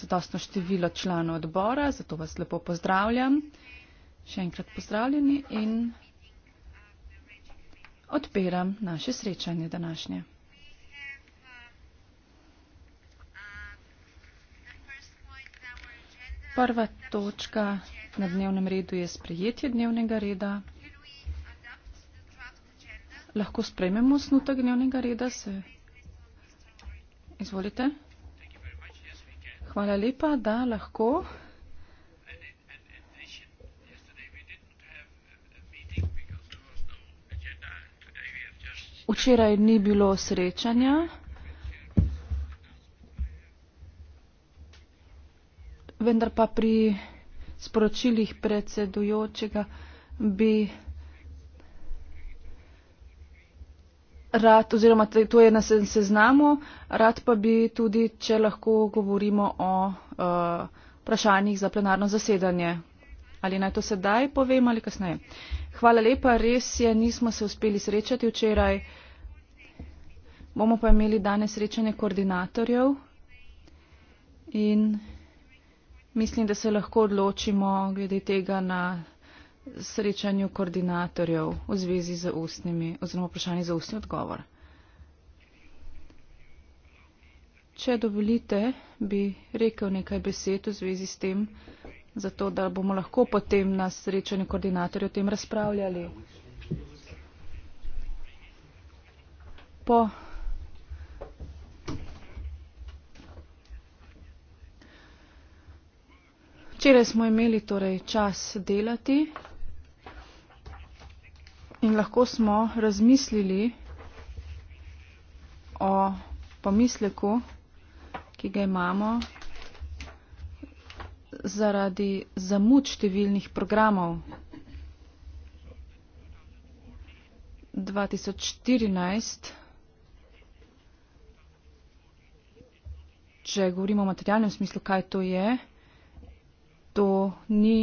zadostno število članov odbora, zato vas lepo pozdravljam. Še enkrat pozdravljeni in odpiram naše srečanje današnje. Prva točka na dnevnem redu je sprejetje dnevnega reda. Lahko sprejmemo snutek dnevnega reda, se izvolite. Hvala lepa, da lahko. Včeraj ni bilo srečanja. Vendar pa pri sporočilih predsedujočega bi. Rad, oziroma to je na seznamu, rad pa bi tudi, če lahko govorimo o uh, vprašanjih za plenarno zasedanje. Ali naj to sedaj povem ali kasneje. Hvala lepa, res je, nismo se uspeli srečati včeraj. Bomo pa imeli danes srečanje koordinatorjev in mislim, da se lahko odločimo glede tega na srečanju koordinatorjev v zvezi z ustnimi oziroma vprašanji za ustni odgovor. Če dovolite, bi rekel nekaj besed v zvezi s tem, zato da bomo lahko potem na srečanju koordinatorjev o tem razpravljali. Po Včeraj smo imeli torej čas delati, in lahko smo razmislili o pomisleku, ki ga imamo zaradi zamud številnih programov. 2014, če govorimo o materialnem smislu, kaj to je, to ni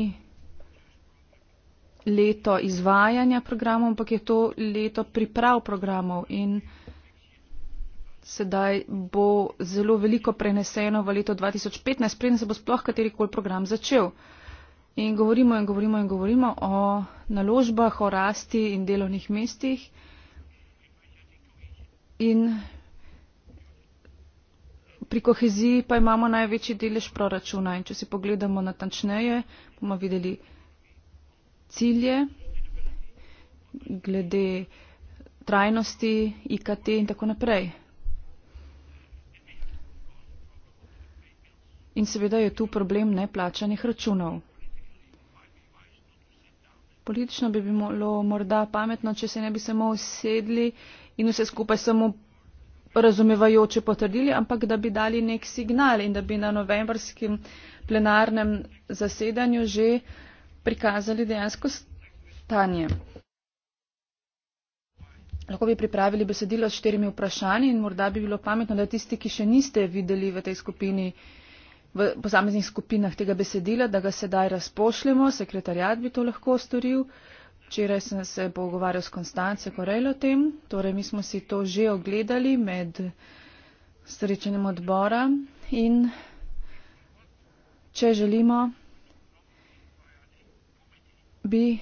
leto izvajanja programov, ampak je to leto priprav programov in sedaj bo zelo veliko preneseno v leto 2015, preden se bo sploh katerikoli program začel. In govorimo in govorimo in govorimo o naložbah, o rasti in delovnih mestih. In pri koheziji pa imamo največji delež proračuna. In če si pogledamo natančneje, bomo videli, cilje glede trajnosti, IKT in tako naprej. In seveda je tu problem neplačanih računov. Politično bi bilo morda pametno, če se ne bi samo usedli in vse skupaj samo razumevajoče potrdili, ampak da bi dali nek signal in da bi na novembrskem plenarnem zasedanju že uh, prikazali dejansko stanje. Lahko bi pripravili besedilo s štirimi vprašanji in morda bi bilo pametno, da tisti, ki še niste videli v tej skupini, v posameznih skupinah tega besedila, da ga sedaj razpošljemo, sekretarjat bi to lahko storil. Včeraj sem se pogovarjal s Konstance Korel o tem, torej mi smo si to že ogledali med srečanjem odbora in če želimo bi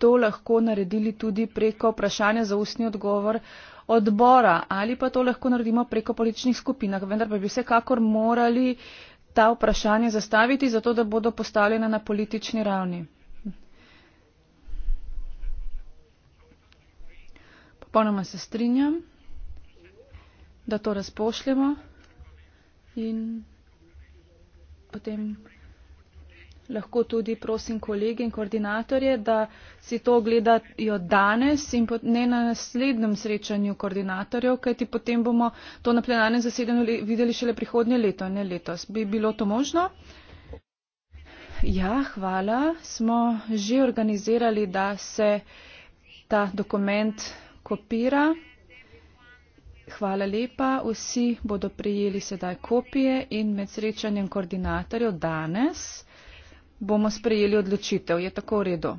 to lahko naredili tudi preko vprašanja za ustni odgovor odbora ali pa to lahko naredimo preko političnih skupinah. Vendar pa bi vsekakor morali ta vprašanja zastaviti, zato da bodo postavljena na politični ravni. Popolnoma se strinjam, da to razpošljemo in potem lahko tudi prosim kolegi in koordinatorje, da si to gledajo danes in ne na naslednjem srečanju koordinatorjev, kajti potem bomo to na plenarnem zasedanju videli šele prihodnje leto, ne letos. Bi bilo to možno? Ja, hvala. Smo že organizirali, da se ta dokument kopira. Hvala lepa. Vsi bodo prijeli sedaj kopije in med srečanjem koordinatorjev danes bomo sprejeli odločitev. Je tako v redu?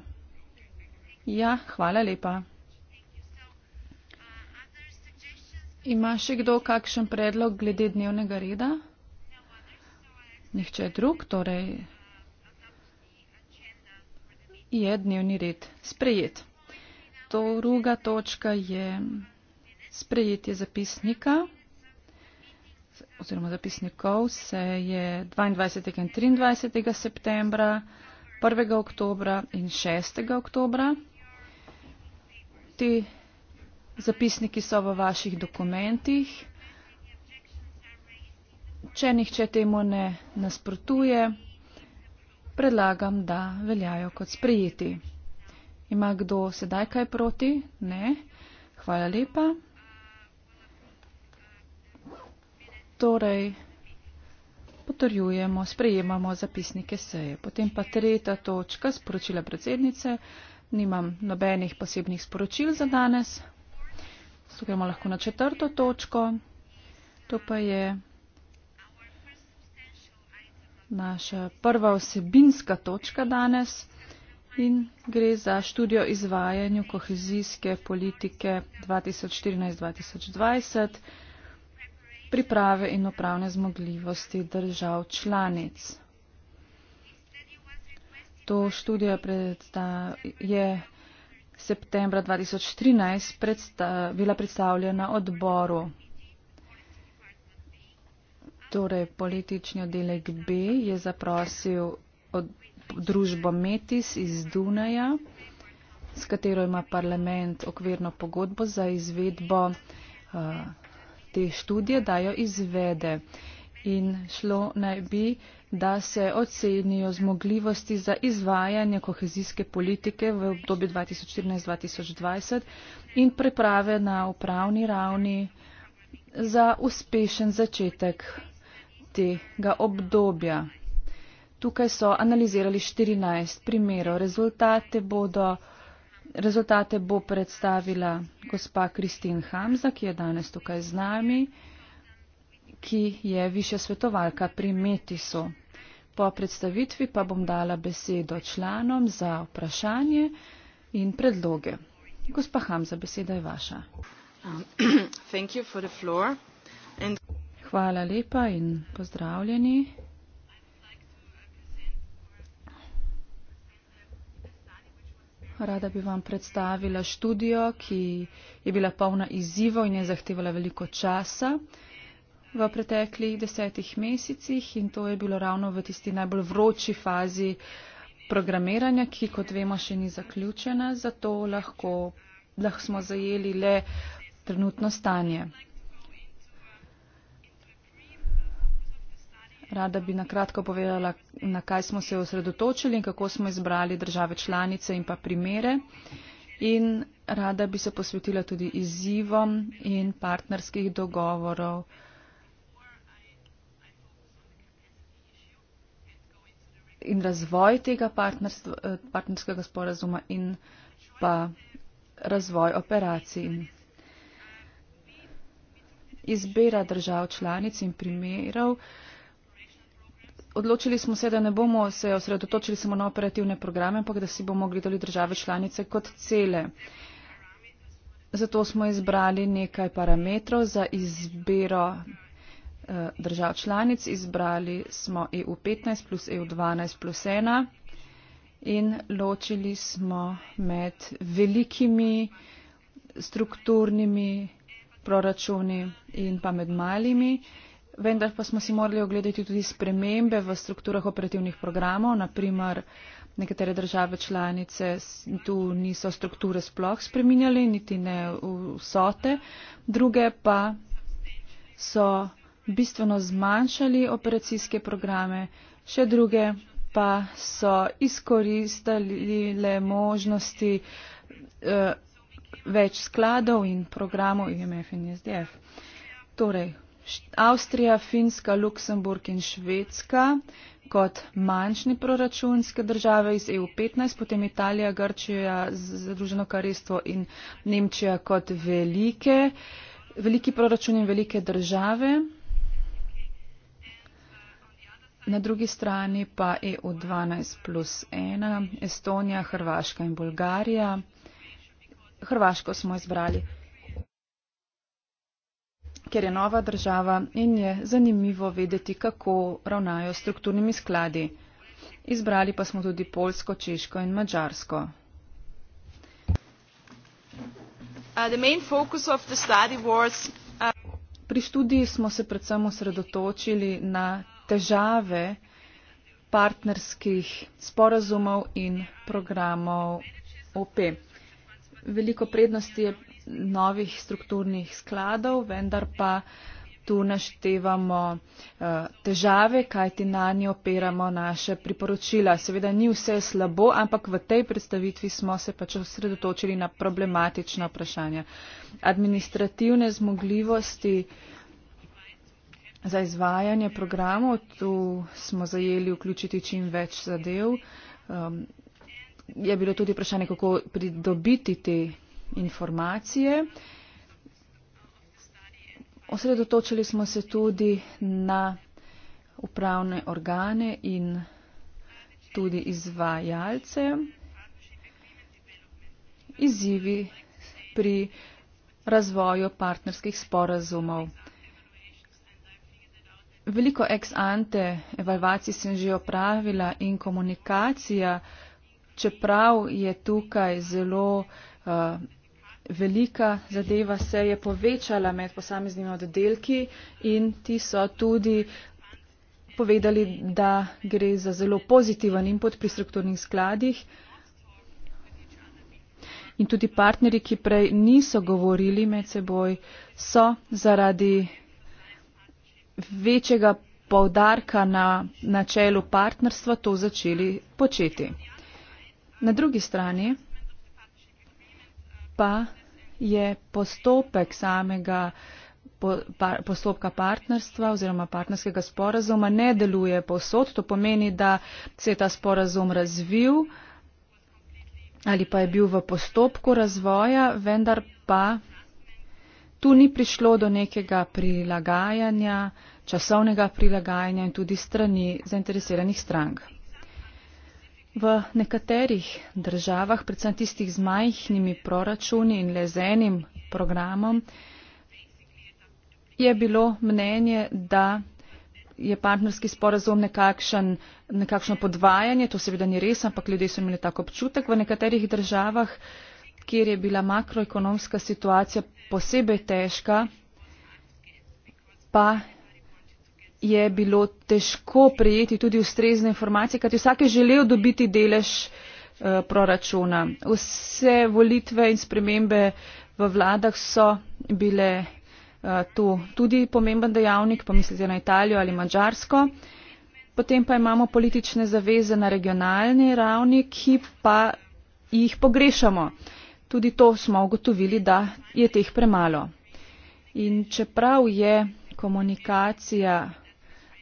Ja, hvala lepa. Ima še kdo kakšen predlog glede dnevnega reda? Nihče drug, torej je dnevni red sprejet. To druga točka je sprejetje zapisnika oziroma zapisnikov se je 22. in 23. septembra, 1. oktobra in 6. oktobra. Ti zapisniki so v vaših dokumentih. Če nihče temu ne nasprotuje, predlagam, da veljajo kot sprijeti. Ima kdo sedaj kaj proti? Ne. Hvala lepa. torej potrjujemo, sprejemamo zapisnike seje. Potem pa tretja točka, sporočila predsednice. Nimam nobenih posebnih sporočil za danes. Stopimo lahko na četrto točko. To pa je naša prva osebinska točka danes in gre za študijo izvajanju kohezijske politike 2014-2020 priprave in upravne zmogljivosti držav članic. To študijo je septembra 2013 predsta bila predstavljena odboru. Torej, politični oddelek B je zaprosil od družbo Metis iz Dunaja, s katero ima parlament okvirno pogodbo za izvedbo uh, te študije dajo izvede in šlo naj bi, da se ocenijo zmogljivosti za izvajanje kohezijske politike v obdobju 2014-2020 in priprave na upravni ravni za uspešen začetek tega obdobja. Tukaj so analizirali 14 primerov. Rezultate bodo rezultate bo predstavila gospa Kristin Hamza, ki je danes tukaj z nami, ki je više svetovalka pri Metisu. Po predstavitvi pa bom dala besedo članom za vprašanje in predloge. Gospa Hamza, beseda je vaša. Hvala lepa in pozdravljeni. Rada bi vam predstavila študijo, ki je bila polna izzivo in je zahtevala veliko časa v preteklih desetih mesecih in to je bilo ravno v tisti najbolj vroči fazi programiranja, ki kot vemo še ni zaključena, zato lahko, lahko smo zajeli le trenutno stanje. Rada bi nakratko povedala, na kaj smo se osredotočili in kako smo izbrali države članice in pa primere. In rada bi se posvetila tudi izzivom in partnerskih dogovorov. In razvoj tega eh, partnerskega sporazuma in pa razvoj operacij. Izbira držav članic in primerov odločili smo se, da ne bomo se osredotočili samo na operativne programe, ampak da si bomo gledali države članice kot cele. Zato smo izbrali nekaj parametrov za izbiro eh, držav članic. Izbrali smo EU15 plus EU12 plus 1 in ločili smo med velikimi strukturnimi proračuni in pa med malimi vendar pa smo si morali ogledati tudi spremembe v strukturah operativnih programov, naprimer nekatere države članice tu niso strukture sploh spreminjali, niti ne vsote, druge pa so bistveno zmanjšali operacijske programe, še druge pa so izkoristili le možnosti eh, več skladov in programov IMF in SDF. Torej, Avstrija, Finska, Luksemburg in Švedska kot manjšni proračunske države iz EU15, potem Italija, Grčija, Združeno karestvo in Nemčija kot velike, veliki proračun in velike države. Na drugi strani pa EU12 plus 1, Estonija, Hrvaška in Bolgarija. Hrvaško smo izbrali ker je nova država in je zanimivo vedeti, kako ravnajo strukturnimi skladi. Izbrali pa smo tudi Polsko, Češko in Mačarsko. Uh, was, uh... Pri študiji smo se predvsem osredotočili na težave partnerskih sporazumov in programov OP. Veliko prednosti je novih strukturnih skladov, vendar pa tu naštevamo eh, težave, kajti na njo operamo naše priporočila. Seveda ni vse slabo, ampak v tej predstavitvi smo se pač osredotočili na problematična vprašanja. Administrativne zmogljivosti za izvajanje programov, tu smo zajeli vključiti čim več zadev. Ehm, je bilo tudi vprašanje, kako pridobiti te informacije. Osredotočili smo se tudi na upravne organe in tudi izvajalce. Izzivi pri razvoju partnerskih sporazumov. Veliko ex ante evalvacij sem že opravila in komunikacija, čeprav je tukaj zelo uh, velika zadeva se je povečala med posameznimi oddelki in ti so tudi povedali, da gre za zelo pozitiven input pri strukturnih skladih. In tudi partnerji, ki prej niso govorili med seboj, so zaradi večjega povdarka na načelu partnerstva to začeli početi. Na drugi strani pa je postopek samega postopka partnerstva oziroma partnerskega sporazuma ne deluje povsod. To pomeni, da se je ta sporazum razvil ali pa je bil v postopku razvoja, vendar pa tu ni prišlo do nekega prilagajanja, časovnega prilagajanja in tudi strani zainteresiranih strank. V nekaterih državah, predvsem tistih z majhnimi proračuni in le z enim programom, je bilo mnenje, da je partnerski sporazum nekakšen, nekakšno podvajanje, to seveda ni res, ampak ljudje so imeli tako občutek. V nekaterih državah, kjer je bila makroekonomska situacija posebej težka, pa je bilo težko prejeti tudi ustrezne informacije, kajti vsak je želel dobiti delež eh, proračuna. Vse volitve in spremembe v vladah so bile eh, tu tudi pomemben dejavnik, pomislite na Italijo ali Mačarsko. Potem pa imamo politične zaveze na regionalni ravni, ki pa jih pogrešamo. Tudi to smo ugotovili, da je teh premalo. In čeprav je komunikacija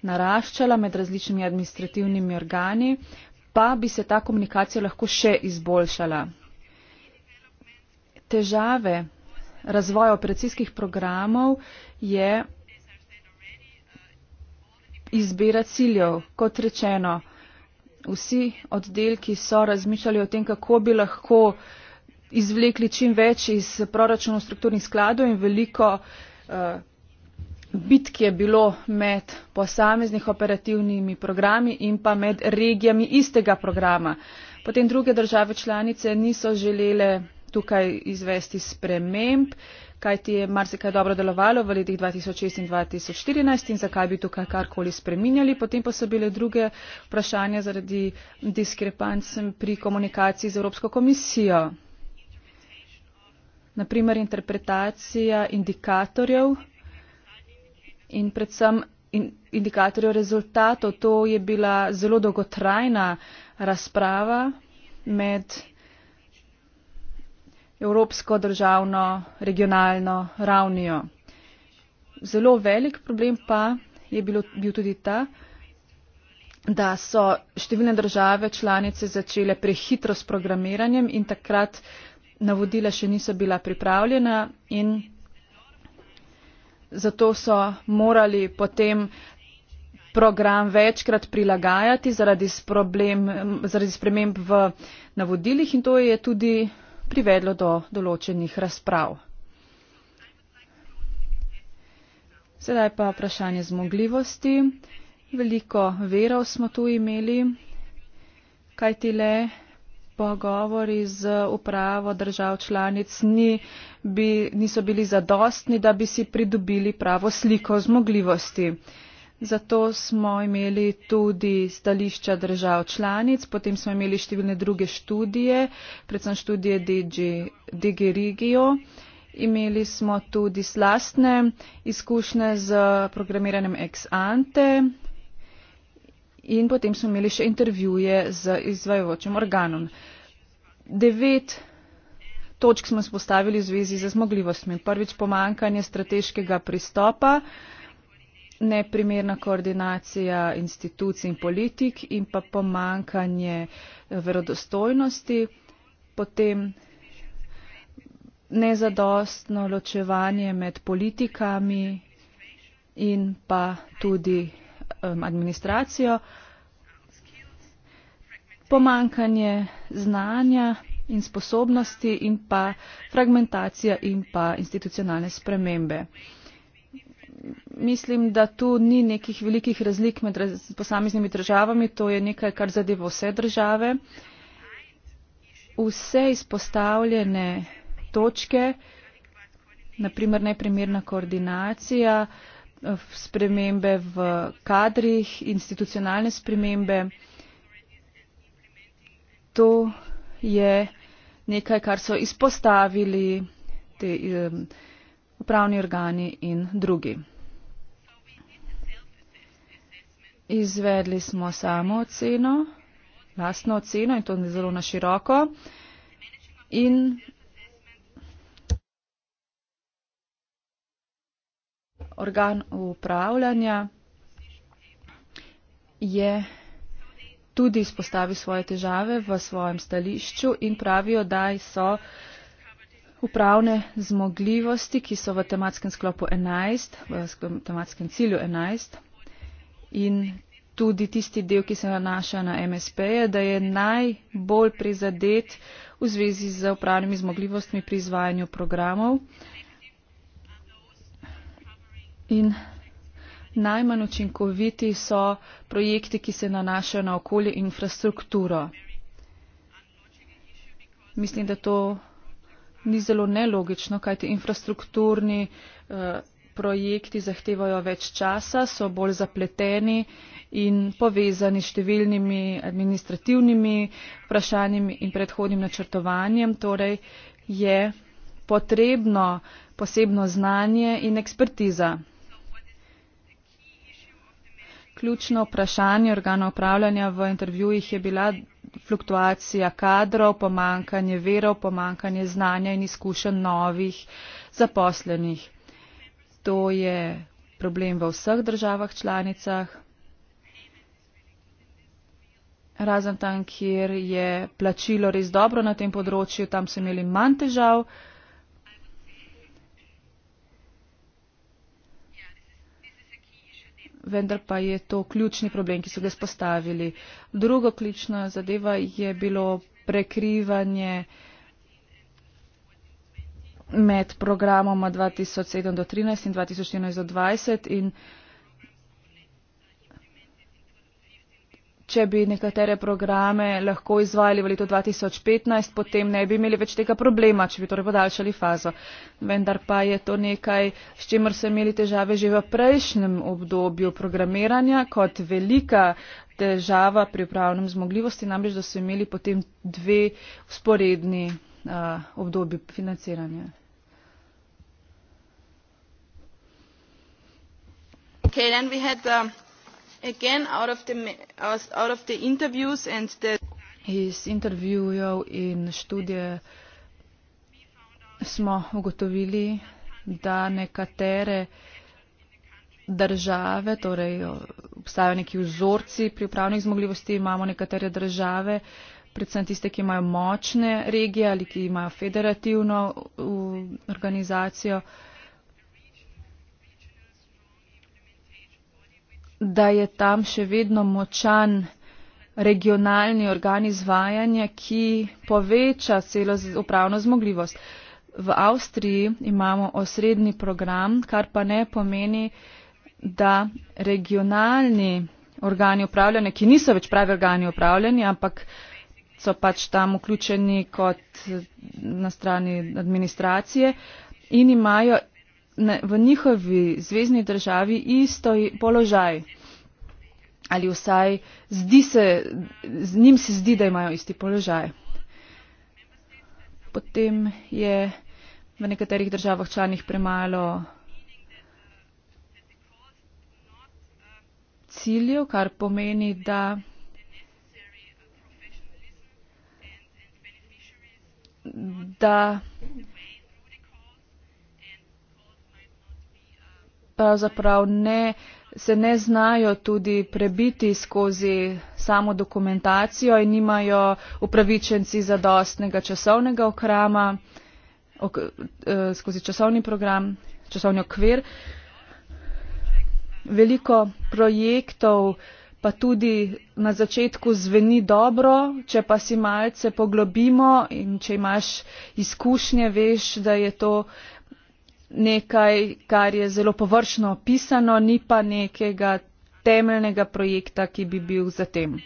naraščala med različnimi administrativnimi organi, pa bi se ta komunikacija lahko še izboljšala. Težave razvoja operacijskih programov je izbira ciljev. Kot rečeno, vsi oddelki so razmišljali o tem, kako bi lahko izvlekli čim več iz proračunov strukturnih skladov in veliko uh, bitk je bilo med posameznih operativnimi programi in pa med regijami istega programa. Potem druge države članice niso želele tukaj izvesti sprememb, kajti je marsikaj dobro delovalo v letih 2006 in 2014 in zakaj bi tukaj karkoli spreminjali. Potem pa so bile druge vprašanja zaradi diskrepanc pri komunikaciji z Evropsko komisijo. Naprimer interpretacija indikatorjev in predvsem in indikatorjev rezultatov. To je bila zelo dolgotrajna razprava med evropsko državno regionalno ravnijo. Zelo velik problem pa je bilo, bil tudi ta, da so številne države članice začele prehitro s programiranjem in takrat navodila še niso bila pripravljena in zato so morali potem program večkrat prilagajati zaradi, problem, zaradi sprememb v navodilih in to je tudi privedlo do določenih razprav. Sedaj pa vprašanje zmogljivosti. Veliko verov smo tu imeli, kajti le pogovori z upravo držav članic ni, bi, niso bili zadostni, da bi si pridobili pravo sliko zmogljivosti. Zato smo imeli tudi stališča držav članic, potem smo imeli številne druge študije, predvsem študije Digi Regio. Imeli smo tudi slastne izkušnje z programiranjem ex ante, in potem smo imeli še intervjuje z izvajajočim organom. Devet točk smo spostavili v zvezi z zmogljivostmi. Prvič pomankanje strateškega pristopa, neprimerna koordinacija institucij in politik in pa pomankanje verodostojnosti, potem nezadostno ločevanje med politikami in pa tudi administracijo, pomankanje znanja in sposobnosti in pa fragmentacija in pa institucionalne spremembe. Mislim, da tu ni nekih velikih razlik med posameznimi državami, to je nekaj, kar zadeva vse države. Vse izpostavljene točke, naprimer neprimerna koordinacija, Eh, spremembe v kadrih, institucionalne spremembe. To je nekaj, kar so izpostavili te um, upravni organi in drugi. Izvedli smo samo oceno, lastno oceno in to ne zelo na široko. In organ upravljanja je tudi izpostavil svoje težave v svojem stališču in pravijo, da so upravne zmogljivosti, ki so v tematskem sklopu 11, v tematskem cilju 11 in tudi tisti del, ki se nanaša na MSP, da je najbolj prizadet v zvezi z upravnimi zmogljivostmi pri izvajanju programov in najmanj učinkoviti so projekti, ki se nanašajo na okolje in infrastrukturo. Mislim, da to ni zelo nelogično, kajti infrastrukturni eh, projekti zahtevajo več časa, so bolj zapleteni in povezani s številnimi administrativnimi vprašanjami in predhodnim načrtovanjem. Torej je potrebno posebno znanje in ekspertiza ključno vprašanje organa upravljanja v intervjujih je bila fluktuacija kadrov, pomankanje verov, pomankanje znanja in izkušenj novih zaposlenih. To je problem v vseh državah članicah, razen tam, kjer je plačilo res dobro na tem področju, tam so imeli manj težav. vendar pa je to ključni problem, ki so ga spostavili. Drugo ključno zadeva je bilo prekrivanje med programoma 2007 do 2013 in 2014 do 2020 in če bi nekatere programe lahko izvajali v letu 2015, potem ne bi imeli več tega problema, če bi torej podaljšali fazo. Vendar pa je to nekaj, s čimer so imeli težave že v prejšnjem obdobju programiranja kot velika težava pri upravnem zmogljivosti, namreč, da so imeli potem dve usporedni uh, obdobji financiranja. Okay, then we had the again out of the out of the interviews and the iz intervjujev in študije smo ugotovili, da nekatere države, torej obstajajo neki vzorci pri upravnih zmogljivosti, imamo nekatere države, predvsem tiste, ki imajo močne regije ali ki imajo federativno organizacijo, da je tam še vedno močan regionalni organ izvajanja, ki poveča celo upravno zmogljivost. V Avstriji imamo osrednji program, kar pa ne pomeni, da regionalni organi upravljanja, ki niso več pravi organi upravljanja, ampak so pač tam vključeni kot eh, na strani administracije in imajo v njihovi zvezdni državi isto položaj. Ali vsaj zdi se, z njim se zdi, da imajo isti položaj. Potem je v nekaterih državah članih premalo ciljev, kar pomeni, da da pravzaprav ne, se ne znajo tudi prebiti skozi samo dokumentacijo in nimajo upravičenci zadostnega časovnega okrama ok, eh, skozi časovni program, časovni okvir. Veliko projektov pa tudi na začetku zveni dobro, če pa si malce poglobimo in če imaš izkušnje, veš, da je to nekaj, kar je zelo površno opisano, ni pa nekega temeljnega projekta, ki bi bil za tem.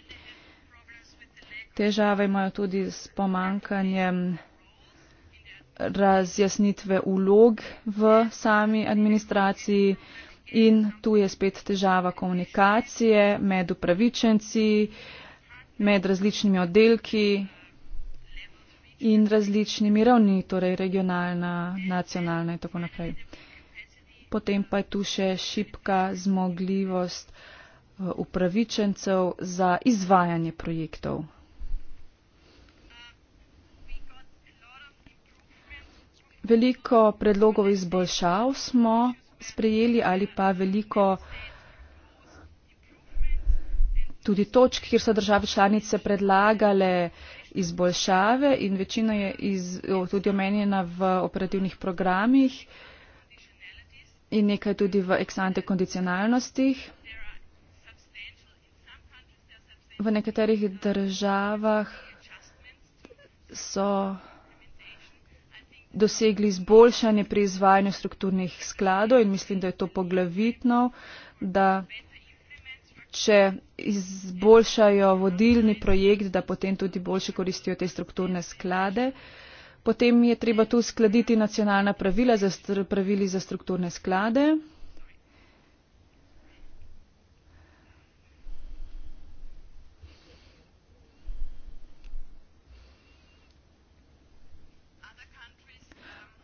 Težave imajo tudi s pomankanjem razjasnitve ulog v sami administraciji in tu je spet težava komunikacije med upravičenci, med različnimi oddelki in različnimi ravni, torej regionalna, nacionalna in tako naprej. Potem pa je tu še šipka zmogljivost eh, upravičencev za izvajanje projektov. Veliko predlogov izboljšav smo sprejeli ali pa veliko tudi točk, kjer so države članice predlagale izboljšave in večina je iz, tudi omenjena v operativnih programih in nekaj tudi v eksante kondicionalnostih. V nekaterih državah so dosegli izboljšanje pri izvajanju strukturnih skladov in mislim, da je to poglavitno, da če izboljšajo vodilni projekt, da potem tudi boljše koristijo te strukturne sklade. Potem je treba tu skladiti nacionalna pravila za, str pravili za strukturne sklade.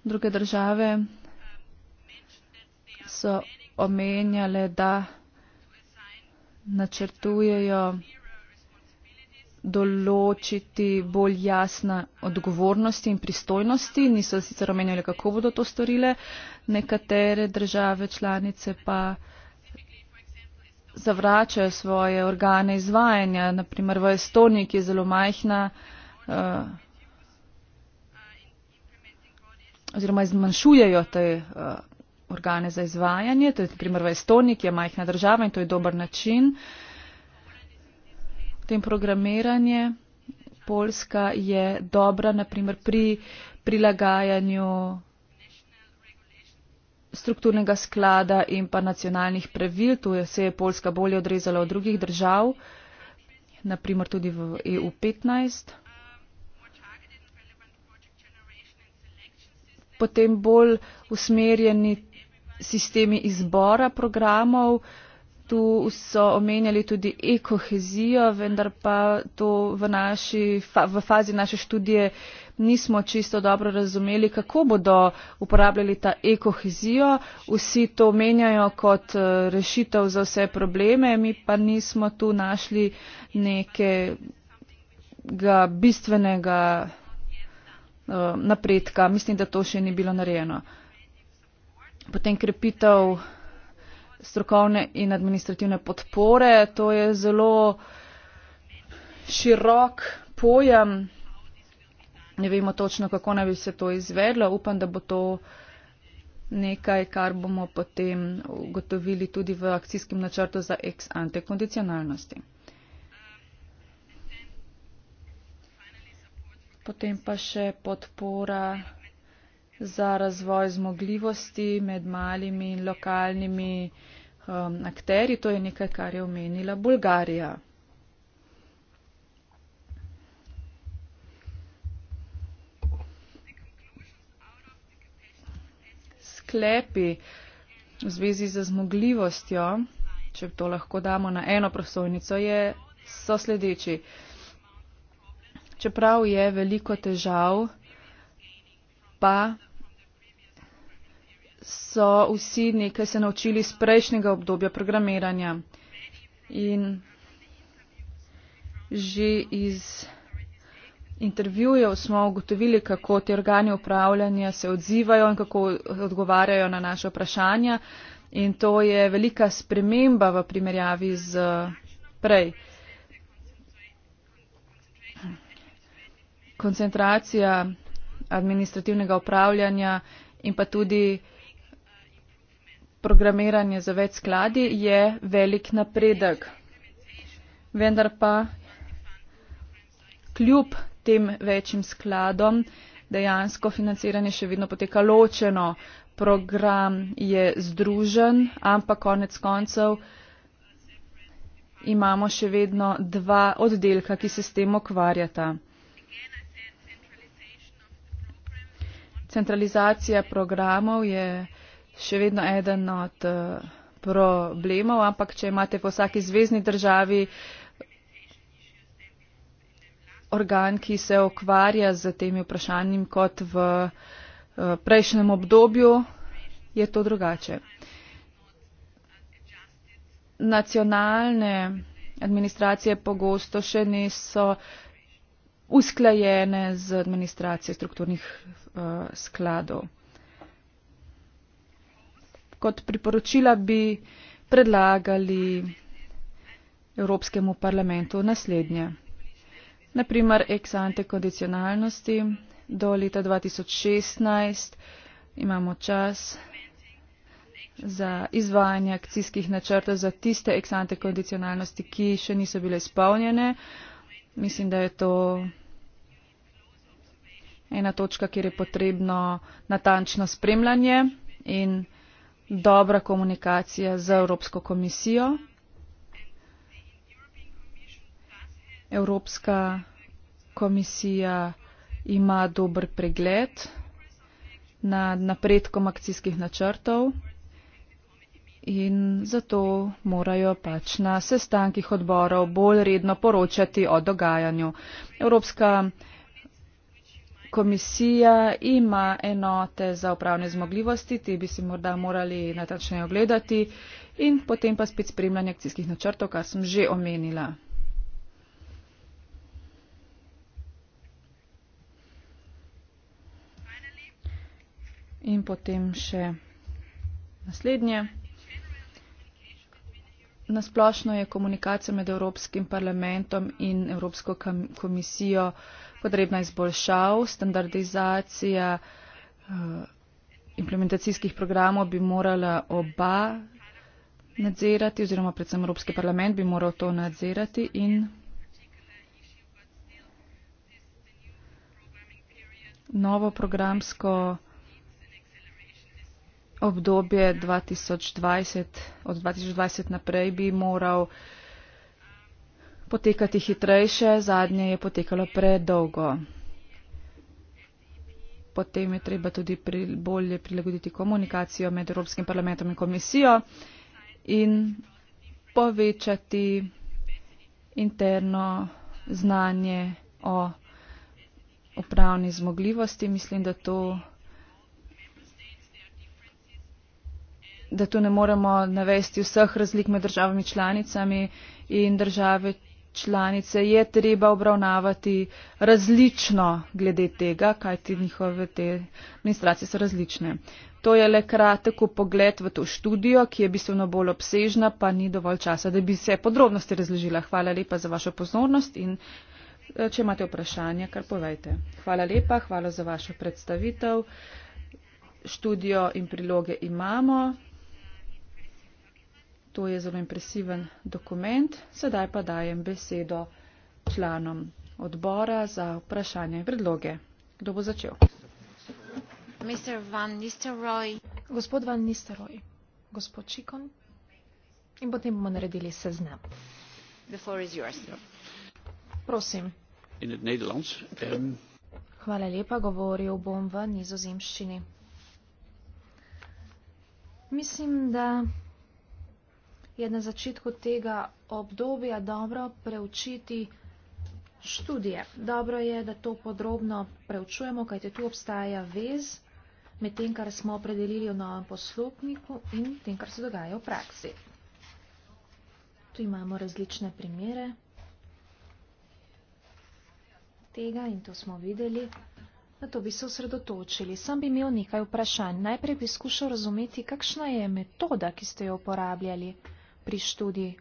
Druge države so omenjale, da načrtujejo določiti bolj jasna odgovornosti in pristojnosti. Niso sicer omenjali, kako bodo to storile. Nekatere države članice pa zavračajo svoje organe izvajanja. Naprimer v Estoniji, ki je zelo majhna uh, oziroma zmanjšujejo te uh, organe za izvajanje. To je primer v Estoniji, ki je majhna država in to je dober način. Tem programiranje Poljska je dobra, naprimer pri prilagajanju strukturnega sklada in pa nacionalnih pravil. Tu se je Poljska bolje odrezala od drugih držav, naprimer tudi v EU15. Potem bolj usmerjeni sistemi izbora programov. Tu so omenjali tudi ekohezijo, vendar pa to v, naši, fa, v fazi naše študije nismo čisto dobro razumeli, kako bodo uporabljali ta ekohezijo. Vsi to omenjajo kot eh, rešitev za vse probleme, mi pa nismo tu našli nekega bistvenega uh, napredka. Mislim, da to še ni bilo narejeno. Uh, potem krepitev strokovne in administrativne podpore. To je zelo širok pojem. Ne vemo točno, kako naj bi se to izvedlo. Upam, da bo to nekaj, kar bomo potem ugotovili tudi v akcijskem načrtu za ex ante kondicionalnosti. Potem pa še podpora za razvoj zmogljivosti med malimi in lokalnimi um, akteri. To je nekaj, kar je omenila Bulgarija. Sklepi v zvezi z zmogljivostjo, če to lahko damo na eno prosojnico, je, so sledeči. Čeprav je veliko težav, pa so vsi nekaj se naučili iz prejšnjega obdobja programiranja. In že iz intervjujev smo ugotovili, kako ti organi upravljanja se odzivajo in kako odgovarjajo na naše vprašanja. In to je velika sprememba v primerjavi z prej. Koncentracija administrativnega upravljanja in pa tudi programiranje za več skladi je velik napredek. Vendar pa kljub tem večjim skladom dejansko financiranje še vedno poteka ločeno. Program je združen, ampak konec koncev imamo še vedno dva oddelka, ki se s tem ukvarjata. centralizacija programov je še vedno eden od eh, problemov, ampak če imate v vsaki zvezdni državi organ, ki se okvarja z temi vprašanjem kot v eh, prejšnjem obdobju, je to drugače. Nacionalne administracije pogosto še niso usklajene z administracijo strukturnih uh, skladov. Kot priporočila bi predlagali Evropskemu parlamentu naslednje. Naprimer, ex ante kondicionalnosti do leta 2016 imamo čas za izvajanje akcijskih načrtov za tiste ex ante kondicionalnosti, ki še niso bile spolnjene. Mislim, da je to ena točka, kjer je potrebno natančno spremljanje in dobra komunikacija z Evropsko komisijo. Evropska komisija ima dober pregled nad napredkom akcijskih načrtov in zato morajo pač na sestankih odborov bolj redno poročati o dogajanju. Evropska komisija komisija ima enote za upravne zmogljivosti, te bi si morda morali natančneje ogledati in potem pa spet spremljanje akcijskih načrtov, kar sem že omenila. In potem še naslednje. Nasplošno je komunikacija med Evropskim parlamentom in Evropsko komisijo potrebna izboljšav, standardizacija eh, implementacijskih programov bi morala oba nadzirati oziroma predvsem Evropski parlament bi moral to nadzirati in novo programsko obdobje 2020, od 2020 naprej bi moral potekati hitrejše, zadnje je potekalo predolgo. Potem je treba tudi pri, bolje prilagoditi komunikacijo med Evropskim parlamentom in komisijo in povečati interno znanje o upravni zmogljivosti. Mislim, da to, da to ne moremo navesti vseh razlik med državami članicami in države članice je treba obravnavati različno glede tega, kaj ti njihove te administracije so različne. To je le kratek pogled v to študijo, ki je bistveno bolj obsežna, pa ni dovolj časa, da bi vse podrobnosti razložila. Hvala lepa za vašo pozornost in eh, če imate vprašanja, kar povejte. Hvala lepa, hvala za vašo predstavitev. Študijo in priloge imamo. To je zelo impresiven dokument. Sedaj pa dajem besedo članom odbora za vprašanje in predloge. Kdo bo začel? Van gospod Van Nisteroj, gospod Čikon in potem bomo naredili seznam. Ja. Prosim. Ehm. Hvala lepa, govoril bom v nizozemščini. Mislim, da je na začetku tega obdobja dobro preučiti študije. Dobro je, da to podrobno preučujemo, kajte tu obstaja vez med tem, kar smo opredelili v novem poslopniku in tem, kar se dogaja v praksi. Tu imamo različne primere tega in to smo videli. Na to bi se osredotočili. Sam bi imel nekaj vprašanj. Najprej bi skušal razumeti, kakšna je metoda, ki ste jo uporabljali pri študiji.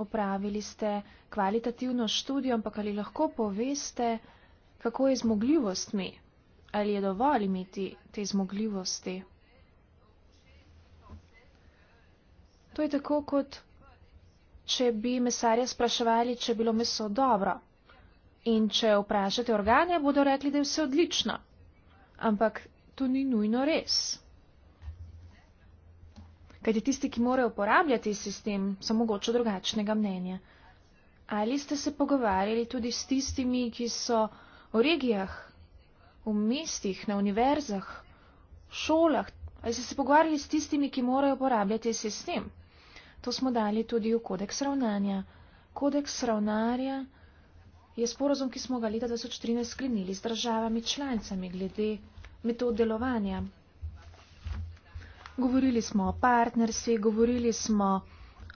Opravili ste kvalitativno študijo, ampak ali lahko poveste, kako je zmogljivostmi? Ali je dovolj imeti te zmogljivosti? To je tako, kot če bi mesarja spraševali, če je bilo meso dobro. In če vprašate organe, bodo rekli, da je vse odlično. Ampak to ni nujno res. Kajti tisti, ki morajo uporabljati sistem, so mogoče drugačnega mnenja. Ali ste se pogovarjali tudi s tistimi, ki so v regijah, v mestih, na univerzah, v šolah? Ali ste se pogovarjali s tistimi, ki morajo uporabljati sistem? To smo dali tudi v kodeks ravnanja. Kodeks ravnarja je sporozum, ki smo ga leta 2013 sklenili z državami članicami glede metod delovanja Govorili smo o partnerstvi, govorili smo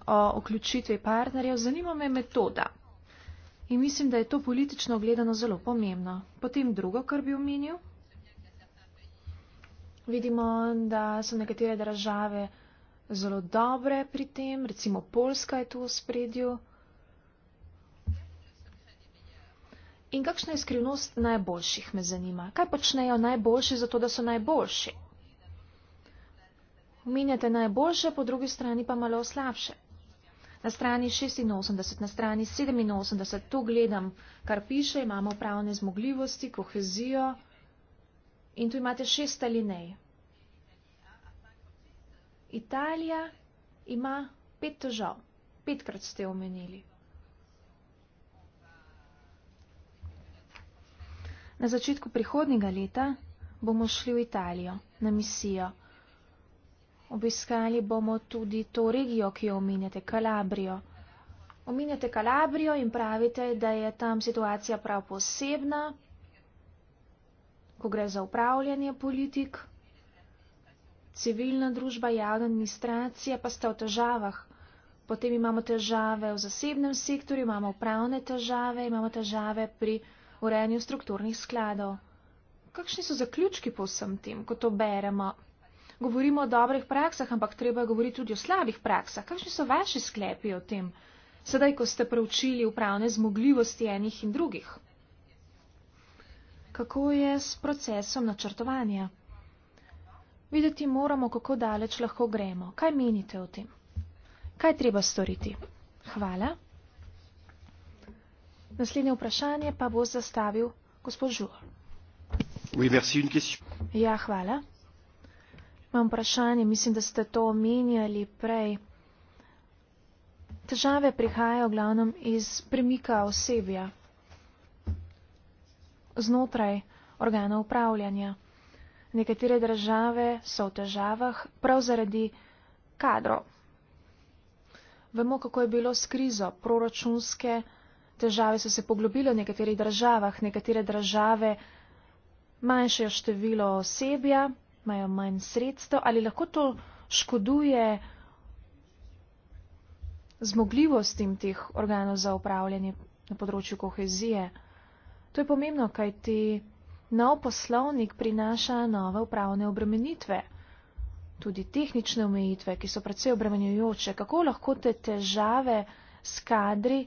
o vključitvi partnerjev. Zanima me metoda. In mislim, da je to politično gledano zelo pomembno. Potem drugo, kar bi omenil. Vidimo, da so nekatere države zelo dobre pri tem, recimo Poljska je tu v spredju. In kakšna je skrivnost najboljših, me zanima. Kaj počnejo najboljši, zato da so najboljši? omenjate najboljše, po drugi strani pa malo slabše. Na strani 86, na strani 87, tu gledam, kar piše, imamo pravne zmogljivosti, kohezijo in tu imate šest alinej. Italija ima pet težav, petkrat ste omenili. Na začetku prihodnjega leta bomo šli v Italijo na misijo. Obiskali bomo tudi to regijo, ki jo omenjate, Kalabrijo. Omenjate Kalabrijo in pravite, da je tam situacija prav posebna, ko gre za upravljanje politik, civilna družba, javna administracija pa sta v težavah. Potem imamo težave v zasebnem sektorju, imamo upravne težave, imamo težave pri urejanju strukturnih skladov. Kakšni so zaključki po vsem tem, ko to beremo? govorimo o dobrih praksah, ampak treba govoriti tudi o slabih praksah. Kakšni so vaši sklepi o tem, sedaj, ko ste preučili upravne zmogljivosti enih in drugih? Kako je s procesom načrtovanja? Videti moramo, kako daleč lahko gremo. Kaj menite o tem? Kaj treba storiti? Hvala. Naslednje vprašanje pa bo zastavil gospod Žur. Ja, hvala. Imam vprašanje, mislim, da ste to omenjali prej. Težave prihajajo glavnom iz premika osebja znotraj organa upravljanja. Nekatere države so v težavah prav zaradi kadro. Vemo, kako je bilo s krizo. Proračunske težave so se poglobile v nekaterih državah. Nekatere države manjšajo število osebja, imajo manj sredstev, ali lahko to škoduje zmogljivostim teh organov za upravljanje na področju kohezije. To je pomembno, kaj ti nov poslovnik prinaša nove upravne obremenitve, tudi tehnične omejitve, ki so predvsej obremenjujoče. Kako lahko te težave s kadri,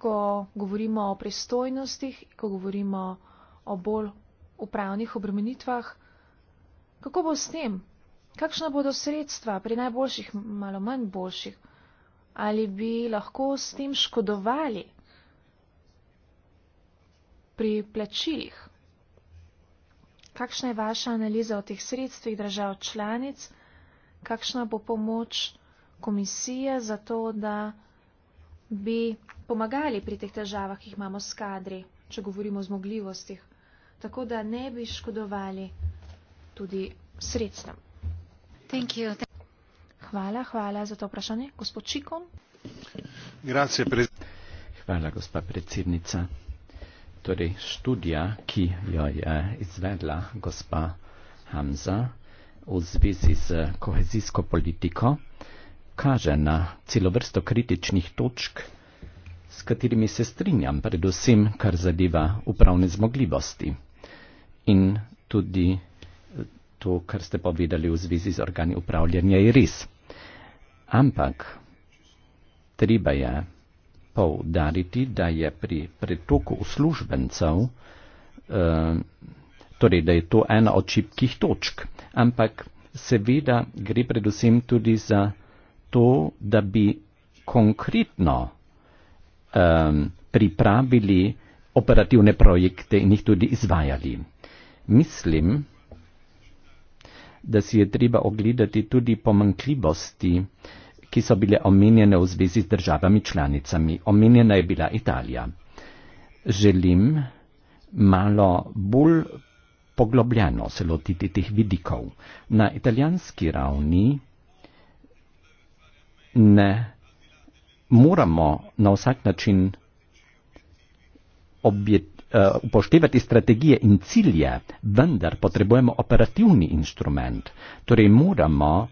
ko govorimo o pristojnostih, ko govorimo o bolj upravnih obremenitvah, Kako bo s tem? Kakšna bodo sredstva pri najboljših, malo manj boljših? Ali bi lahko s tem škodovali pri plačilih? Kakšna je vaša analiza o teh sredstvih držav članic? Kakšna bo pomoč komisije za to, da bi pomagali pri teh težavah, ki jih imamo s kadri, če govorimo o zmogljivostih, tako da ne bi škodovali? tudi sredstvem. Hvala, hvala za to vprašanje. Gospod Čikon. Hvala, gospa predsednica. Torej, študija, ki jo je izvedla gospa Hamza v zvezi z kohezijsko politiko, kaže na celo vrsto kritičnih točk, s katerimi se strinjam, predvsem kar zadeva upravne zmogljivosti in tudi to, kar ste povedali v zvezi z organi upravljanja, je res. Ampak treba je poudariti, da je pri pretoku uslužbencev, eh, torej da je to ena od čipkih točk. Ampak seveda gre predvsem tudi za to, da bi konkretno eh, pripravili operativne projekte in jih tudi izvajali. Mislim, da si je treba ogledati tudi pomankljivosti, ki so bile omenjene v zvezi z državami članicami. Omenjena je bila Italija. Želim malo bolj poglobljeno se lotiti teh vidikov. Na italijanski ravni ne moramo na vsak način objet, Eh, upoštevati strategije in cilje, vendar potrebujemo operativni instrument. Torej moramo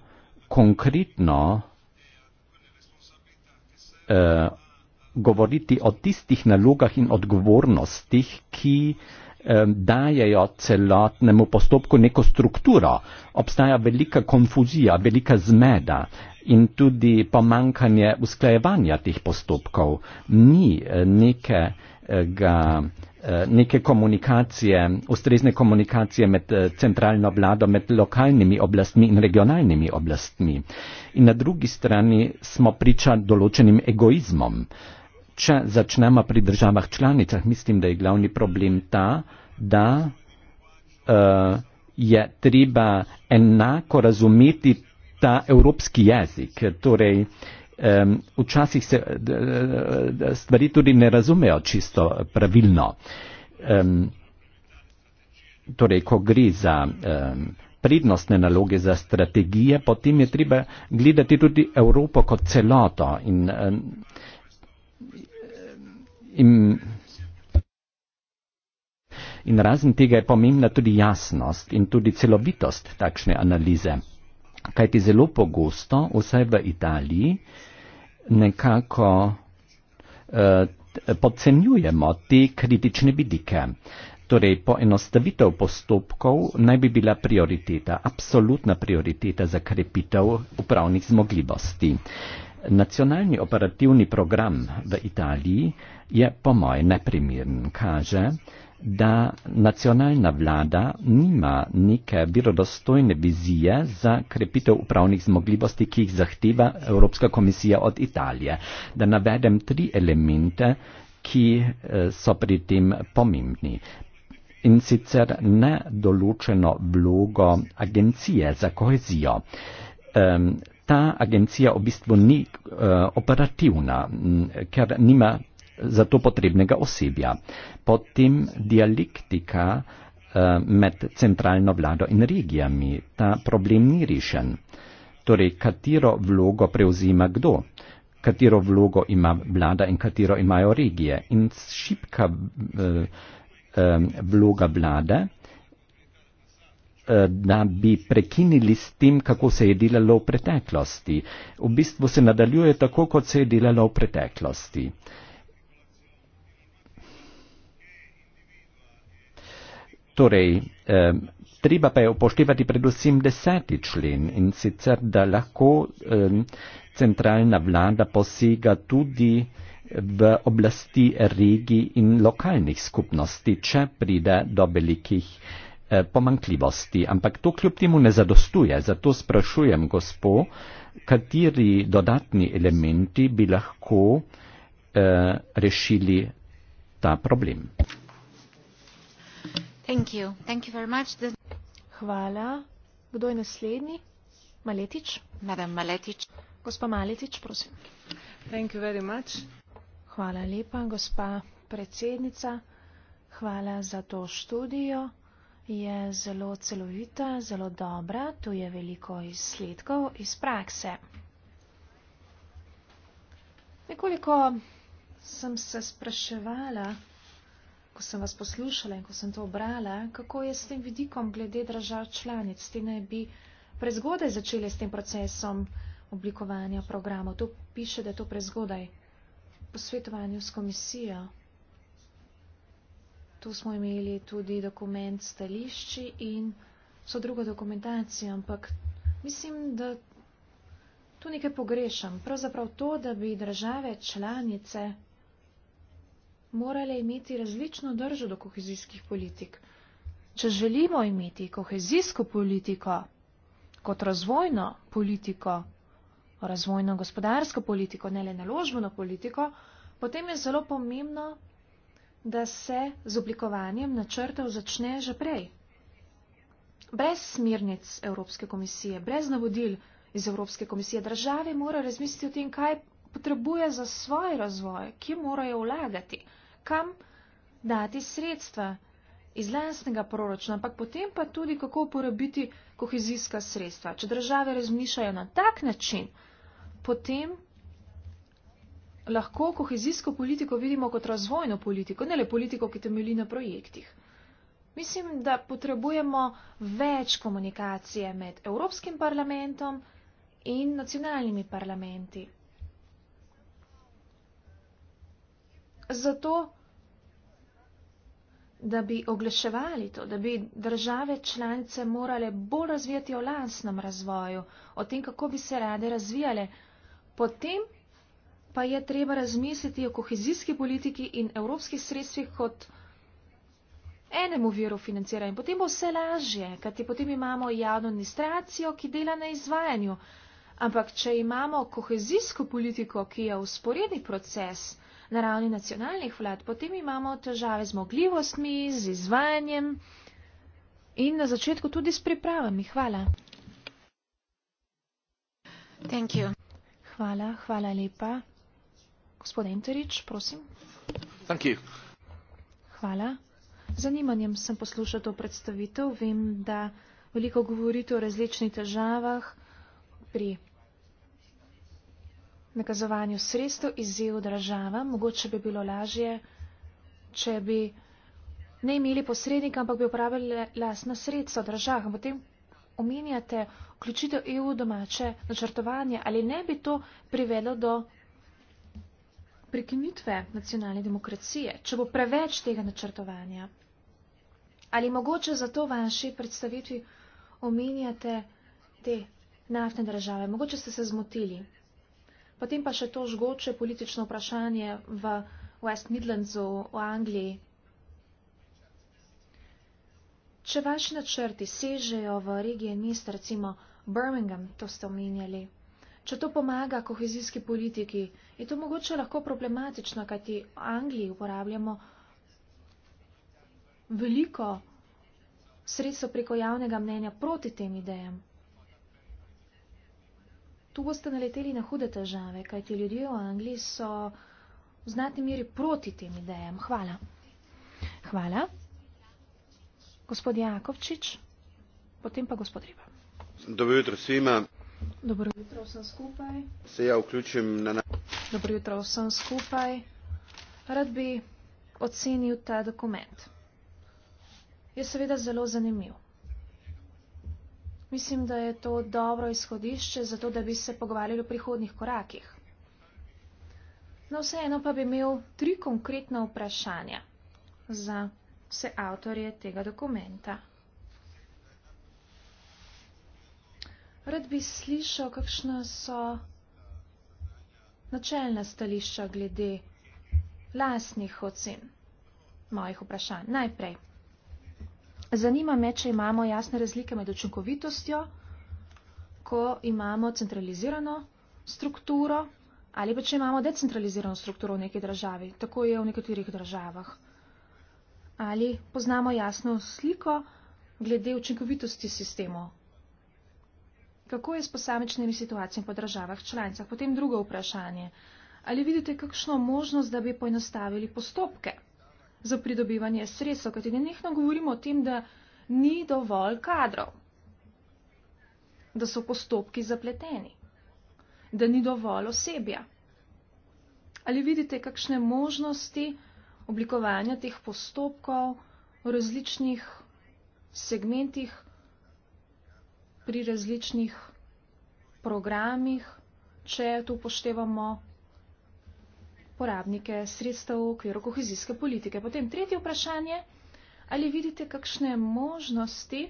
konkretno eh, govoriti o tistih nalogah in odgovornostih, ki eh, dajajo celotnemu postopku neko strukturo. Obstaja velika konfuzija, velika zmeda in tudi pomankanje usklajevanja teh postopkov. Ni eh, nekega eh, Eh, neke komunikacije, ustrezne komunikacije med eh, centralno vlado, med lokalnimi oblastmi in regionalnimi oblastmi. In na drugi strani smo priča določenim egoizmom. Če začnemo pri državah članicah, mislim, da je glavni problem ta, da uh, je treba enako razumeti ta evropski jezik. Torej, uh, um, včasih se d, d, d, stvari tudi ne razumejo čisto pravilno. Um, torej, ko gre za um, pridnostne naloge, za strategije, potem je treba gledati tudi Evropo kot celoto. In, um, in, in razen tega je pomembna tudi jasnost in tudi celovitost takšne analize. Kajti zelo pogosto, vsaj v Italiji, nekako eh, podcenjujemo te kritične vidike. Torej, poenostavitev postopkov naj bi bila prioriteta, absolutna prioriteta za krepitev upravnih zmogljivosti. Nacionalni operativni program v Italiji je po mojem neprimern, kaže, da nacionalna vlada nima neke virodostojne vizije za krepitev upravnih zmogljivosti, ki jih zahteva Evropska komisija od Italije. Da navedem tri elemente, ki eh, so pri tem pomembni. In sicer nedoločeno vlogo agencije za kohezijo. Ta agencija v bistvu ni uh, operativna, ker nima za to potrebnega osebja. Potem dialektika eh, med centralno vlado in regijami. Ta problem ni rešen. Torej, katero vlogo prevzima kdo? Katero vlogo ima vlada in katero imajo regije? In šipka eh, eh, vloga vlade, da bi prekinili s tem, kako se je delalo v preteklosti. V bistvu se nadaljuje tako, kot se je delalo v preteklosti. Torej, eh, treba pa je upoštevati predvsem deseti člen in sicer, da lahko eh, centralna vlada posega tudi v oblasti regij in lokalnih skupnosti, če pride do velikih eh, pomankljivosti. Ampak to kljub temu ne zadostuje, zato sprašujem gospo, kateri dodatni elementi bi lahko eh, rešili ta problem. Thank you. Thank you very much. The... Hvala. Kdo je naslednji? Maletič. Madam Maletič. Gospa Maletič, prosim. Thank you very much. Hvala lepa, gospa predsednica. Hvala za to študijo. Je zelo celovita, zelo dobra. Tu je veliko izsledkov iz prakse. Nekoliko sem se spraševala, ko sem vas poslušala in ko sem to obrala, kako je s tem vidikom glede držav članic. Ti naj bi prezgodaj začeli s tem procesom oblikovanja programov. To piše, da je to prezgodaj. Posvetovanju s komisijo. Tu smo imeli tudi dokument stališči in so drugo dokumentacijo, ampak mislim, da tu nekaj pogrešam. Pravzaprav to, da bi države članice morale imeti različno držo do kohezijskih politik. Če želimo imeti kohezijsko politiko kot razvojno politiko, razvojno gospodarsko politiko, ne le naložbeno politiko, potem je zelo pomembno, da se z oblikovanjem načrtev začne že prej. Brez smernic Evropske komisije, brez navodil iz Evropske komisije države mora razmisliti o tem, kaj potrebuje za svoj razvoj, ki morajo vlagati, kam dati sredstva iz lastnega proračuna, ampak potem pa tudi, kako uporabiti kohezijska sredstva. Če države razmišljajo na tak način, potem lahko kohezijsko politiko vidimo kot razvojno politiko, ne le politiko, ki temelji na projektih. Mislim, da potrebujemo več komunikacije med Evropskim parlamentom in nacionalnimi parlamenti. zato, da bi oglaševali to, da bi države članice morale bolj razvijati o lasnem razvoju, o tem, kako bi se rade razvijale. Potem pa je treba razmisliti o kohezijski politiki in evropskih sredstvih kot enemu viru financiranja. Potem bo vse lažje, kajti potem imamo javno administracijo, ki dela na izvajanju. Ampak, če imamo kohezijsko politiko, ki je usporedni proces, na ravni nacionalnih vlad, potem imamo težave z mogljivostmi, z izvajanjem in na začetku tudi s pripravami. Hvala. Thank you. Hvala, hvala lepa. Gospod Enterič, prosim. Thank you. Hvala. Zanimanjem sem poslušal to predstavitev. Vem, da veliko govorite o različnih težavah pri nakazovanju sredstev izziv e država, mogoče bi bilo lažje, če bi ne imeli posrednika, ampak bi upravili lasna sredstva državah. Potem omenjate vključitev EU domače načrtovanje, ali ne bi to privedlo do prekinitve nacionalne demokracije, če bo preveč tega načrtovanja. Ali mogoče zato v vaši predstavitvi omenjate te naftne države? Mogoče ste se zmotili. Potem pa še to žgoče politično vprašanje v West Midlandsu v Angliji. Če vaši načrti sežejo v regije in mesta, recimo Birmingham, to ste omenjali, če to pomaga kohezijski politiki, je to mogoče lahko problematično, kajti v Angliji uporabljamo veliko sredstvo preko javnega mnenja proti tem idejam tu boste naleteli na hude težave, kajti ljudje v Angliji so v znatni meri proti tem idejam. Hvala. Hvala. Gospod Jakovčič, potem pa gospod Riba. Dobro jutro svima. Dobro jutro vsem skupaj. Se ja vključim na na... Dobro jutro vsem skupaj. Rad bi ocenil ta dokument. Je seveda zelo zanimiv. Mislim, da je to dobro izhodišče za to, da bi se pogovarjali o prihodnih korakih. No, vseeno pa bi imel tri konkretna vprašanja za vse avtorje tega dokumenta. Rad bi slišal, kakšna so načeljna stališča glede lasnih ocen mojih vprašanj. Najprej. Zanima me, če imamo jasne razlike med učinkovitostjo, ko imamo centralizirano strukturo ali pa če imamo decentralizirano strukturo v neki državi, tako je v nekaterih državah. Ali poznamo jasno sliko glede učinkovitosti sistemov? Kako je s posamičnimi situacijami po državah članicah? Potem drugo vprašanje. Ali vidite kakšno možnost, da bi poenostavili postopke? za pridobivanje sredstva, kajti ne nekno govorimo o tem, da ni dovolj kadrov, da so postopki zapleteni, da ni dovolj osebja. Ali vidite kakšne možnosti oblikovanja teh postopkov v različnih segmentih, pri različnih programih, če tu upoštevamo porabnike sredstev v okviru kohezijske politike. Potem tretje vprašanje, ali vidite kakšne možnosti,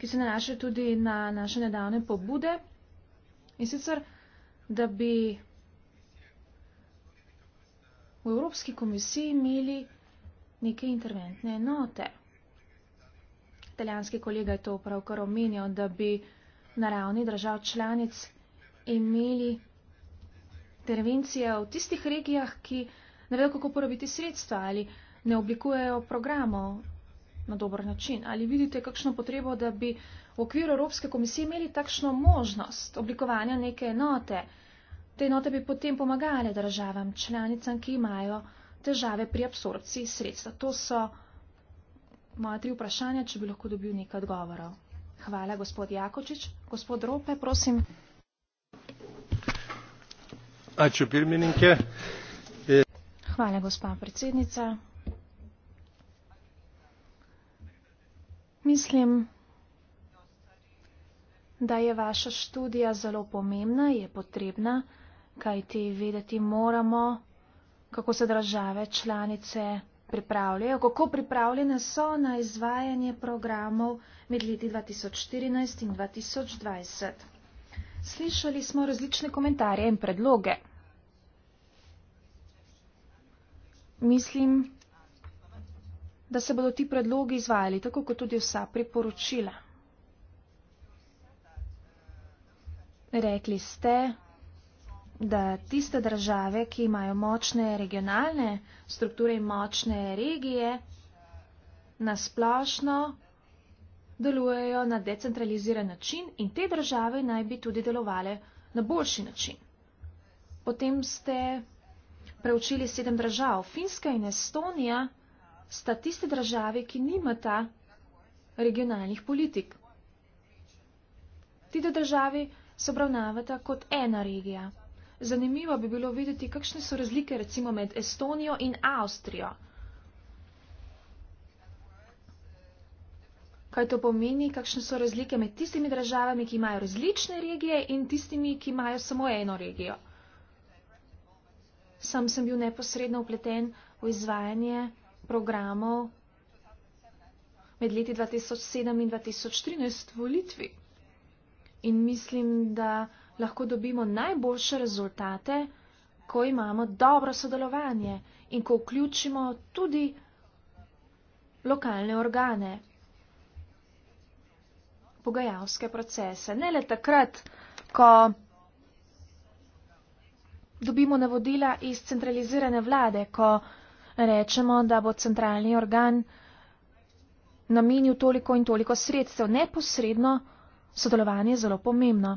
ki se nanašajo tudi na naše nedavne pobude, in sicer, da bi v Evropski komisiji imeli neke interventne enote. Italijanski kolega je to pravkar omenjal, da bi na ravni držav članic imeli intervencije v tistih regijah, ki ne vedo, kako porabiti sredstva ali ne oblikujejo programov na dober način. Ali vidite kakšno potrebo, da bi v okviru Evropske komisije imeli takšno možnost oblikovanja neke enote? Te enote bi potem pomagale državam, članicam, ki imajo težave pri absorpciji sredstva. To so moja tri vprašanja, če bi lahko dobil nekaj odgovorov. Hvala, gospod Jakočič. Gospod Rope, prosim hvala gospa predsednica mislim da je vaša študija zelo pomembna je potrebna kajti vedeti moramo kako se države članice pripravljajo, kako pripravljene so na izvajanje programov med leti 2014 in 2020. Slišali smo različne komentarje in predloge. Mislim, da se bodo ti predlogi izvajali, tako kot tudi vsa priporočila. Rekli ste, da tiste države, ki imajo močne regionalne strukture in močne regije, nasplošno delujejo na decentraliziran način in te države naj bi tudi delovale na boljši način. Potem ste preučili sedem držav. Finska in Estonija sta tiste države, ki nimata regionalnih politik. Tite državi se obravnavata kot ena regija. Zanimivo bi bilo videti, kakšne so razlike recimo med Estonijo in Avstrijo. kaj to pomeni, kakšne so razlike med tistimi državami, ki imajo različne regije in tistimi, ki imajo samo eno regijo. Sam sem bil neposredno upleten v izvajanje programov med leti 2007 in 2013 v Litvi. In mislim, da lahko dobimo najboljše rezultate, ko imamo dobro sodelovanje in ko vključimo tudi lokalne organe pogajalske procese. Ne le takrat, ko dobimo navodila iz centralizirane vlade, ko rečemo, da bo centralni organ namenil toliko in toliko sredstev. Neposredno sodelovanje je zelo pomembno.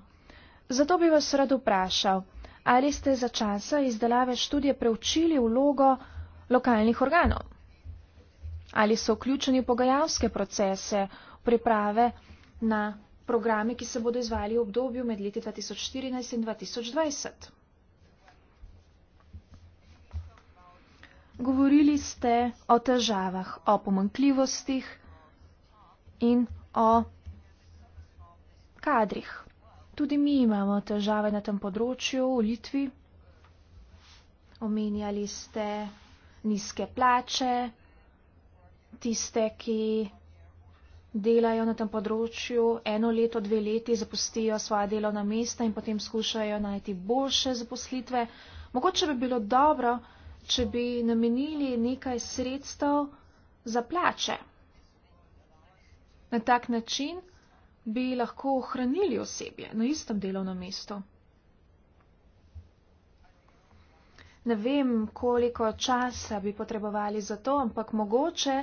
Zato bi vas rad vprašal, ali ste za časa izdelave študije preučili vlogo lokalnih organov? Ali so vključeni v pogajalske procese, v priprave na programe, ki se bodo izvali v obdobju med leti 2014 in 2020. Govorili ste o težavah, o pomankljivostih in o kadrih. Tudi mi imamo težave na tem področju v Litvi. Omenjali ste nizke plače, tiste, ki delajo na tem področju, eno leto, dve leti zapustijo svoje delovna mesta in potem skušajo najti boljše zaposlitve. Mogoče bi bilo dobro, če bi namenili nekaj sredstev za plače. Na tak način bi lahko ohranili osebje na istem delovnem mestu. Ne vem, koliko časa bi potrebovali za to, ampak mogoče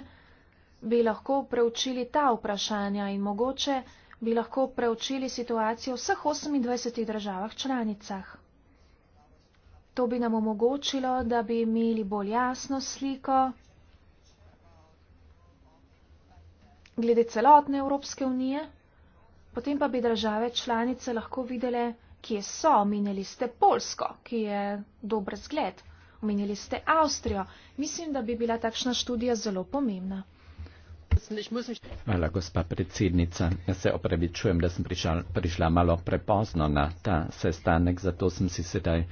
bi lahko preučili ta vprašanja in mogoče bi lahko preučili situacijo v vseh 28 državah članicah. To bi nam omogočilo, da bi imeli bolj jasno sliko glede celotne Evropske unije, potem pa bi države članice lahko videle, kje so. Omenili ste Polsko, ki je dober zgled. Omenili ste Avstrijo. Mislim, da bi bila takšna študija zelo pomembna. Hvala, gospa predsednica. Jaz se opravičujem, da sem prišla, prišla malo prepozno na ta sestanek, zato sem si sedaj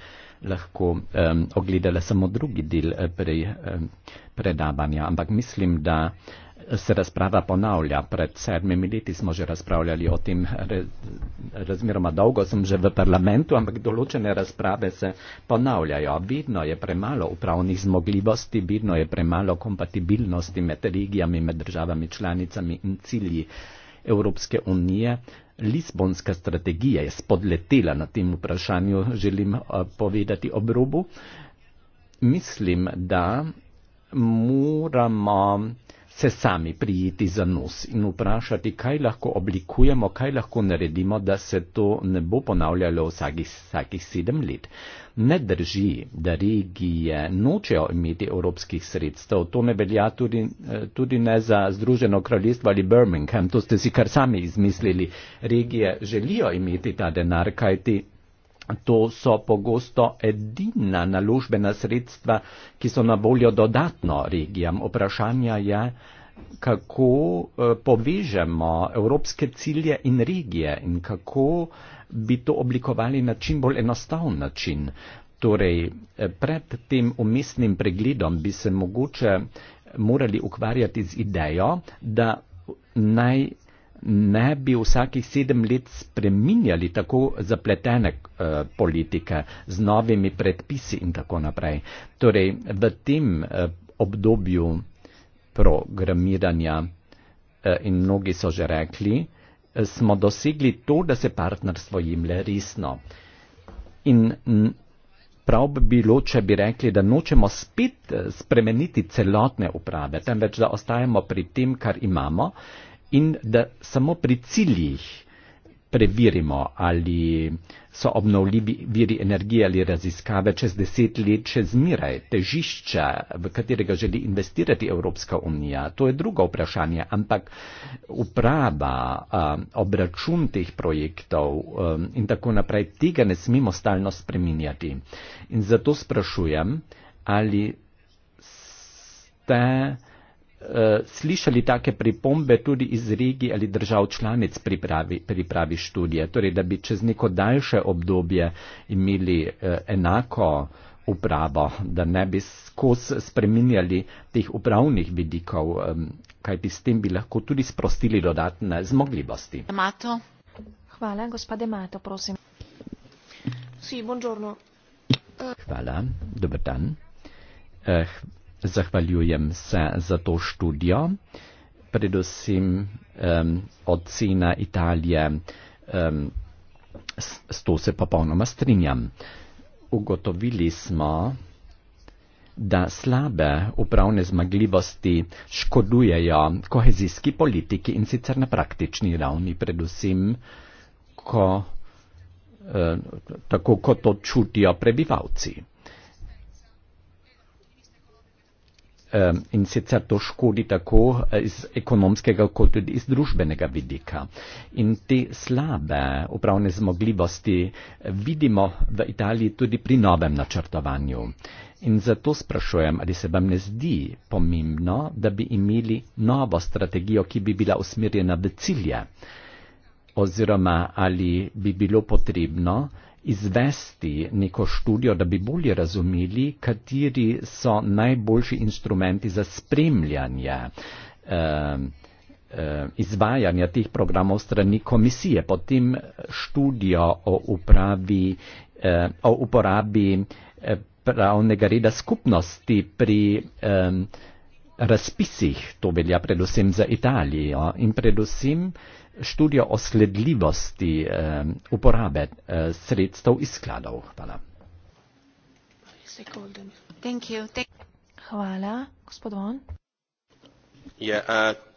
lahko um, ogledala samo drugi del eh, pre, um, predavanja. Ampak mislim, da se razprava ponavlja. Pred sedmimi leti smo že razpravljali o tem razmeroma dolgo, sem že v parlamentu, ampak določene razprave se ponavljajo. Vidno je premalo upravnih zmogljivosti, vidno je premalo kompatibilnosti med regijami, med državami članicami in cilji Evropske unije. Lisbonska strategija je spodletela na tem vprašanju, želim povedati ob robu. Mislim, da moramo se sami prijeti za nos in vprašati, kaj lahko oblikujemo, kaj lahko naredimo, da se to ne bo ponavljalo vsakih vsaki sedem let. Ne drži, da regije nočejo imeti evropskih sredstev, to ne velja tudi, eh, tudi ne za Združeno kraljestvo ali Birmingham, to ste si kar sami izmislili. Regije želijo imeti ta denar, kajti To so pogosto edina naložbena sredstva, ki so na voljo dodatno regijam. Vprašanje je, kako eh, povežemo evropske cilje in regije in kako bi to oblikovali na čim bolj enostavn način. Torej, eh, pred tem umestnim pregledom bi se mogoče morali ukvarjati z idejo, da naj ne bi vsakih sedem let spreminjali tako zapletene uh, politike z novimi predpisi in tako naprej. Torej, v tem uh, obdobju programiranja uh, in mnogi so že rekli, uh, smo dosegli to, da se partnerstvo jemlje resno. In prav bi bilo, če bi rekli, da nočemo spet spremeniti celotne uprave, temveč da ostajamo pri tem, kar imamo. Uh, in da samo pri ciljih preverimo, ali so obnovljivi viri energije ali raziskave čez deset let še zmeraj težišča, v katerega želi investirati Evropska unija. To je drugo vprašanje, ampak uprava, obračun teh projektov in tako naprej, tega ne smemo stalno spreminjati. In zato sprašujem, ali ste. Eh, slišali take pripombe tudi iz regij ali držav članic pripravi, pripravi študije. Torej, da bi čez neko daljše obdobje imeli eh, enako upravo, da ne bi skozi spreminjali teh upravnih vidikov, kaj bi s tem bi lahko tudi sprostili dodatne zmogljivosti. Demato. Hvala, gospa Demato, prosim. Sì, buongiorno. Hvala, dober dan. Eh, zahvaljujem se za to študijo, predvsem um, ocena Italije, um, s, s to se popolnoma strinjam. Ugotovili smo, da slabe upravne zmagljivosti škodujejo kohezijski politiki in sicer na praktični ravni, predvsem, ko, eh, tako kot to čutijo prebivalci. Ehm, in sicer to škodi tako eh, iz ekonomskega kot tudi iz družbenega vidika. In te slabe upravne zmogljivosti eh, vidimo v Italiji tudi pri novem načrtovanju. In zato sprašujem, ali se vam ne zdi pomembno, da bi imeli novo strategijo, ki bi bila usmerjena v cilje, oziroma ali bi bilo potrebno, izvesti neko študijo, da bi bolje razumeli, kateri so najboljši instrumenti za spremljanje eh, eh, izvajanja teh programov strani komisije, potem študijo o, upravi, eh, o uporabi pravnega reda skupnosti pri razpisih, to velja predvsem za Italijo in predvsem študijo o sledljivosti eh, uporabe eh, sredstev iz skladov. Hvala. Thank you. Thank hvala, gospod Von. Yeah, ja, uh...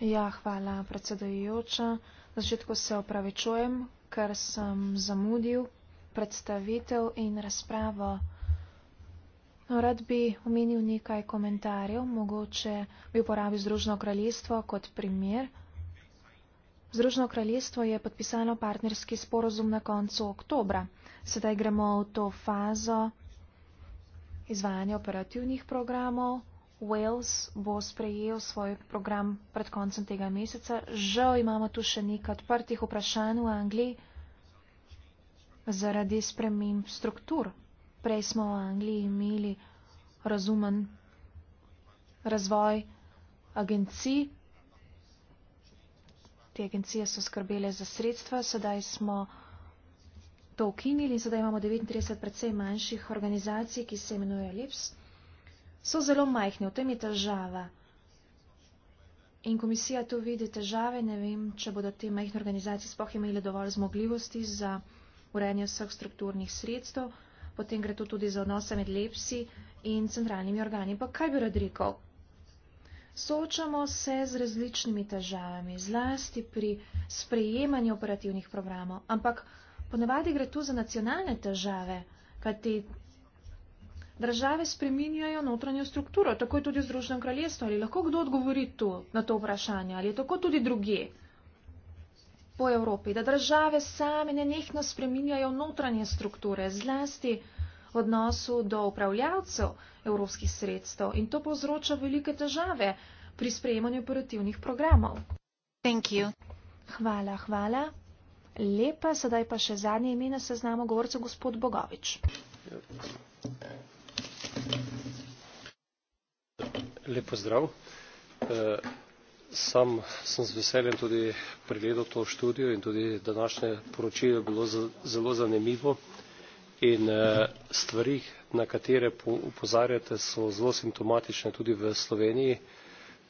Ja, hvala, predsedujoča. Na začetku se opravičujem, ker sem zamudil predstavitev in razpravo. No, rad bi omenil nekaj komentarjev, mogoče bi uporabil Združeno kraljestvo kot primer. Združeno kraljestvo je podpisalo partnerski sporozum na koncu oktobra. Sedaj gremo v to fazo izvajanja operativnih programov. Wales bo sprejel svoj program pred koncem tega meseca. Žal imamo tu še nekaj odprtih vprašanj v Angliji zaradi sprememb struktur. Prej smo v Angliji imeli razumen razvoj agencij, te agencije so skrbele za sredstva, sedaj smo to ukinili in sedaj imamo 39 predvsej manjših organizacij, ki se imenujejo LIPS. E so zelo majhne, v tem je težava. In komisija tu vidi težave, ne vem, če bodo te majhne organizacije spoh imeli dovolj zmogljivosti za urejanje vseh strukturnih sredstev, potem gre tu tudi za odnose med lepsi in centralnimi organi. Pa kaj bi rad rekel, Soočamo se z različnimi težavami, zlasti pri sprejemanju operativnih programov, ampak ponavadi gre tu za nacionalne težave, kajti države spreminjajo notranjo strukturo, tako je tudi v Združenem kraljestvu. Ali lahko kdo odgovori tu na to vprašanje, ali je tako tudi druge po Evropi, da države same nenehno spreminjajo notranje strukture, zlasti v odnosu do upravljavcev evropskih sredstev in to povzroča velike težave pri sprejemanju operativnih programov. Thank you. Hvala, hvala. Lepa, sedaj pa še zadnje ime na seznamu govorca, gospod Bogovič. Lepo zdrav. Eh, sam sem z veseljem tudi pregledal to študijo in tudi današnje poročilo je bilo zelo zanimivo in eh, stvari, na katere upozarjate, so zelo simptomatične tudi v Sloveniji.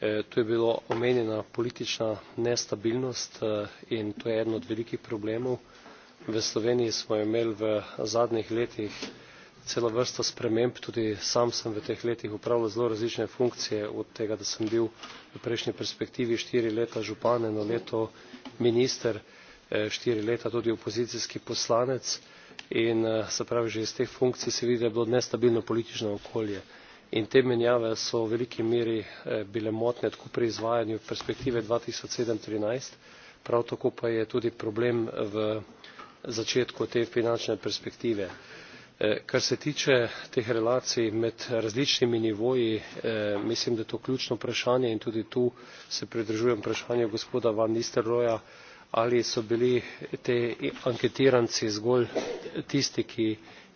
Eh, tu je bila omenjena politična nestabilnost eh, in to je eden od velikih problemov. V Sloveniji smo imeli v zadnjih letih celo vrsto sprememb, tudi sam sem v teh letih upravljal zelo različne funkcije, od tega, da sem bil v prejšnji perspektivi štiri leta župan, eno leto minister, štiri leta tudi opozicijski poslanec in eh, se pravi že iz teh funkcij se vidi da je bilo nestabilno politično okolje in te menjave so v veliki meri eh, bile motnja tako pri izvajanju perspektive dva tisoč sedem trinajst prav tako pa je tudi problem v začetku te finančne perspektive. Eh, kar se tiče teh relacij med različnimi nivoji mislim da je to ključno vprašanje in tudi tu se pridružujem vprašanju gospoda van nistelrooya ali so bili ti anketiranci zgolj tisti ki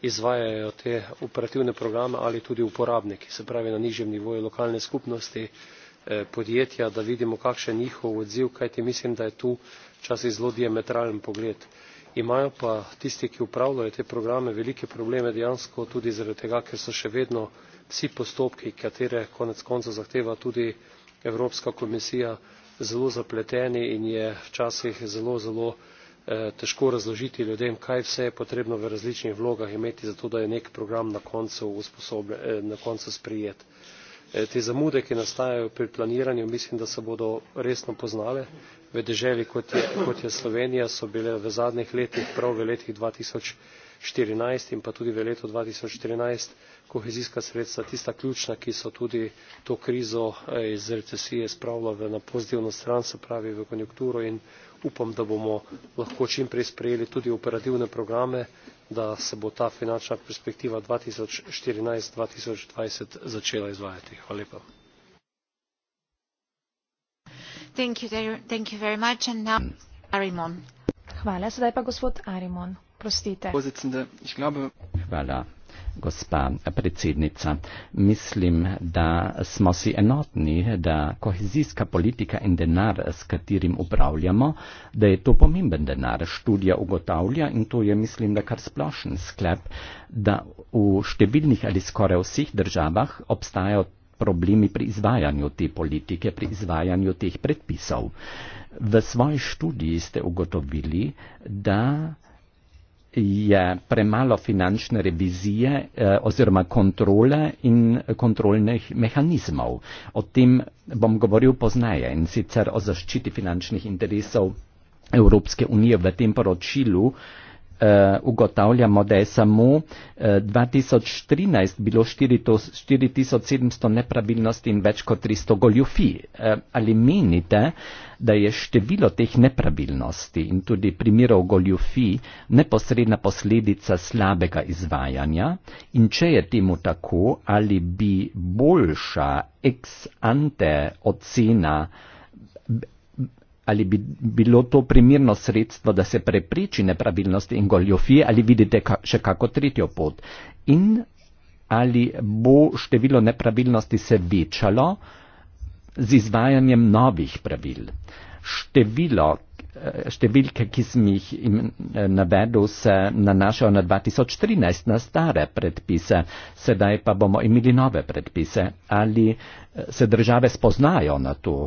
izvajajo te operativne programe ali tudi uporabniki se pravi na nižjem nivoju lokalne skupnosti eh, podjetja da vidimo kakšen njihov odziv kajti mislim da je tu včasih zelo diametralen pogled imajo pa tisti ki upravljajo te programe velike probleme dejansko tudi zaradi tega ker so še vedno vsi postopki katere konec koncev zahteva tudi evropska komisija zelo zapleteni in je včasih zelo zelo eh, težko razložiti ljudem kaj vse je potrebno v različnih vlogah imeti zato da je nek program na koncu, eh, na koncu sprijet. Eh, te zamude, ki nastajajo pri planiranju, mislim, da se bodo resno poznale. V deželi, kot je, kot je Slovenija, so bile v zadnjih letih, prav v letih 2000, štirinajst in pa tudi v letu dva tisoč trinajst kohezijska sredstva tista ključna ki so tudi to krizo eh, iz recesije spravila v na pozitivno stran se pravi v konjunkturo in upam da bomo lahko čim prej sprejeli tudi operativne programe da se bo ta finančna perspektiva dva tisoč štirinajst dva tisoč dvajset začela izvajati hvala lepa Thank you, thank you very much. And now, Arimon. Hvala, sedaj pa gospod Arimon. Prostite. Hvala, gospa predsednica. Mislim, da smo si enotni, da kohezijska politika in denar, s katerim upravljamo, da je to pomemben denar. Študija ugotavlja in to je, mislim, da kar splošen sklep, da v številnih ali skoraj vseh državah obstajajo problemi pri izvajanju te politike, pri izvajanju teh predpisov. V svoji študiji ste ugotovili, da je premalo finančne revizije eh, oziroma kontrole in kontrolnih mehanizmov. O tem bom govoril poznaje in sicer o zaščiti finančnih interesov Evropske unije v tem poročilu. Eh, Eh, ugotavljamo, da je samo uh, eh, 2013 bilo 4700 nepravilnosti in več kot 300 goljufij. Uh, eh, ali menite, da je število teh nepravilnosti in tudi primerov goljufij neposredna posledica slabega izvajanja? In če je temu tako, ali bi boljša ex ante ocena ali bi bilo to primirno sredstvo, da se prepriči nepravilnosti in goljofije, ali vidite ka še kako tretjo pot. In ali bo število nepravilnosti se večalo z izvajanjem novih pravil. Število, eh, številke, ki sem jih eh, navedel, se nanašajo na 2013, na stare predpise, sedaj pa bomo imeli nove predpise. Ali eh, se države spoznajo na to?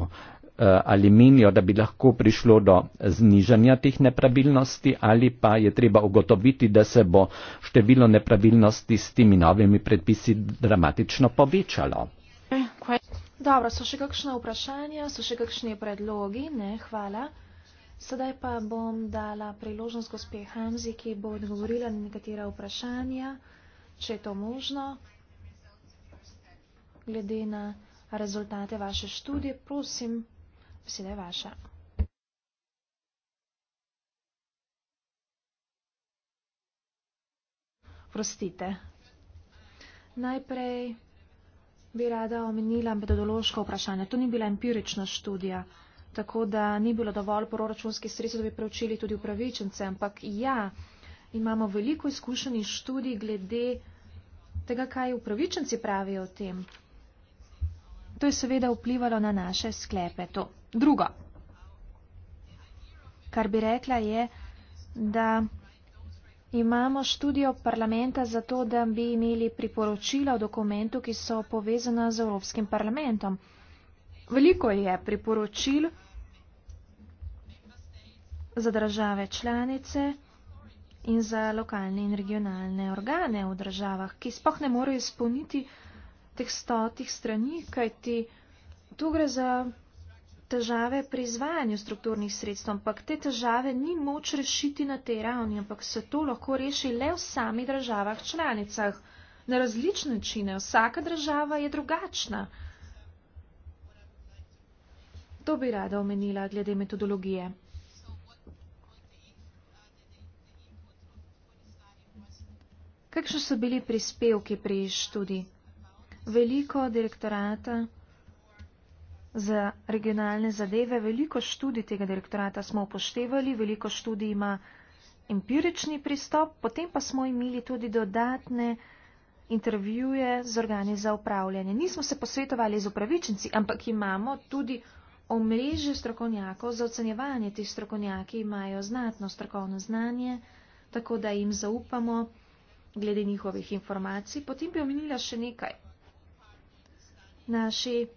Eh, ali menijo, da bi lahko prišlo do znižanja teh nepravilnosti ali pa je treba ugotoviti, da se bo število nepravilnosti s temi novimi predpisi dramatično povečalo. Dobro, so še kakšne vprašanja, so še kakšne predlogi? Ne, hvala. Sedaj pa bom dala priložnost gospe Hanzi, ki bo odgovorila na nekatera vprašanja, če je to možno, glede na rezultate vaše študije. Prosim beseda je vaša. Prostite. Najprej bi rada omenila metodološko vprašanje. To ni bila empirična študija, tako da ni bilo dovolj proračunskih sredstev, da bi preučili tudi upravičence, ampak ja, imamo veliko izkušenih študij glede tega, kaj upravičenci pravijo o tem. To je seveda vplivalo na naše sklepe. To. Drugo, kar bi rekla, je, da imamo študijo parlamenta zato, da bi imeli priporočila v dokumentu, ki so povezana z Evropskim parlamentom. Veliko je priporočil za države članice in za lokalne in regionalne organe v državah, ki spoh ne morejo izpolniti teh stotih strani, kajti tu gre za težave pri izvajanju strukturnih sredstv, ampak te težave ni moč rešiti na tej ravni, ampak se to lahko reši le v sami državah članicah. Na različne načine, vsaka država je drugačna. To bi rada omenila glede metodologije. Kakšni so bili prispevki pri študiji? veliko direktorata za regionalne zadeve, veliko študij tega direktorata smo upoštevali, veliko študij ima empirični pristop, potem pa smo imeli tudi dodatne intervjuje z organi za upravljanje. Nismo se posvetovali z upravičenci, ampak imamo tudi omrežje strokovnjakov za ocenjevanje. Ti strokovnjaki imajo znatno strokovno znanje, tako da jim zaupamo glede njihovih informacij. Potem bi omenila še nekaj naši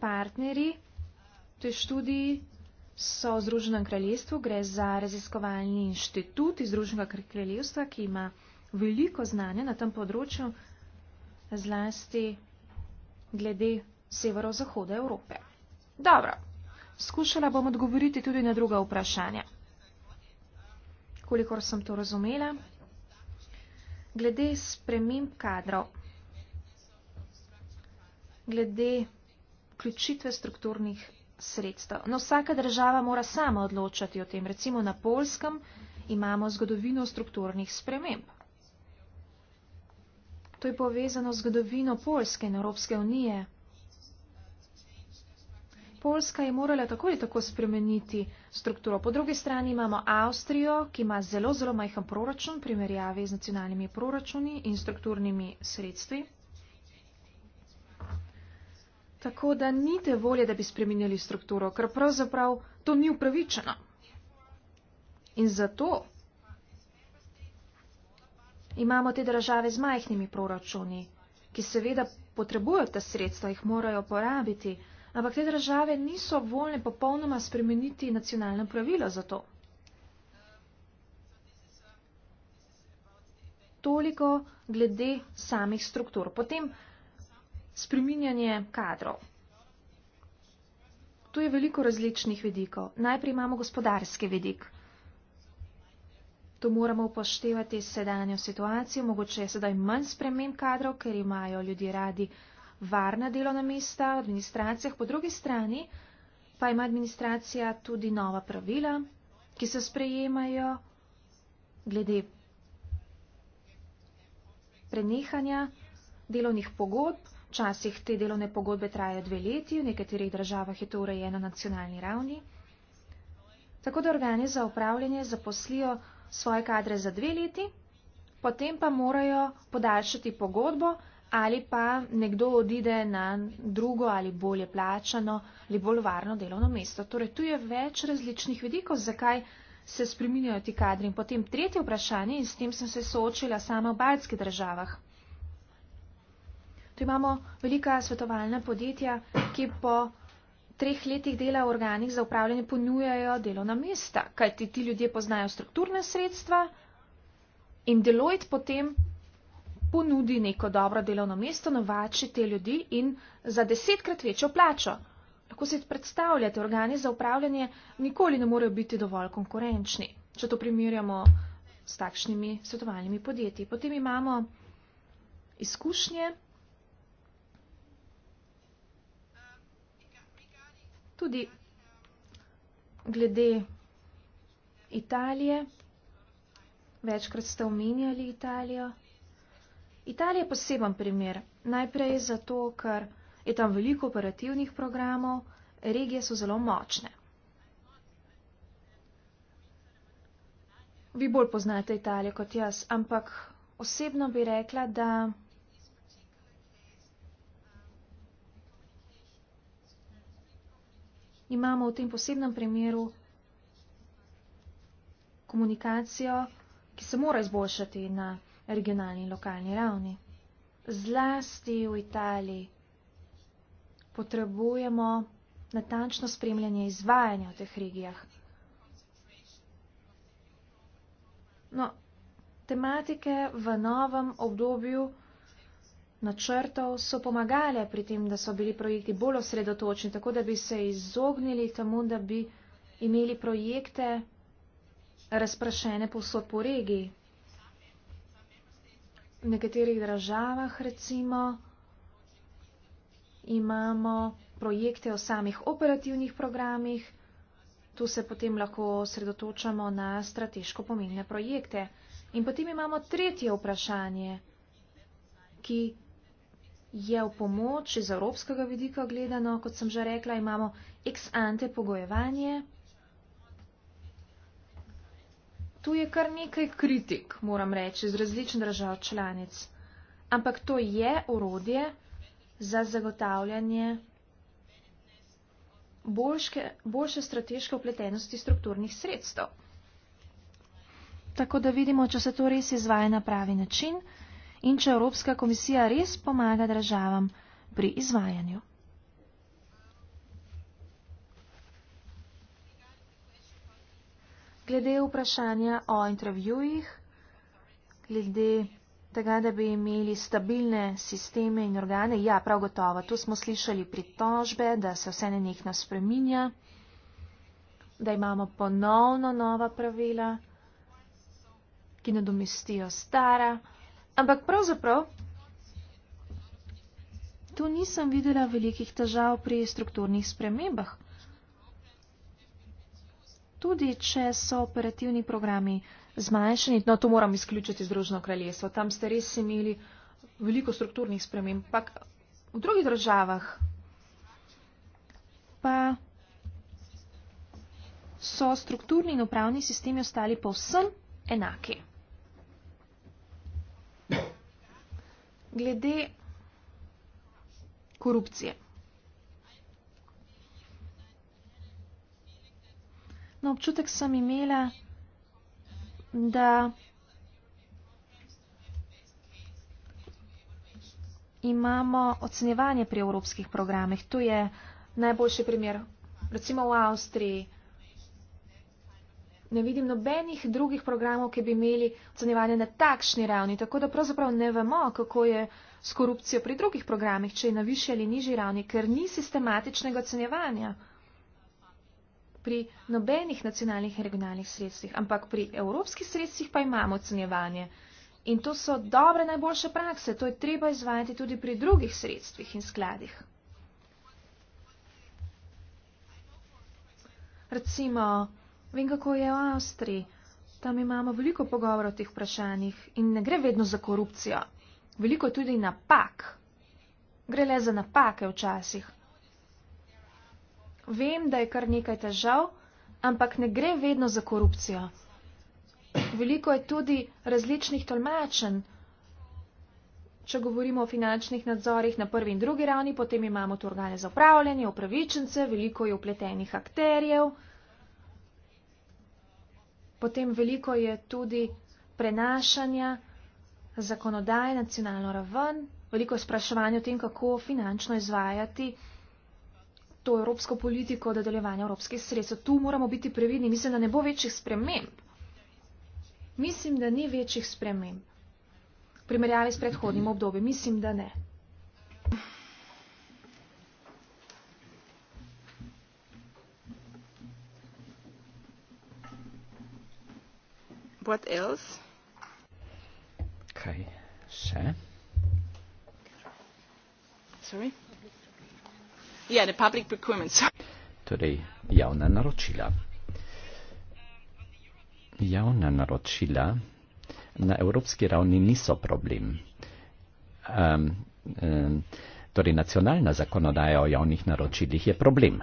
partneri v tej študiji so v Združenem kraljestvu, gre za raziskovalni inštitut iz Združenega kraljestva, ki ima veliko znanja na tem področju, zlasti glede severozahoda Evrope. Dobro, skušala bom odgovoriti tudi na druga vprašanja. Kolikor sem to razumela, glede sprememb kadrov glede vključitve strukturnih sredstev. No, vsaka država mora sama odločati o tem. Recimo na Polskem imamo zgodovino strukturnih sprememb. To je povezano z zgodovino Polske in Evropske unije. Polska je morala tako ali tako spremeniti strukturo. Po drugi strani imamo Avstrijo, ki ima zelo, zelo majhen proračun, primerjavi z nacionalnimi proračuni in strukturnimi sredstvi. Tako da nite volje, da bi spremenili strukturo, ker pravzaprav to ni upravičeno. In zato imamo te države z majhnimi proračuni, ki seveda potrebujo ta sredstva, jih morajo porabiti, ampak te države niso voljne popolnoma spremeniti nacionalne pravila za to. Toliko glede samih struktur. Potem spreminjanje kadrov. Tu je veliko različnih vedikov. Najprej imamo gospodarski vedik. Tu moramo upoštevati sedanjo situacijo, mogoče je sedaj manj spremen kadrov, ker imajo ljudje radi varna delovna mesta v administracijah. Po drugi strani pa ima administracija tudi nova pravila, ki se sprejemajo glede prenehanja delovnih pogodb. Včasih te delovne pogodbe trajajo dve leti, v nekaterih državah je to urejeno na nacionalni ravni. Tako da organi za upravljanje zaposlijo svoje kadre za dve leti, potem pa morajo podaljšati pogodbo ali pa nekdo odide na drugo ali bolje plačano ali bolj varno delovno mesto. Torej, tu je več različnih vidikov, zakaj se spreminjajo ti kadri. In potem tretje vprašanje, in s tem sem se soočila sama v baljskih državah. Tu imamo velika svetovalna podjetja, ki po treh letih dela v organih za upravljanje ponujajo delovna mesta, kajti ti ljudje poznajo strukturne sredstva in Deloitte potem ponudi neko dobro delovno mesto, novači te ljudi in za desetkrat večjo plačo. Lahko si predstavljate, organi za upravljanje nikoli ne morejo biti dovolj konkurenčni, če to primerjamo s takšnimi svetovalnimi podjetji. Potem imamo izkušnje. tudi glede Italije. Večkrat ste omenjali Italijo. Italija je poseben primer. Najprej zato, ker je tam veliko operativnih programov, regije so zelo močne. Vi bolj poznate Italijo kot jaz, ampak osebno bi rekla, da. imamo v tem posebnem primeru komunikacijo, ki se mora izboljšati na regionalni in lokalni ravni. Zlasti v Italiji potrebujemo natančno spremljanje izvajanja v teh regijah. No, tematike v novem obdobju načrtov so pomagale pri tem, da so bili projekti bolj osredotočeni, tako da bi se izognili temu, da bi imeli projekte razprašene posod po regiji. V nekaterih državah recimo imamo projekte o samih operativnih programih, tu se potem lahko osredotočamo na strateško pomembne projekte. In potem imamo tretje vprašanje, ki je v pomoč iz evropskega vidika gledano, kot sem že rekla, imamo ex ante pogojevanje. Tu je kar nekaj kritik, moram reči, iz različnih držav članic, ampak to je orodje za zagotavljanje boljške, boljše strateške upletenosti strukturnih sredstev. Tako da vidimo, če se to res izvaja na pravi način in če Evropska komisija res pomaga državam pri izvajanju. Glede vprašanja o intervjujih, glede tega, da bi imeli stabilne sisteme in organe, ja, prav gotovo, tu smo slišali pritožbe, da se vse nenehno spreminja, da imamo ponovno nova pravila, ki nadomestijo stara. Ampak pravzaprav tu nisem videla velikih težav pri strukturnih spremembah. Tudi, če so operativni programi zmanjšani, no to moram izključiti iz Združeno kraljestvo, tam ste res imeli veliko strukturnih sprememb, ampak v drugih državah pa so strukturni in upravni sistemi ostali povsem enaki. glede korupcije. No, občutek sem imela, da imamo ocenjevanje pri evropskih programih. To je najboljši primer. Recimo v Avstriji ne vidim nobenih drugih programov, ki bi imeli ocenjevanje na takšni ravni. Tako da pravzaprav ne vemo, kako je s korupcijo pri drugih programih, če je na višji ali nižji ravni, ker ni sistematičnega ocenjevanja pri nobenih nacionalnih in regionalnih sredstvih, ampak pri evropskih sredstvih pa imamo ocenjevanje. In to so dobre najboljše prakse, to je treba izvajati tudi pri drugih sredstvih in skladih. Recimo, Vem, kako je v Avstriji. Tam imamo veliko pogovorov o teh vprašanjih in ne gre vedno za korupcijo. Veliko tudi napak. Gre le za napake včasih. Vem, da je kar nekaj težav, ampak ne gre vedno za korupcijo. Veliko je tudi različnih tolmačen. Če govorimo o finančnih nadzorih na prvi in drugi ravni, potem imamo tu organe za upravljanje, upravičence, veliko je upletenih akterjev. Potem veliko je tudi prenašanja zakonodaje nacionalno raven, veliko spraševanja o tem, kako finančno izvajati to evropsko politiko dodeljevanja evropskih sredstev. Tu moramo biti previdni. Mislim, da ne bo večjih sprememb. Mislim, da ni večjih sprememb. Primerjali s predhodnim obdobjem. Mislim, da ne. What else? Kaj še? Sorry? Yeah, the public procurement. Sorry. Torej, javna naročila. Javna naročila na evropski ravni niso problem. Um, um, torej, nacionalna zakonodaja o javnih naročilih je problem.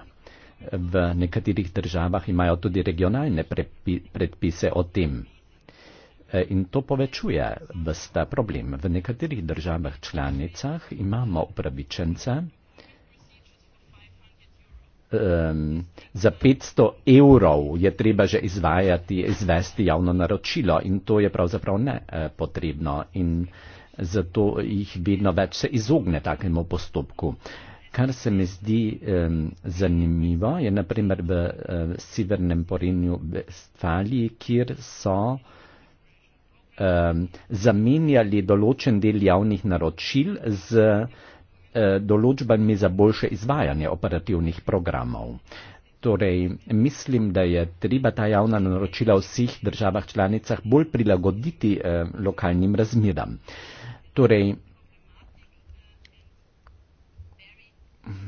V nekaterih državah imajo tudi regionalne predpise o tem, Eh, in to povečuje vsta problem. V nekaterih državah članicah imamo upravičence um, za 500 evrov je treba že izvajati, izvesti javno naročilo in to je pravzaprav ne eh, potrebno in zato jih vedno več se izogne takemu postopku. Kar se mi zdi um, zanimivo je naprimer v uh, Severnem porinju v Stvali, kjer so um, zamenjali določen del javnih naročil z uh, določbami za boljše izvajanje operativnih programov. Torej, mislim, da je treba ta javna naročila v vseh državah članicah bolj prilagoditi eh, lokalnim razmeram. Torej,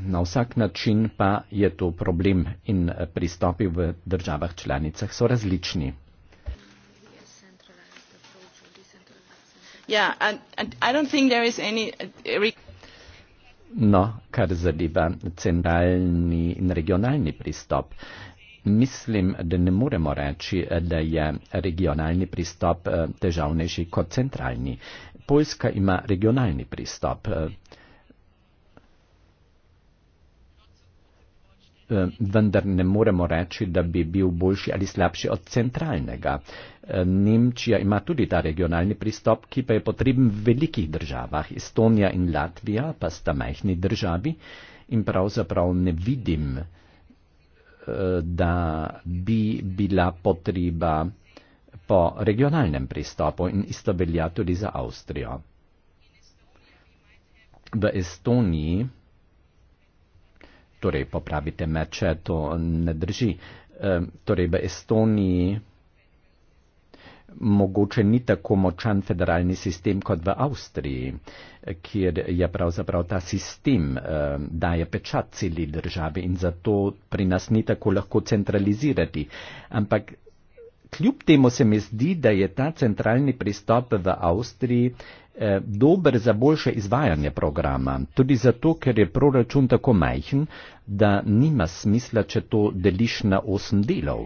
na vsak način pa je to problem in pristopi v državah članicah so različni. Uh, no, kar zadeva centralni in regionalni pristop. Mislim, da ne moremo reči, da je regionalni pristop eh, težavnejši kot centralni. Poljska ima regionalni pristop, eh, Eh, vendar ne moremo reči, da bi bil boljši ali slabši od centralnega. Eh, Nemčija ima tudi ta regionalni pristop, ki pa je potreben v velikih državah. Estonija in Latvija pa sta majhni državi in pravzaprav ne vidim, eh, da bi bila potreba po regionalnem pristopu in isto velja tudi za Avstrijo. V Estoniji torej popravite me, če to ne drži. E, torej v Estoniji mogoče ni tako močan federalni sistem kot v Avstriji, kjer je pravzaprav ta sistem e, daje pečat celi državi in zato pri nas ni tako lahko centralizirati. Ampak kljub temu se mi zdi, da je ta centralni pristop v Avstriji Eh, dober za boljše izvajanje programa, tudi zato, ker je proračun tako majhen, da nima smisla, če to deliš na osem delov.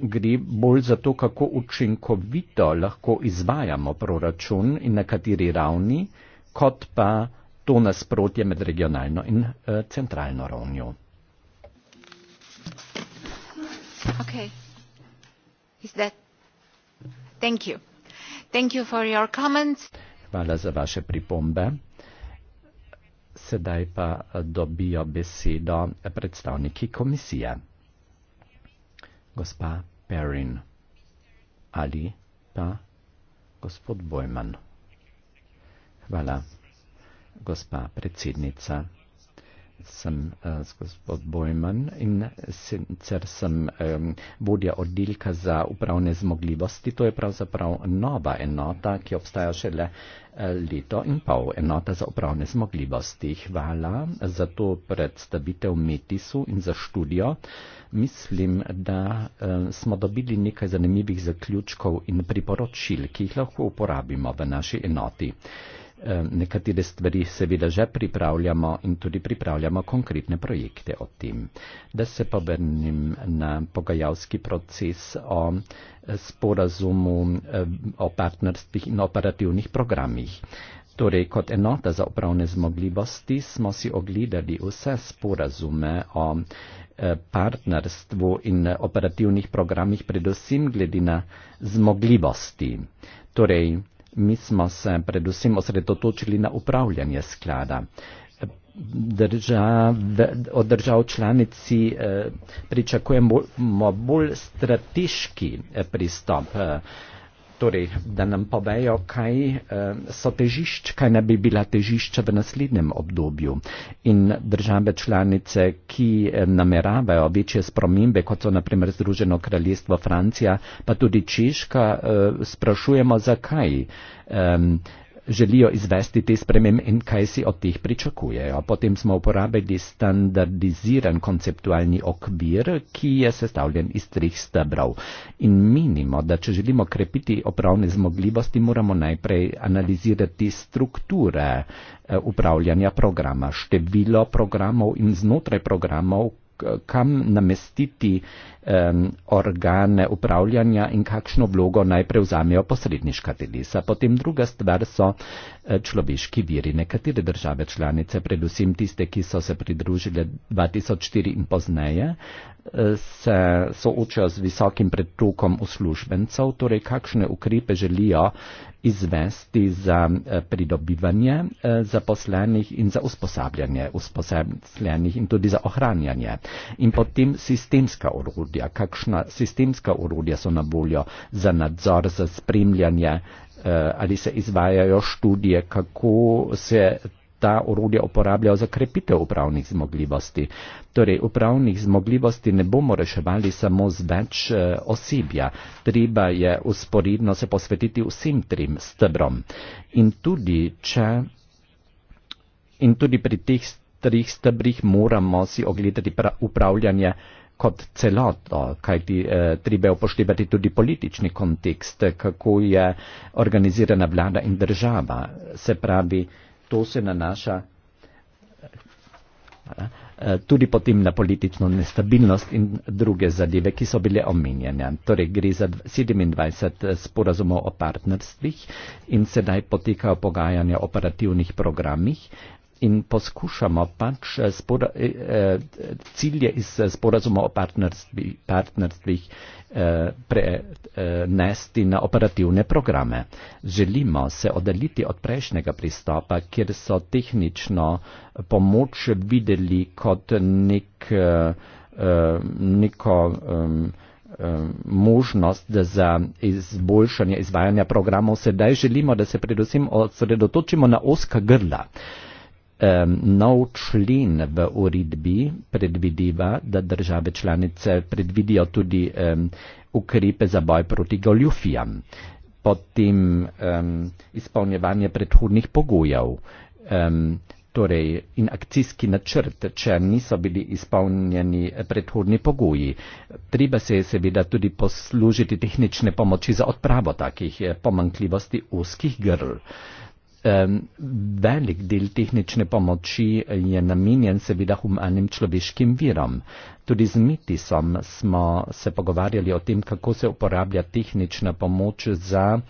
Gre bolj za to, kako učinkovito lahko izvajamo proračun in na kateri ravni, kot pa to nasprotje med regionalno in uh, centralno ravnjo. Okay. Thank you. Thank you for your Hvala za vaše pripombe. Sedaj pa dobijo besedo predstavniki komisije. Gospa Perrin ali pa gospod Bojman. Hvala, gospa predsednica sem uh, gospod Bojman in sicer sem um, vodja oddelka za upravne zmogljivosti. To je pravzaprav nova enota, ki obstaja šele eh, leto in pol. Enota za upravne zmogljivosti. Hvala za to predstavitev Metisu in za študijo. Mislim, da um, smo dobili nekaj zanimivih zaključkov in priporočil, ki jih lahko uporabimo v naši enoti nekatere stvari seveda že pripravljamo in tudi pripravljamo konkretne projekte o tem. Da se pa vrnim na pogajalski proces o eh, sporazumu eh, o partnerstvih in operativnih programih. Torej, kot enota za upravne zmogljivosti smo si ogledali vse sporazume o eh, partnerstvu in operativnih programih, predvsem glede na zmogljivosti. Torej, mi smo se predvsem osredotočili na upravljanje sklada. Držav, od držav članici eh, pričakujemo bolj strateški eh, pristop. Eh, torej, da nam povejo, kaj eh, so težišč, kaj ne bi bila težišča v naslednjem obdobju. In države članice, ki eh, nameravajo večje spremembe, kot so naprimer Združeno kraljestvo Francija, pa tudi Češka, eh, sprašujemo, zakaj želijo izvesti te spremembe in kaj si od teh pričakujejo. Potem smo uporabili standardiziran konceptualni okvir, ki je sestavljen iz treh stebrov. In minimo, da če želimo krepiti opravne zmogljivosti, moramo najprej analizirati strukture eh, upravljanja programa, število programov in znotraj programov, kam namestiti um, organe upravljanja in kakšno vlogo naj prevzamejo posredniška telesa. Potem druga stvar so eh, človeški viri. Nekatere države članice, predvsem tiste, ki so se pridružile 2004 in pozneje, eh, se soočajo z visokim pretokom uslužbencev, torej kakšne ukrepe želijo izvesti za eh, pridobivanje eh, zaposlenih in za usposabljanje usposabljenih in tudi za ohranjanje. In potem sistemska urodja, kakšna sistemska urodja so na voljo za nadzor, za spremljanje, eh, ali se izvajajo študije, kako se ta orodja uporabljal za krepitev upravnih zmogljivosti. Torej, upravnih zmogljivosti ne bomo reševali samo z več eh, osebja. Treba je usporedno se posvetiti vsem trim stebrom. In tudi, če, in tudi pri teh trih stebrih moramo si ogledati upravljanje kot celoto, kajti eh, treba je upoštevati tudi politični kontekst, kako je organizirana vlada in država. Se pravi, to se nanaša eh, eh, tudi potem na politično nestabilnost in druge zadeve, ki so bile omenjene. Torej gre za 27 eh, sporazumov o partnerstvih in sedaj potekajo pogajanja o operativnih programih in poskušamo pač eh, spoda, eh, eh, cilje iz eh, sporazuma o partnerstvi, partnerstvih eh, prenesti eh, na operativne programe. Želimo se oddaliti od prejšnjega pristopa, kjer so tehnično pomoč videli kot nek, eh, neko um, možnost za izboljšanje izvajanja programov. Sedaj želimo, da se predvsem osredotočimo na oska grla. Eh, Nov člen v uredbi predvideva, da države članice predvidijo tudi um, ukrepe za boj proti goljufijam, potem um, izpolnjevanje predhodnih pogojev um, torej in akcijski načrt, če niso bili izpolnjeni predhodni pogoji. Treba se je seveda tudi poslužiti tehnične pomoči za odpravo takih eh, pomankljivosti uskih grl velik del tehnične pomoči je namenjen seveda humanim človeškim virom. Tudi z Mitisom smo se pogovarjali o tem, kako se uporablja tehnična pomoč za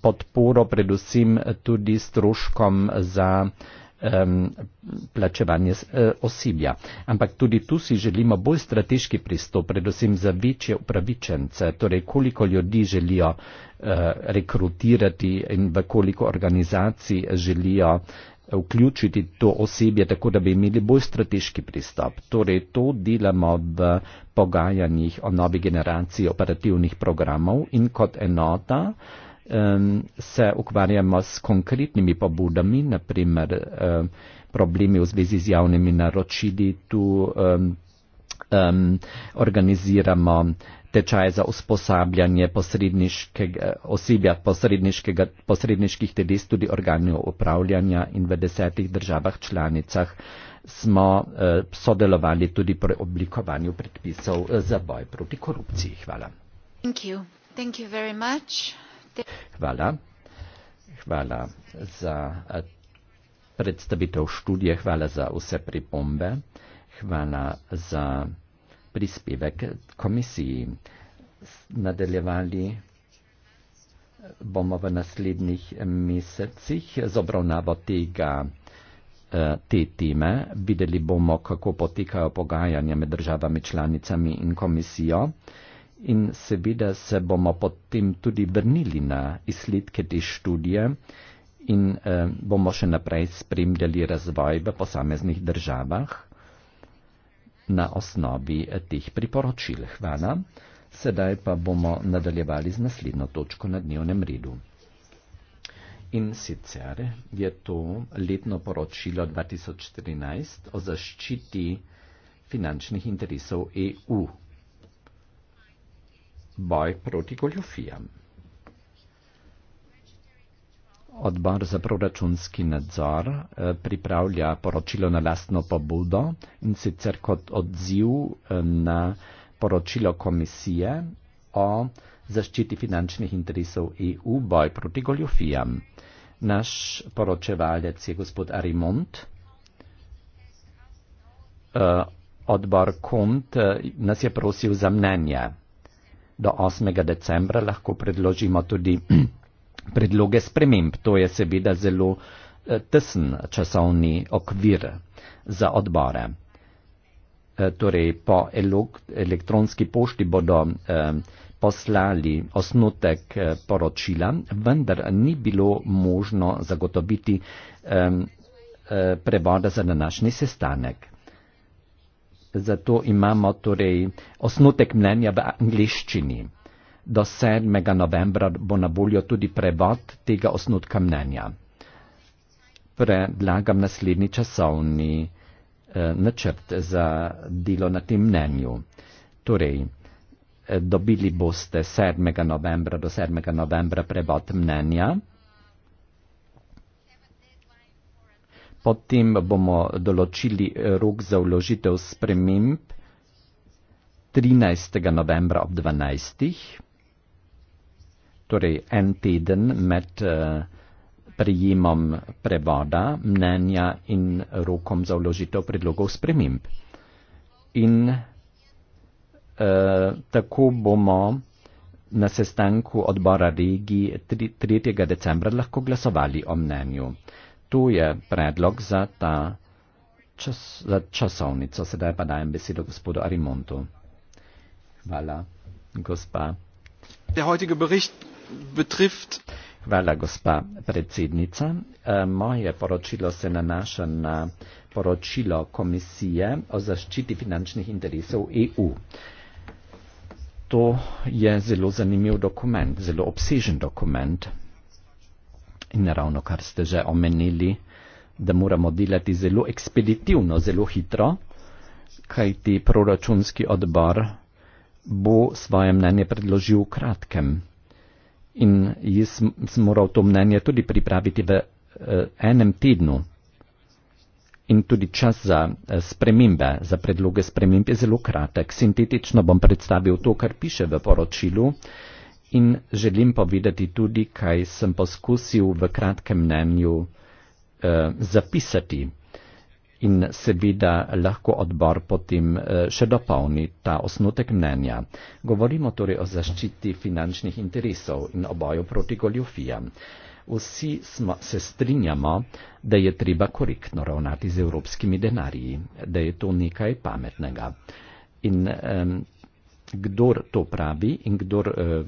podporo predvsem tudi stroškom za um, plačevanje uh, osebja. Ampak tudi tu si želimo bolj strateški pristop, predvsem za večje upravičence, torej koliko ljudi želijo uh, rekrutirati in v koliko organizacij želijo e, vključiti to osebje, tako da bi imeli bolj strateški pristop. Torej, to delamo v pogajanjih o novi generaciji operativnih programov in kot enota uh, um, se ukvarjamo s konkretnimi pobudami, naprimer um, problemi v zvezi z javnimi naročili, tu um, um, organiziramo tečaje za usposabljanje osebja posredniških teles, tudi organov upravljanja in v desetih državah članicah smo uh, sodelovali tudi pri oblikovanju predpisov e, za boj proti korupciji. Hvala. Thank you. Thank you very much. Hvala. Hvala za eh, predstavitev študije, hvala za vse pripombe, hvala za prispevek komisiji. Nadaljevali eh, bomo v naslednjih mesecih z obravnavo tega eh, te teme. Videli bomo, kako potekajo pogajanja med državami članicami in komisijo in seveda se bomo potem tudi vrnili na izsledke te študije in eh, bomo še naprej spremljali razvoj v posameznih državah na osnovi eh, teh priporočil. Hvala. Sedaj pa bomo nadaljevali z naslednjo točko na dnevnem redu. In sicer je to letno poročilo 2014 o zaščiti finančnih interesov EU boj proti goljofijam. Odbor za proračunski nadzor eh, pripravlja poročilo na lastno pobudo in sicer kot odziv eh, na poročilo komisije o zaščiti finančnih interesov EU boj proti goljofijam. Naš poročevalec je gospod Arimont. Eh, odbor KUNT nas je prosil za mnenje do 8. decembra lahko predložimo tudi predloge sprememb. To je seveda zelo eh, tesen časovni okvir eh, za odbore. Eh, torej, po elektronski pošti bodo poslali osnutek poročila, vendar ni bilo možno zagotoviti prevoda za današnji sestanek zato imamo torej osnutek mnenja v angliščini. Do 7. novembra bo na voljo tudi prevod tega osnutka mnenja. Predlagam naslednji časovni eh, načrt za delo na tem mnenju. Torej, eh, dobili boste 7. novembra do 7. novembra prevod mnenja. Potem bomo določili eh, rok za vložitev sprememb 13. novembra ob 12. Torej en teden med eh, prijemom prevoda, mnenja in rokom za vložitev predlogov sprememb. In eh, tako bomo na sestanku odbora regiji 3. decembra lahko glasovali o mnenju tu je predlog za ta čas, za časovnico. Sedaj pa dajem besedo gospodu Arimontu. Hvala, gospa. Der heutige bericht betrifft Hvala, gospa predsednica. E, moje poročilo se nanaša na poročilo Komisije o zaščiti finančnih interesov EU. To je zelo zanimiv dokument, zelo obsežen dokument. In ravno kar ste že omenili, da moramo delati zelo ekspeditivno, zelo hitro, kajti proračunski odbor bo svoje mnenje predložil v kratkem. In jaz sem moral to mnenje tudi pripraviti v eh, enem tednu. In tudi čas za eh, spremembe, za predloge sprememb je zelo kratek. Sintetično bom predstavil to, kar piše v poročilu. Eh, in želim povedati tudi, kaj sem poskusil v kratkem mnenju eh, zapisati. In seveda lahko odbor potem eh, še dopolni ta osnutek mnenja. Govorimo torej o zaščiti finančnih interesov in o boju proti goljofijam. Vsi smo, se strinjamo, da je treba korektno ravnati z evropskimi denarji, da je to nekaj pametnega. In eh, kdor to pravi in kdor. Eh,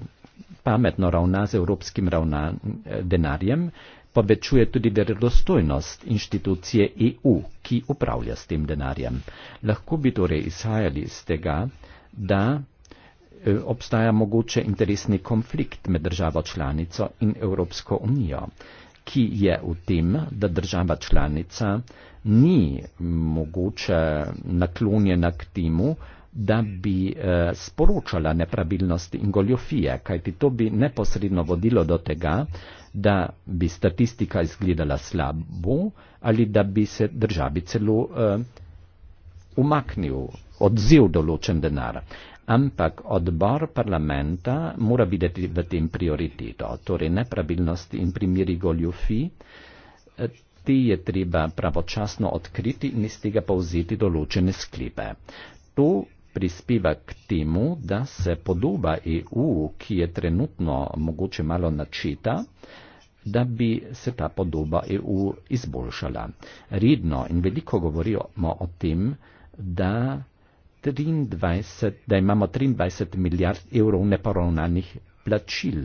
pametno ravna z evropskim ravna, eh, denarjem, povečuje tudi verodostojnost inštitucije EU, ki upravlja s tem denarjem. Lahko bi torej izhajali iz tega, da eh, obstaja mogoče interesni konflikt med državo članico in Evropsko unijo, ki je v tem, da država članica ni mogoče naklonjena k temu, da bi eh, sporočala nepravilnosti in goljofije, kajti to bi neposredno vodilo do tega, da bi statistika izgledala slabo ali da bi se državi celo eh, umaknil, odziv določen denar. Ampak odbor parlamenta mora videti v tem prioriteto, torej nepravilnosti in primeri goljofij, eh, ti je treba pravočasno odkriti in iz tega povzeti določene sklepe. To prispeva k temu, da se podoba EU, ki je trenutno mogoče malo načeta, da bi se ta podoba EU izboljšala. Redno in veliko govorimo o tem, da, 23, da imamo 23 milijard evrov neporovnanih plačil.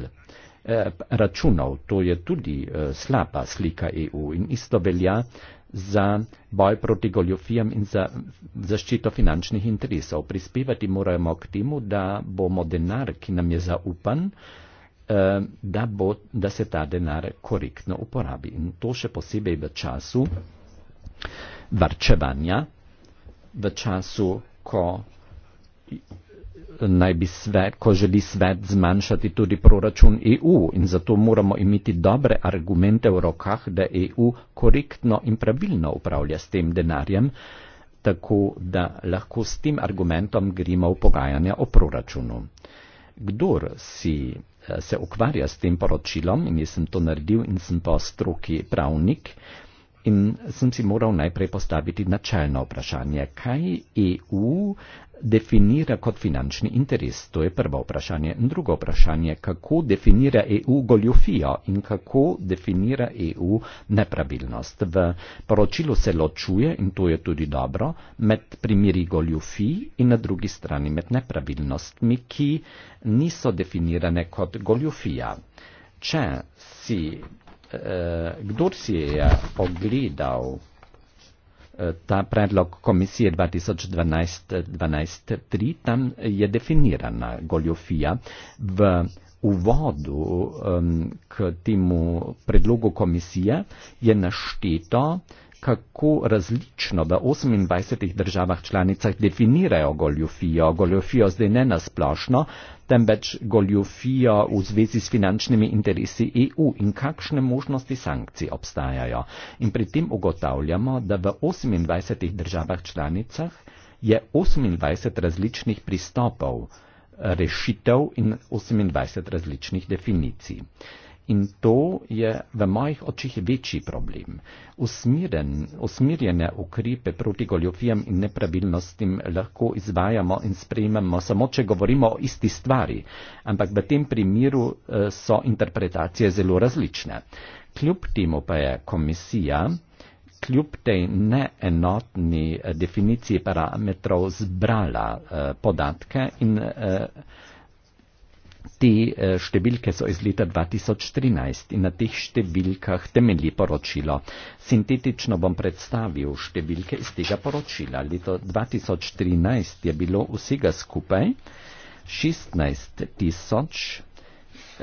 Eh, računov, to je tudi eh, slaba slika EU in isto velja za boj proti goljofijam in za zaščito finančnih interesov. Prispevati moramo k temu, da bomo denar, ki nam je zaupan, eh, da, bo, da se ta denar korektno uporabi. In to še posebej v času varčevanja, v času, ko naj bi svet, ko želi svet zmanjšati tudi proračun EU in zato moramo imeti dobre argumente v rokah, da EU korektno in pravilno upravlja s tem denarjem, tako da lahko s tem argumentom gremo v pogajanja o proračunu. Kdor si eh, se ukvarja s tem poročilom in jaz sem to naredil in sem pa stroki pravnik, In sem si moral najprej postaviti načelno vprašanje, kaj EU definira kot finančni interes. To je prvo vprašanje. In drugo vprašanje, kako definira EU goljofijo in kako definira EU nepravilnost. V poročilu se ločuje, in to je tudi dobro, med primiri goljofij in na drugi strani med nepravilnostmi, ki niso definirane kot goljofija. Če si Eh, kdor si je ogledal eh, ta predlog komisije 2012-12-3, tam je definirana goljofija. V uvodu k temu predlogu komisije je našteto kako različno v 28 državah članicah definirajo goljofijo. Goljofijo zdaj ne nasplošno, temveč goljofijo v zvezi s finančnimi interesi EU in kakšne možnosti sankcij obstajajo. In pri tem ugotavljamo, da v 28 državah članicah je 28 različnih pristopov rešitev in 28 različnih definicij. In to je v mojih očih večji problem. Usmiren, usmirjene ukrepe proti goljofijam in nepravilnostim lahko izvajamo in sprejmemo samo, če govorimo o isti stvari. Ampak v tem primeru eh, so interpretacije zelo različne. Kljub temu pa je komisija, kljub tej neenotni eh, definiciji parametrov, zbrala eh, podatke in Te eh, številke so iz leta 2013 in na teh številkah temelji poročilo. Sintetično bom predstavil številke iz tega poročila. Leto 2013 je bilo vsega skupaj 16 tisoč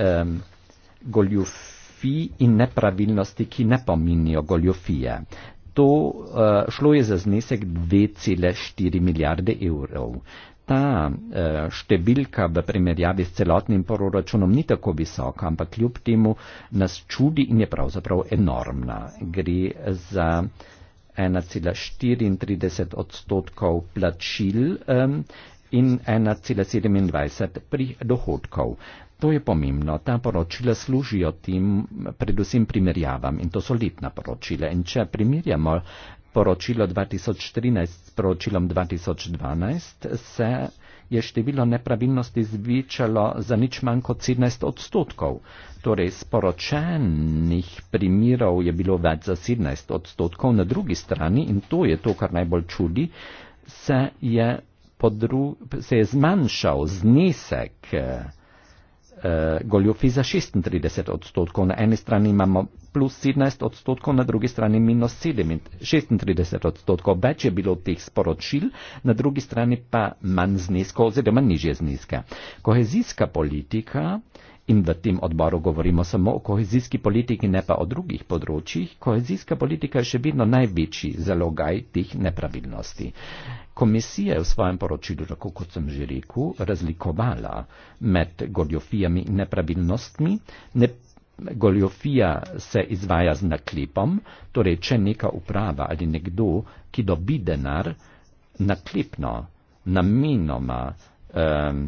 um, goljufij in nepravilnosti, ki ne pominjajo goljufije. To uh, šlo je za znesek 2,4 milijarde evrov ta eh, številka v primerjavi s celotnim proračunom ni tako visoka, ampak kljub temu nas čudi in je pravzaprav enormna. Gre za 1,34 odstotkov plačil in 1,27 pri dohodkov. To je pomembno. Ta poročila služijo tem predvsem primerjavam in to so letna poročila. In če primerjamo poročilo 2013 s poročilom 2012 se je število nepravilnosti zvičalo za nič manj kot 17 odstotkov. Torej, sporočenih primerov je bilo več za 17 odstotkov. Na drugi strani, in to je to, kar najbolj čudi, se je, podru, se je zmanjšal znesek eh, Eh, goljufi za 36 odstotkov. Na eni strani imamo plus 17 odstotkov, na drugi strani minus 36 odstotkov. Več je bilo teh sporočil, na drugi strani pa manj zneskov oziroma nižje zneske. Kohezijska politika In v tem odboru govorimo samo o kohezijski politiki, ne pa o drugih področjih. Kohezijska politika je še vedno največji zalogaj teh nepravilnosti. Komisija je v svojem poročilu, tako kot sem že rekel, razlikovala med goljofijami in nepravilnostmi. Ne Goljofija se izvaja z naklepom, torej če neka uprava ali nekdo, ki dobi denar, naklepno, namenoma, eh,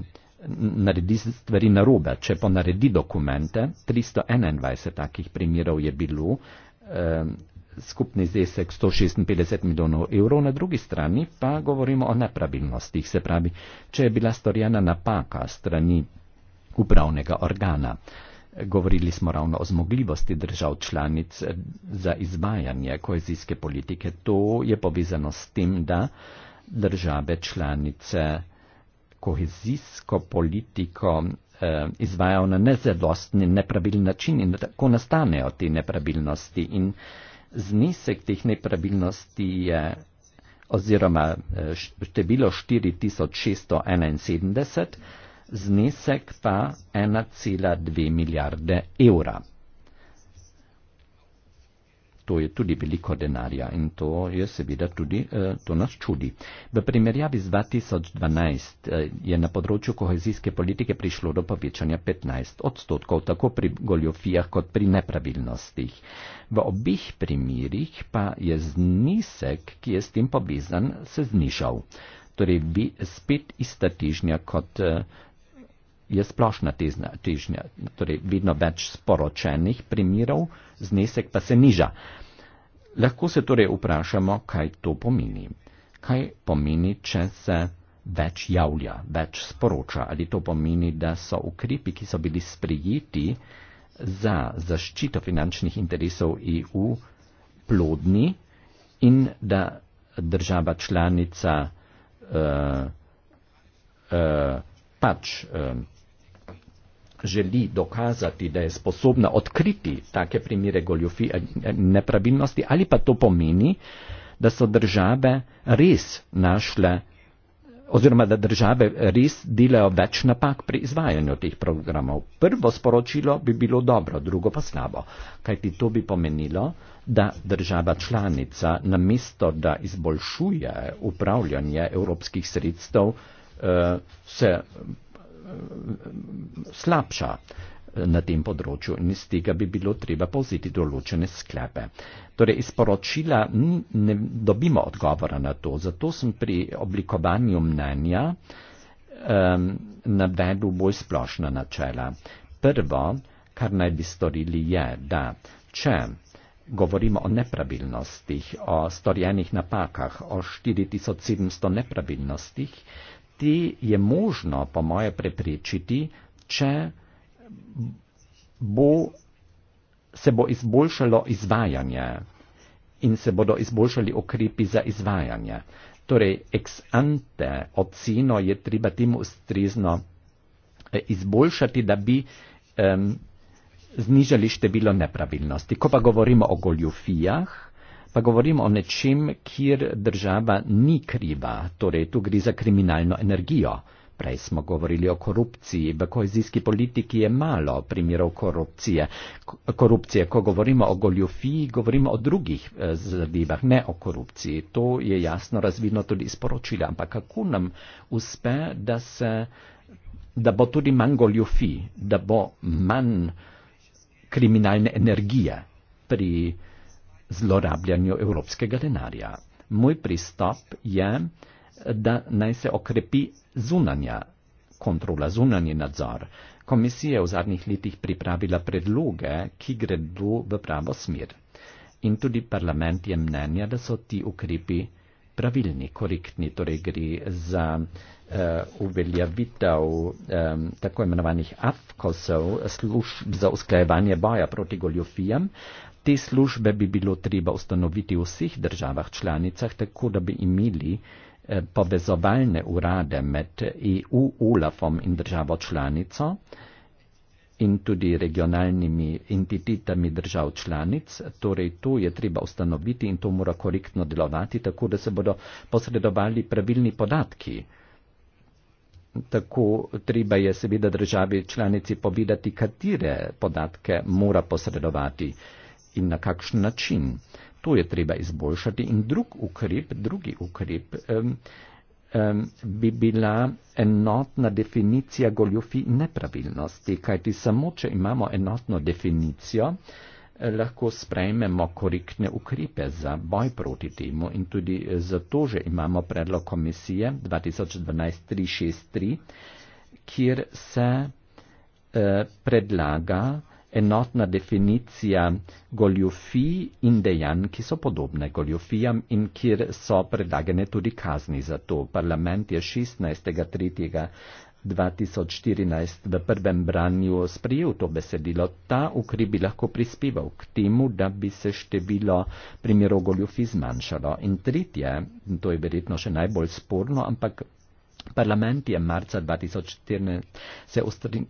naredi stvari narobe. Če pa naredi dokumente, 321 takih primerov je bilo, eh, skupni zesek 156 milijonov evrov, na drugi strani pa govorimo o nepravilnostih. Se pravi, če je bila storjena napaka strani upravnega organa, govorili smo ravno o zmogljivosti držav članic eh, za izvajanje kohezijske politike, to je povezano s tem, da države članice kohezijsko politiko eh, izvajal na nezadostni, nepravilni način in tako nastanejo te nepravilnosti. In znesek teh nepravilnosti je oziroma eh, število 4671, znesek pa 1,2 milijarde evra to je tudi veliko denarja in to je seveda tudi, eh, to nas čudi. V primerjavi z 2012 eh, je na področju kohezijske politike prišlo do povečanja 15 odstotkov, tako pri goljofijah kot pri nepravilnostih. V obih primerjih pa je znisek, ki je s tem povezan, se znižal. Torej, spet ista težnja kot eh, je splošna težnja, težnja, torej vedno več sporočenih primerov, znesek pa se niža. Lahko se torej vprašamo, kaj to pomeni. Kaj pomeni, če se več javlja, več sporoča? Ali to pomeni, da so ukrepi, ki so bili sprejeti za zaščito finančnih interesov EU, plodni in da država članica uh, uh, pač uh, želi dokazati, da je sposobna odkriti take primere goljofije nepravilnosti, ali pa to pomeni, da so države res našle oziroma da države res delajo več napak pri izvajanju teh programov. Prvo sporočilo bi bilo dobro, drugo pa slabo, kajti to bi pomenilo, da država članica namesto, da izboljšuje upravljanje evropskih sredstev, eh, se slabša eh, na tem področju in iz tega bi bilo treba povziti določene sklepe. Torej, iz poročila ne dobimo odgovora na to, zato sem pri oblikovanju mnenja um, navedel bolj splošna načela. Prvo, kar naj bi storili, je, da če govorimo o nepravilnostih, o storjenih napakah, o 4700 nepravilnostih, te je možno, po moje, preprečiti, če bo, se bo izboljšalo izvajanje in se bodo izboljšali okrepi za izvajanje. Torej, ex ante oceno je treba temu ustrezno eh, izboljšati, da bi um, znižali število nepravilnosti. Ko pa govorimo o goljofijah, pa govorim o nečem, kjer država ni kriva, torej tu gre za kriminalno energijo. Prej smo govorili o korupciji, v kohezijski politiki je malo primerov korupcije. korupcije. Ko govorimo o goljofiji, govorimo o drugih eh, zadevah, ne o korupciji. To je jasno razvidno tudi iz poročila. Ampak kako nam uspe, da, se, da bo tudi manj goljofij, da bo manj kriminalne energije pri zlorabljanju evropskega denarja. Moj pristop je, da naj se okrepi zunanja kontrola, zunanji nadzor. Komisija je v zadnjih letih pripravila predloge, ki gredo v pravo smer. In tudi parlament je mnenja, da so ti ukrepi pravilni, korektni, torej gre za uh, uveljavitev um, tako imenovanih AFKOSov, služb za usklajevanje boja proti goljofijam, te službe bi bilo treba ustanoviti v vseh državah članicah, tako da bi imeli eh, povezovalne urade med EU, OLAFom in državo članico in tudi regionalnimi entitetami držav članic. Torej, to je treba ustanoviti in to mora korektno delovati, tako da se bodo posredovali pravilni podatki. Tako treba je seveda državi članici povedati, katere podatke mora posredovati in na kakšen način. To je treba izboljšati in drug ukrep, drugi ukrep um, um, bi bila enotna definicija goljofi nepravilnosti, kajti samo če imamo enotno definicijo, lahko sprejmemo korektne ukrepe za boj proti temu in tudi eh, zato že imamo predlog komisije 2012-363, kjer se eh, predlaga enotna definicija goljufij in dejanj, ki so podobne goljufijam in kjer so predlagane tudi kazni za to. Parlament je 16.3. 2014 v prvem branju sprijel to besedilo. Ta ukrep bi lahko prispeval k temu, da bi se število primerov goljufi zmanjšalo. In tretje, to je verjetno še najbolj sporno, ampak Parlament je marca 2014 se,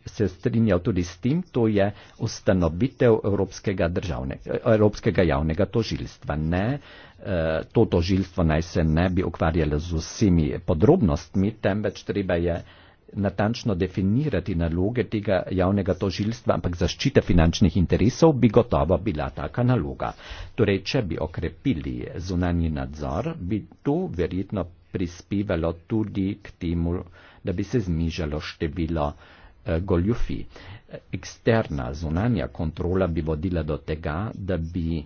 se strinjal tudi s tim, to je ustanovitev Evropskega, državne, Evropskega javnega tožilstva. Ne, eh, to tožilstvo naj se ne bi ukvarjalo z vsemi podrobnostmi, temveč treba je natančno definirati naloge tega javnega tožilstva, ampak zaščita finančnih interesov bi gotovo bila taka naloga. Torej, če bi okrepili zunanji nadzor, bi to verjetno prispevalo tudi k temu, da bi se znižalo število eh, goljufi. Eksterna zunanja kontrola bi vodila do tega, da bi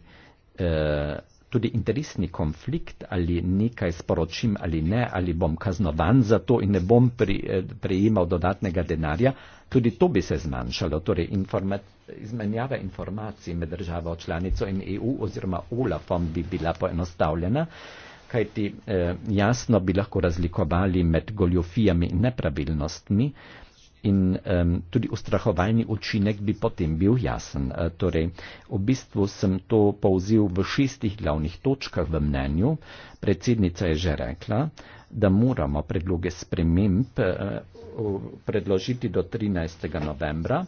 eh, tudi interesni konflikt ali nekaj sporočim ali ne, ali bom kaznovan za to in ne bom pri, eh, prejemal dodatnega denarja, tudi to bi se zmanjšalo. Torej informat, izmenjava informacij med državo članico in EU oziroma ULAFom bi bila poenostavljena. Uh, kajti eh, jasno bi lahko razlikovali med goljofijami in nepravilnostmi in eh, tudi ustrahovalni učinek bi potem bil jasen. Eh, torej, v bistvu sem to povzel v šestih glavnih točkah v mnenju. Predsednica je že rekla, da moramo predloge sprememb eh, predložiti do 13. novembra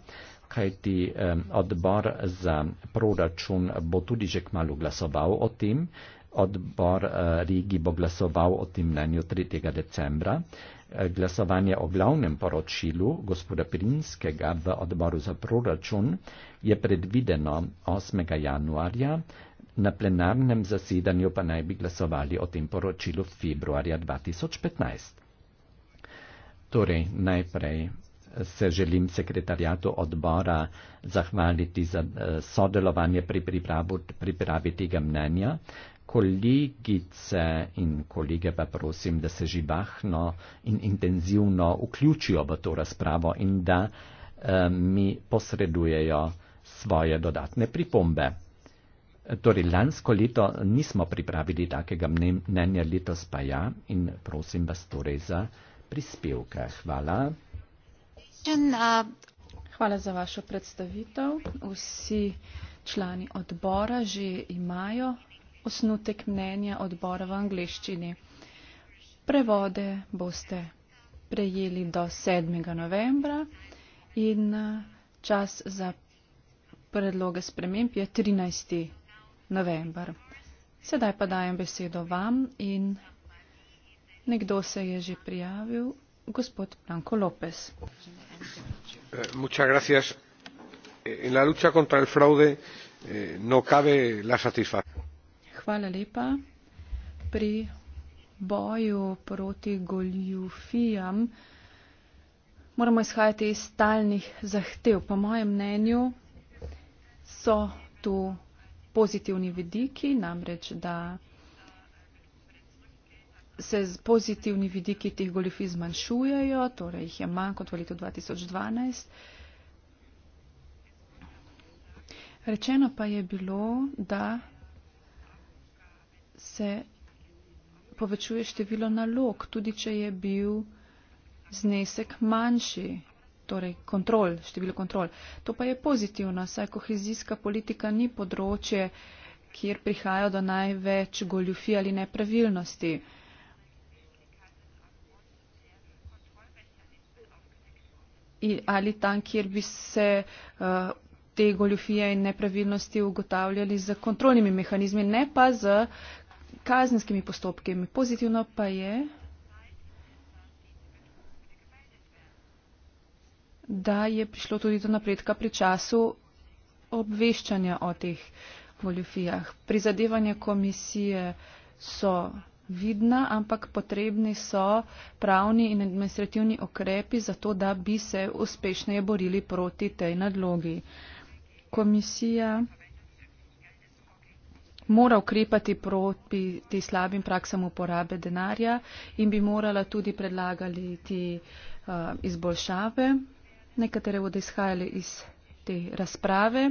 kajti eh, odbor za proračun bo tudi že kmalo glasoval o tem, odbor eh, Rigi bo glasoval o tem mnenju 3. decembra. Eh, glasovanje o glavnem poročilu gospoda Pirinskega v odboru za proračun je predvideno 8. januarja, na plenarnem zasedanju pa naj bi glasovali o tem poročilu februarja 2015. Torej, najprej eh, se želim sekretarjatu odbora zahvaliti za sodelovanje pri pripravi tega mnenja kolegice in kolege pa prosim, da se živahno in intenzivno vključijo v to razpravo in da eh, mi posredujejo svoje dodatne pripombe. Torej, lansko leto nismo pripravili takega mnenja, letos pa ja in prosim vas torej za prispevke. Hvala. Hvala za vašo predstavitev. Vsi člani odbora že imajo osnutek mnenja odbora v angleščini. Prevode boste prejeli do 7. novembra in eh, čas za predloge sprememb je 13. november. Sedaj pa dajem besedo vam in nekdo se je že prijavil, gospod Franko Lopes. Eh, eh, en la lucha contra el fraude eh, no cabe la satisfacción. Hvala lepa. Pri boju proti goljufijam moramo izhajati iz stalnih zahtev. Po mojem mnenju so tu pozitivni vidiki, namreč da se pozitivni vidiki teh goljufij zmanjšujejo, torej jih je manj kot v letu 2012. Rečeno pa je bilo, da se povečuje število nalog, tudi če je bil znesek manjši, torej kontrol, število kontrol. To pa je pozitivno, saj kohezijska politika ni področje, kjer prihaja do največ goljufij ali nepravilnosti. ali tam, kjer bi se uh, te goljufije in nepravilnosti ugotavljali z kontrolnimi mehanizmi, ne pa z kazenskimi postopki. Pozitivno pa je, da je prišlo tudi do napredka pri času obveščanja o teh voljofijah. Prizadevanje komisije so vidna, ampak potrebni so pravni in administrativni okrepi za to, da bi se uspešneje borili proti tej nadlogi. Komisija mora ukrepati proti ti slabim praksam uporabe denarja in bi morala tudi predlagali ti uh, eh, izboljšave, nekatere bodo izhajale iz te razprave.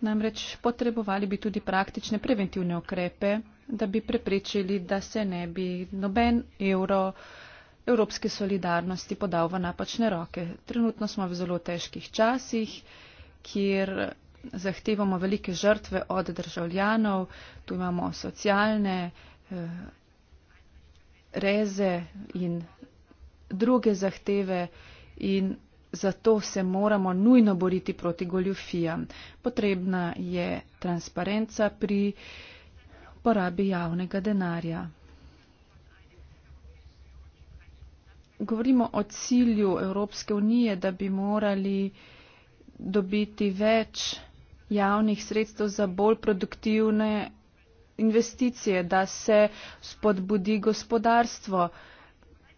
Namreč potrebovali bi tudi praktične preventivne ukrepe, da bi preprečili, da se ne bi noben evro evropske solidarnosti podal v napačne roke. Trenutno smo v zelo težkih časih, kjer zahtevamo velike žrtve od državljanov, tu imamo socialne eh, reze in druge zahteve in zato se moramo nujno boriti proti goljufijam. Potrebna je transparenca pri porabi javnega denarja. Govorimo o cilju Evropske unije, da bi morali dobiti več javnih sredstev za bolj produktivne investicije, da se spodbudi gospodarstvo.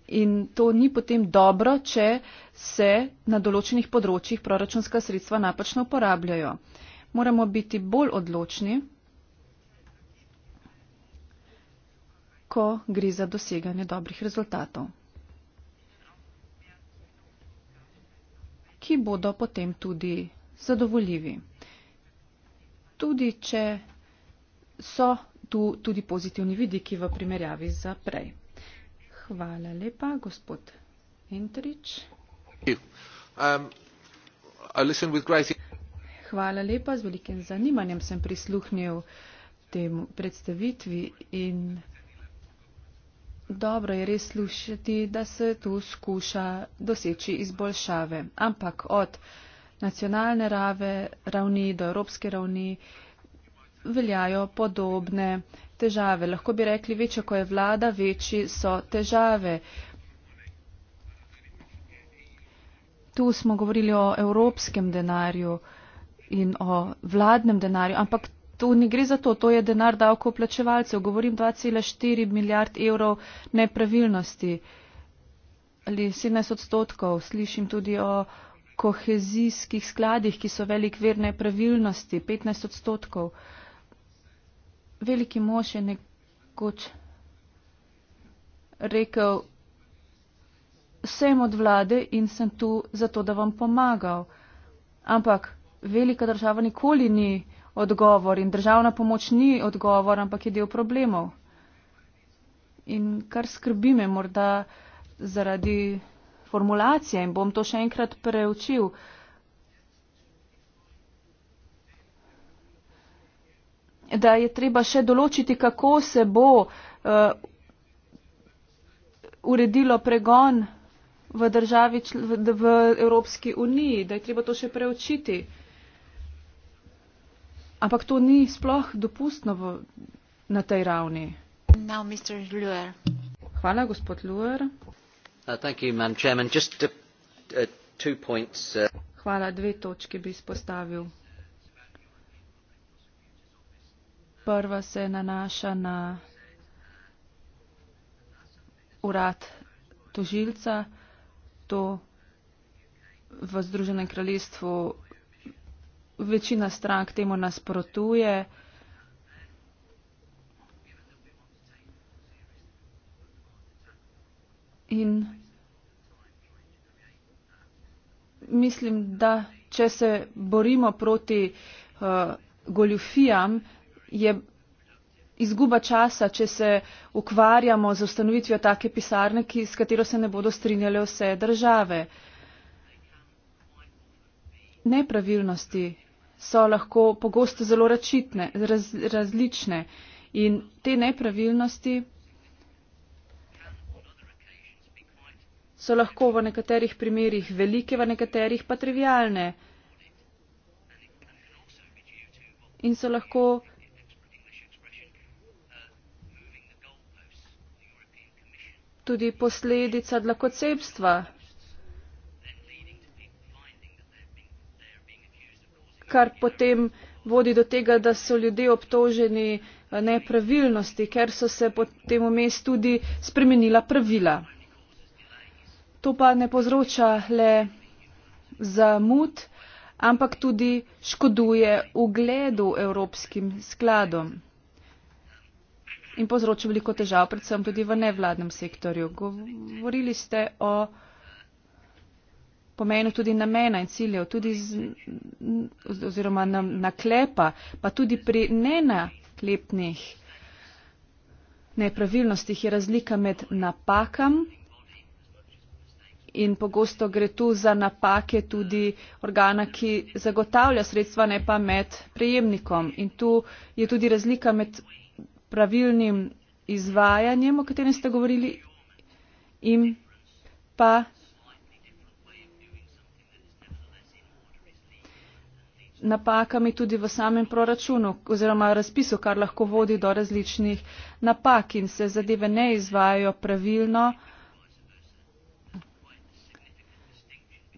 In to ni potem dobro, če se na določenih področjih proračunska sredstva napačno uporabljajo. Moramo biti bolj odločni, ko gre za doseganje dobrih rezultatov, ki bodo potem tudi zadovoljivi tudi če so tu tudi pozitivni vidiki v primerjavi za prej. Hvala lepa, gospod Entrič. Um, Hvala lepa, z velikim zanimanjem sem prisluhnil tem predstavitvi in dobro je res slušati, da se tu skuša doseči izboljšave. Ampak od nacionalne rave, ravni do evropske ravni veljajo podobne težave. Lahko bi rekli, večja ko je vlada, večji so težave. Tu smo govorili o evropskem denarju in o vladnem denarju, ampak tu ni gre za to, to je denar davkoplačevalcev. Govorim 2,4 milijard evrov nepravilnosti ali 17 odstotkov. Slišim tudi o kohezijskih skladih, ki so velik vir nepravilnosti, 15 odstotkov. Veliki mož je nekoč rekel, sem od vlade in sem tu zato, da vam pomagal. Ampak velika država nikoli ni odgovor in državna pomoč ni odgovor, ampak je del problemov. In kar skrbime morda zaradi formulacije in bom to še enkrat preučil. Da je treba še določiti, kako se bo uh, uredilo pregon v državi, v, v Evropski uniji, da je treba to še preučiti. Ampak to ni sploh dopustno v, na tej ravni. Now, Hvala, gospod Luer. Uh, uh, uh, hvala dve točki bi izpostavil prva se nanaša na urad tožilca to v združenem kraljestvu večina strank temu nasprotuje In mislim, da če se borimo proti uh, goljufijam, je izguba časa, če se ukvarjamo z ustanovitvijo take pisarne, ki, s katero se ne bodo strinjale vse države. Nepravilnosti so lahko pogosto zelo račitne, raz, različne in te nepravilnosti so lahko v nekaterih primerjih velike, v nekaterih pa trivialne. In so lahko tudi posledica dlakocepstva, kar potem vodi do tega, da so ljudje obtoženi eh, nepravilnosti, ker so se potem vmes tudi spremenila pravila. To pa ne povzroča le zamud, ampak tudi škoduje ugledu evropskim skladom in povzroča veliko težav, predvsem tudi v nevladnem sektorju. Govorili ste o pomenu tudi namena in ciljev, tudi z, oziroma na, naklepa, pa tudi pri nenaklepnih nepravilnostih je razlika med napakami, in pogosto gre tu za napake tudi organa, ki zagotavlja sredstva, ne pa med prejemnikom. In tu je tudi razlika med pravilnim izvajanjem, o katerem ste govorili, in pa. napakami tudi v samem proračunu oziroma razpisu, kar lahko vodi do različnih napak in se zadeve ne izvajo pravilno.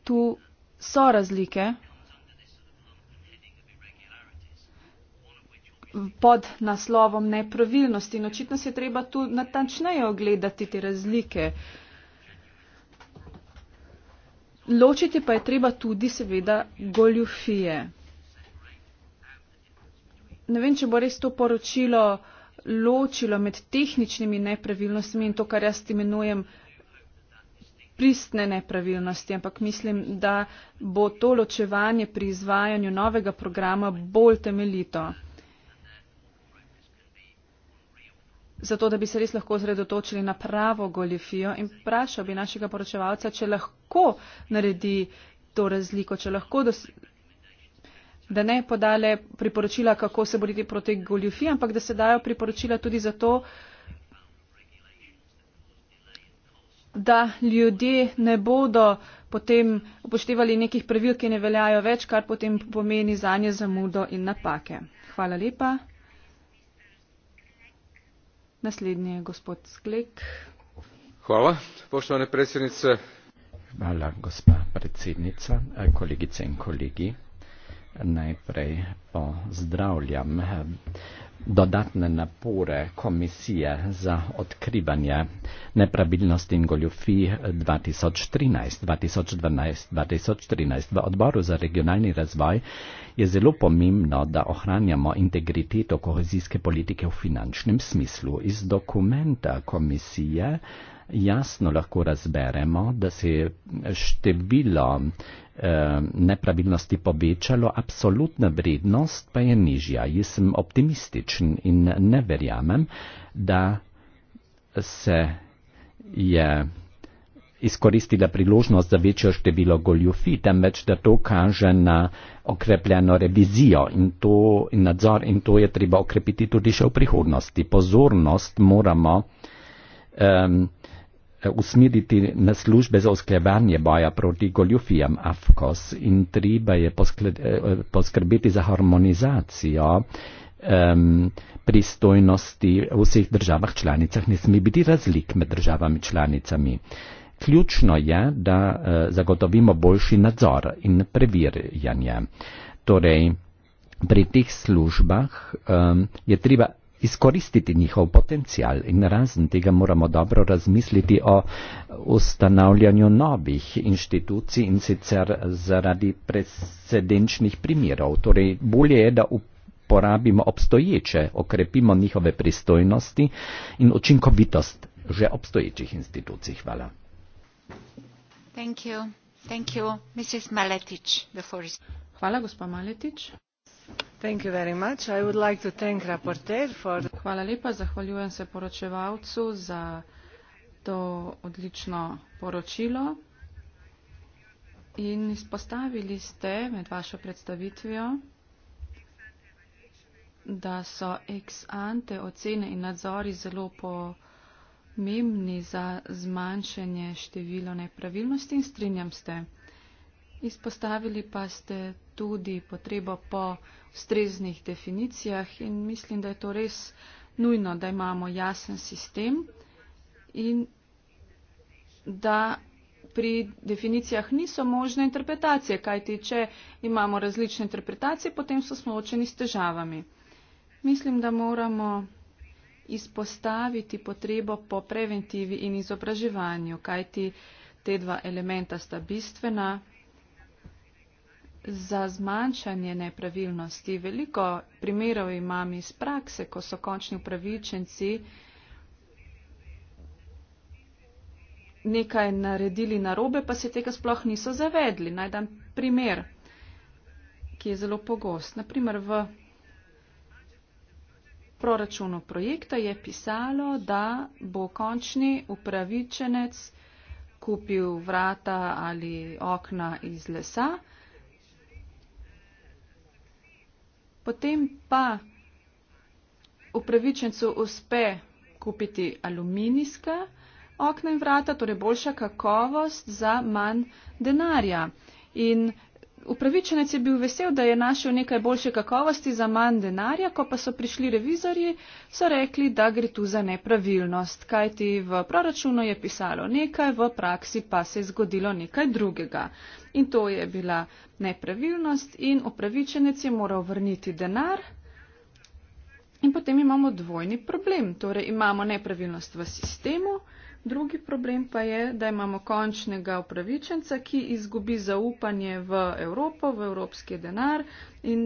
tu so razlike pod naslovom nepravilnosti in očitno se je treba tu natančneje ogledati te razlike. Ločiti pa je treba tudi seveda goljufije. Ne vem, če bo res to poročilo ločilo med tehničnimi nepravilnostmi in to, kar jaz imenujem pristne nepravilnosti, ampak mislim, da bo to ločevanje pri izvajanju novega programa bolj temeljito. Zato, da bi se res lahko zredotočili na pravo goljefijo in vprašal bi našega poročevalca, če lahko naredi to razliko, če lahko dos da ne podale priporočila, kako se boriti proti goljufi, ampak da se dajo priporočila tudi za to, da ljudje ne bodo potem upoštevali nekih pravil, ki ne veljajo več, kar potem pomeni za nje zamudo in napake. Hvala lepa. Naslednji je gospod Sklek. Hvala, poštovane predsednice. Hvala, gospa predsednica, kolegice in kolegi najprej pozdravljam dodatne napore Komisije za odkrivanje nepravilnosti in goljufij 2013-2012-2013. V odboru za regionalni razvoj je zelo pomembno, da ohranjamo integriteto kohezijske politike v finančnem smislu. Iz dokumenta Komisije jasno lahko razberemo, da se je število eh, nepravilnosti povečalo, absolutna vrednost pa je nižja. Jaz sem optimističen in ne verjamem, da se je izkoristila priložnost za večjo število goljufi, temveč da to kaže na okrepljeno revizijo in, to, in nadzor in to je treba okrepiti tudi še v prihodnosti. Pozornost moramo um, Eh, usmeriti na službe za usklevanje boja proti goljufijam AFKOS in treba je eh, eh, poskrbeti za harmonizacijo um, pristojnosti v vseh državah članicah. Ne sme biti razlik med državami članicami. Ključno je, da uh, zagotovimo boljši nadzor in preverjanje. Torej, pri teh službah um, je treba izkoristiti njihov potencial in razen tega moramo dobro razmisliti o ustanavljanju novih inštitucij in sicer zaradi precedenčnih primerov. Torej, bolje je, da uporabimo obstoječe, okrepimo njihove pristojnosti in učinkovitost že obstoječih institucij. Hvala. Thank you. Thank you, Mrs. Maletic, the forest. Hvala, gospod Maletič hvala lepa zahvaljujem se poročevalcu za to odlično poročilo in izpostavili ste med vašo predstavitvijo da so ex ante ocene in nadzori zelo pomembni za zmanjšanje števila nepravilnosti in strinjam se. Izpostavili pa ste tudi potrebo po ustreznih definicijah in mislim, da je to res nujno, da imamo jasen sistem in da pri definicijah niso možne interpretacije, kajti če imamo različne interpretacije, potem so smočeni s težavami. Mislim, da moramo izpostaviti potrebo po preventivi in izobraževanju, kajti te dva elementa sta bistvena za zmanjšanje nepravilnosti. Veliko primerov imam iz prakse, ko so končni upravičenci nekaj naredili narobe, pa se tega sploh niso zavedli. Najdem primer, ki je zelo pogost. Naprimer, v proračunu projekta je pisalo, da bo končni upravičenec kupil vrata ali okna iz lesa. potem pa upravičencu uspe kupiti aluminijska okna in vrata, torej boljša kakovost za manj denarja. In upravičenec je bil vesel, da je našel nekaj boljše kakovosti za manj denarja, ko pa so prišli revizorji, so rekli, da gre tu za nepravilnost, kajti v proračunu je pisalo nekaj, v praksi pa se je zgodilo nekaj drugega. In to je bila nepravilnost in upravičenec je moral vrniti denar. In potem imamo dvojni problem, torej imamo nepravilnost v sistemu, Drugi problem pa je, da imamo končnega upravičenca, ki izgubi zaupanje v Evropo, v evropski denar in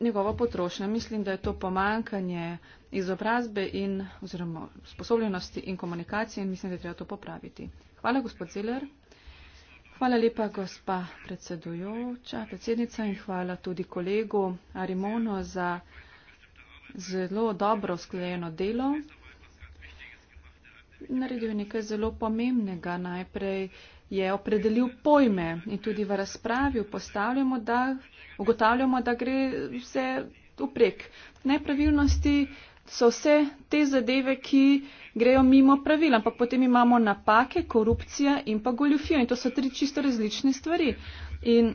njegova potrošnja. Mislim, da je to pomankanje izobrazbe in oziroma sposobljenosti in komunikacije in mislim, da je treba to popraviti. Hvala, gospod Ziller. Hvala lepa, gospa predsedujoča, predsednica in hvala tudi kolegu Arimono za zelo dobro sklejeno delo naredil nekaj zelo pomembnega. Najprej je opredelil pojme in tudi v razpravi postavljamo, da ugotavljamo, da gre vse uprek. Nepravilnosti so vse te zadeve, ki grejo mimo pravil, ampak potem imamo napake, korupcija in pa goljufijo in to so tri čisto različne stvari. In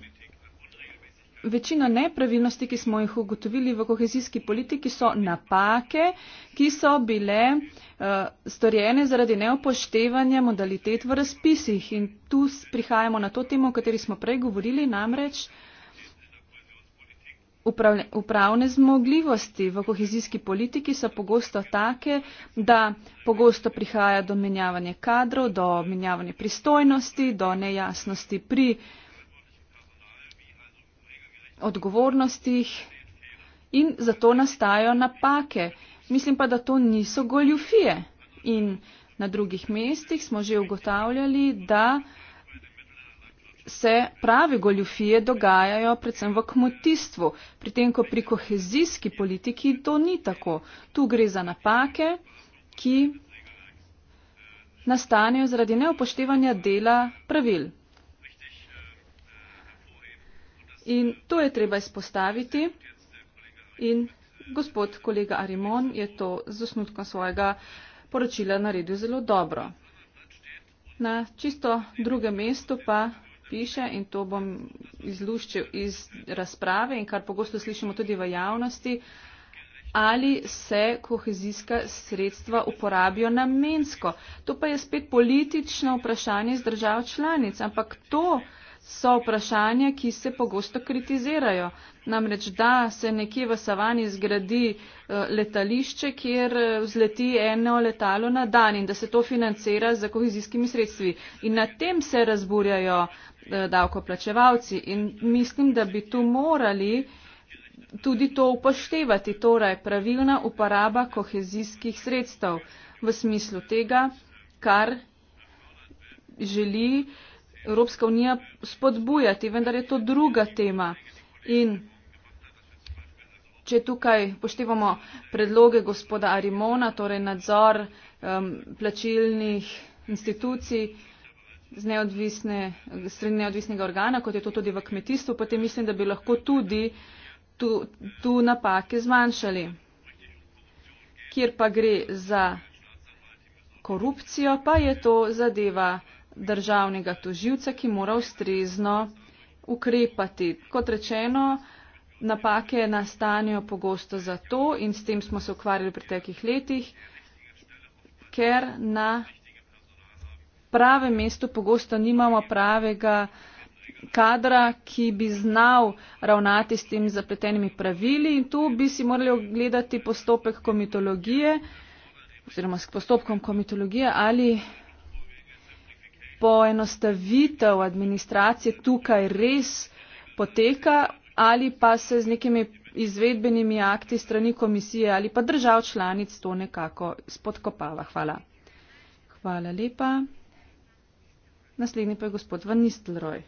večina nepravilnosti, ki smo jih ugotovili v kohezijski politiki, so napake, ki so bile eh, storjene zaradi neupoštevanja modalitet v razpisih. In tu prihajamo na to temo, o kateri smo prej govorili, namreč upravne zmogljivosti v kohezijski politiki so pogosto take, da pogosto prihaja do menjavanja kadrov, do menjavanja pristojnosti, do nejasnosti pri. Uh, odgovornostih in zato nastajajo napake. Mislim pa, da to niso goljufije. In na drugih mestih smo že ugotavljali, da se prave goljufije dogajajo predvsem v kmotistvu, pri tem, ko pri kohezijski politiki to ni tako. Tu gre za napake, ki nastanejo zaradi neupoštevanja dela pravil. In to je treba izpostaviti. In gospod kolega Arimon je to z osnutkom svojega poročila naredil zelo dobro. Na čisto drugem mestu pa piše, in to bom izluščil iz razprave in kar pogosto slišimo tudi v javnosti, ali se kohezijska sredstva uporabijo namensko. To pa je spet politično vprašanje z držav članic, ampak to, so vprašanja, ki se pogosto kritizirajo. Namreč, da se nekje v savani zgradi eh, letališče, kjer eh, vzleti eno letalo na dan in da se to financira z kohezijskimi sredstvi. In na tem se razburjajo eh, davkoplačevalci in mislim, da bi tu morali tudi to upoštevati, torej pravilna uporaba kohezijskih sredstev v smislu tega, kar želi uh, Evropska unija spodbujati, vendar je to druga tema. In če tukaj poštevamo predloge gospoda Arimona, torej nadzor um, plačilnih institucij z neodvisne, strani neodvisnega organa, kot je to tudi v kmetijstvu, potem mislim, da bi lahko tudi tu, tu napake zmanjšali. Kjer pa gre za korupcijo, pa je to zadeva državnega toživca, ki mora ustrezno ukrepati. Kot rečeno, napake nastanejo pogosto zato in s tem smo se ukvarjali v preteklih letih, ker na pravem mestu pogosto nimamo pravega kadra, ki bi znal ravnati s tem zapletenimi pravili in tu bi si morali ogledati postopek komitologije oziroma s postopkom komitologije ali poenostavitev administracije tukaj res poteka ali pa se z nekimi izvedbenimi akti strani komisije ali pa držav članic to nekako spodkopava. Hvala. Hvala lepa. Naslednji pa je gospod Van Nistelrooy.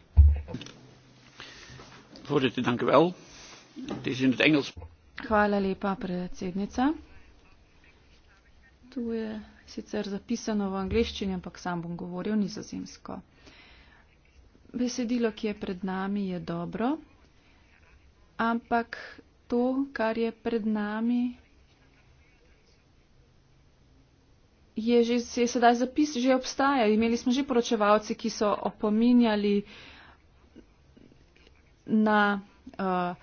Hvala lepa, predsednica. Tu je sicer zapisano v angleščini, ampak sam bom govoril nizozemsko. Besedilo, ki je pred nami, je dobro, ampak to, kar je pred nami, je že, se je sedaj zapis, že obstaja. Imeli smo že poročevalce, ki so opominjali na. Uh,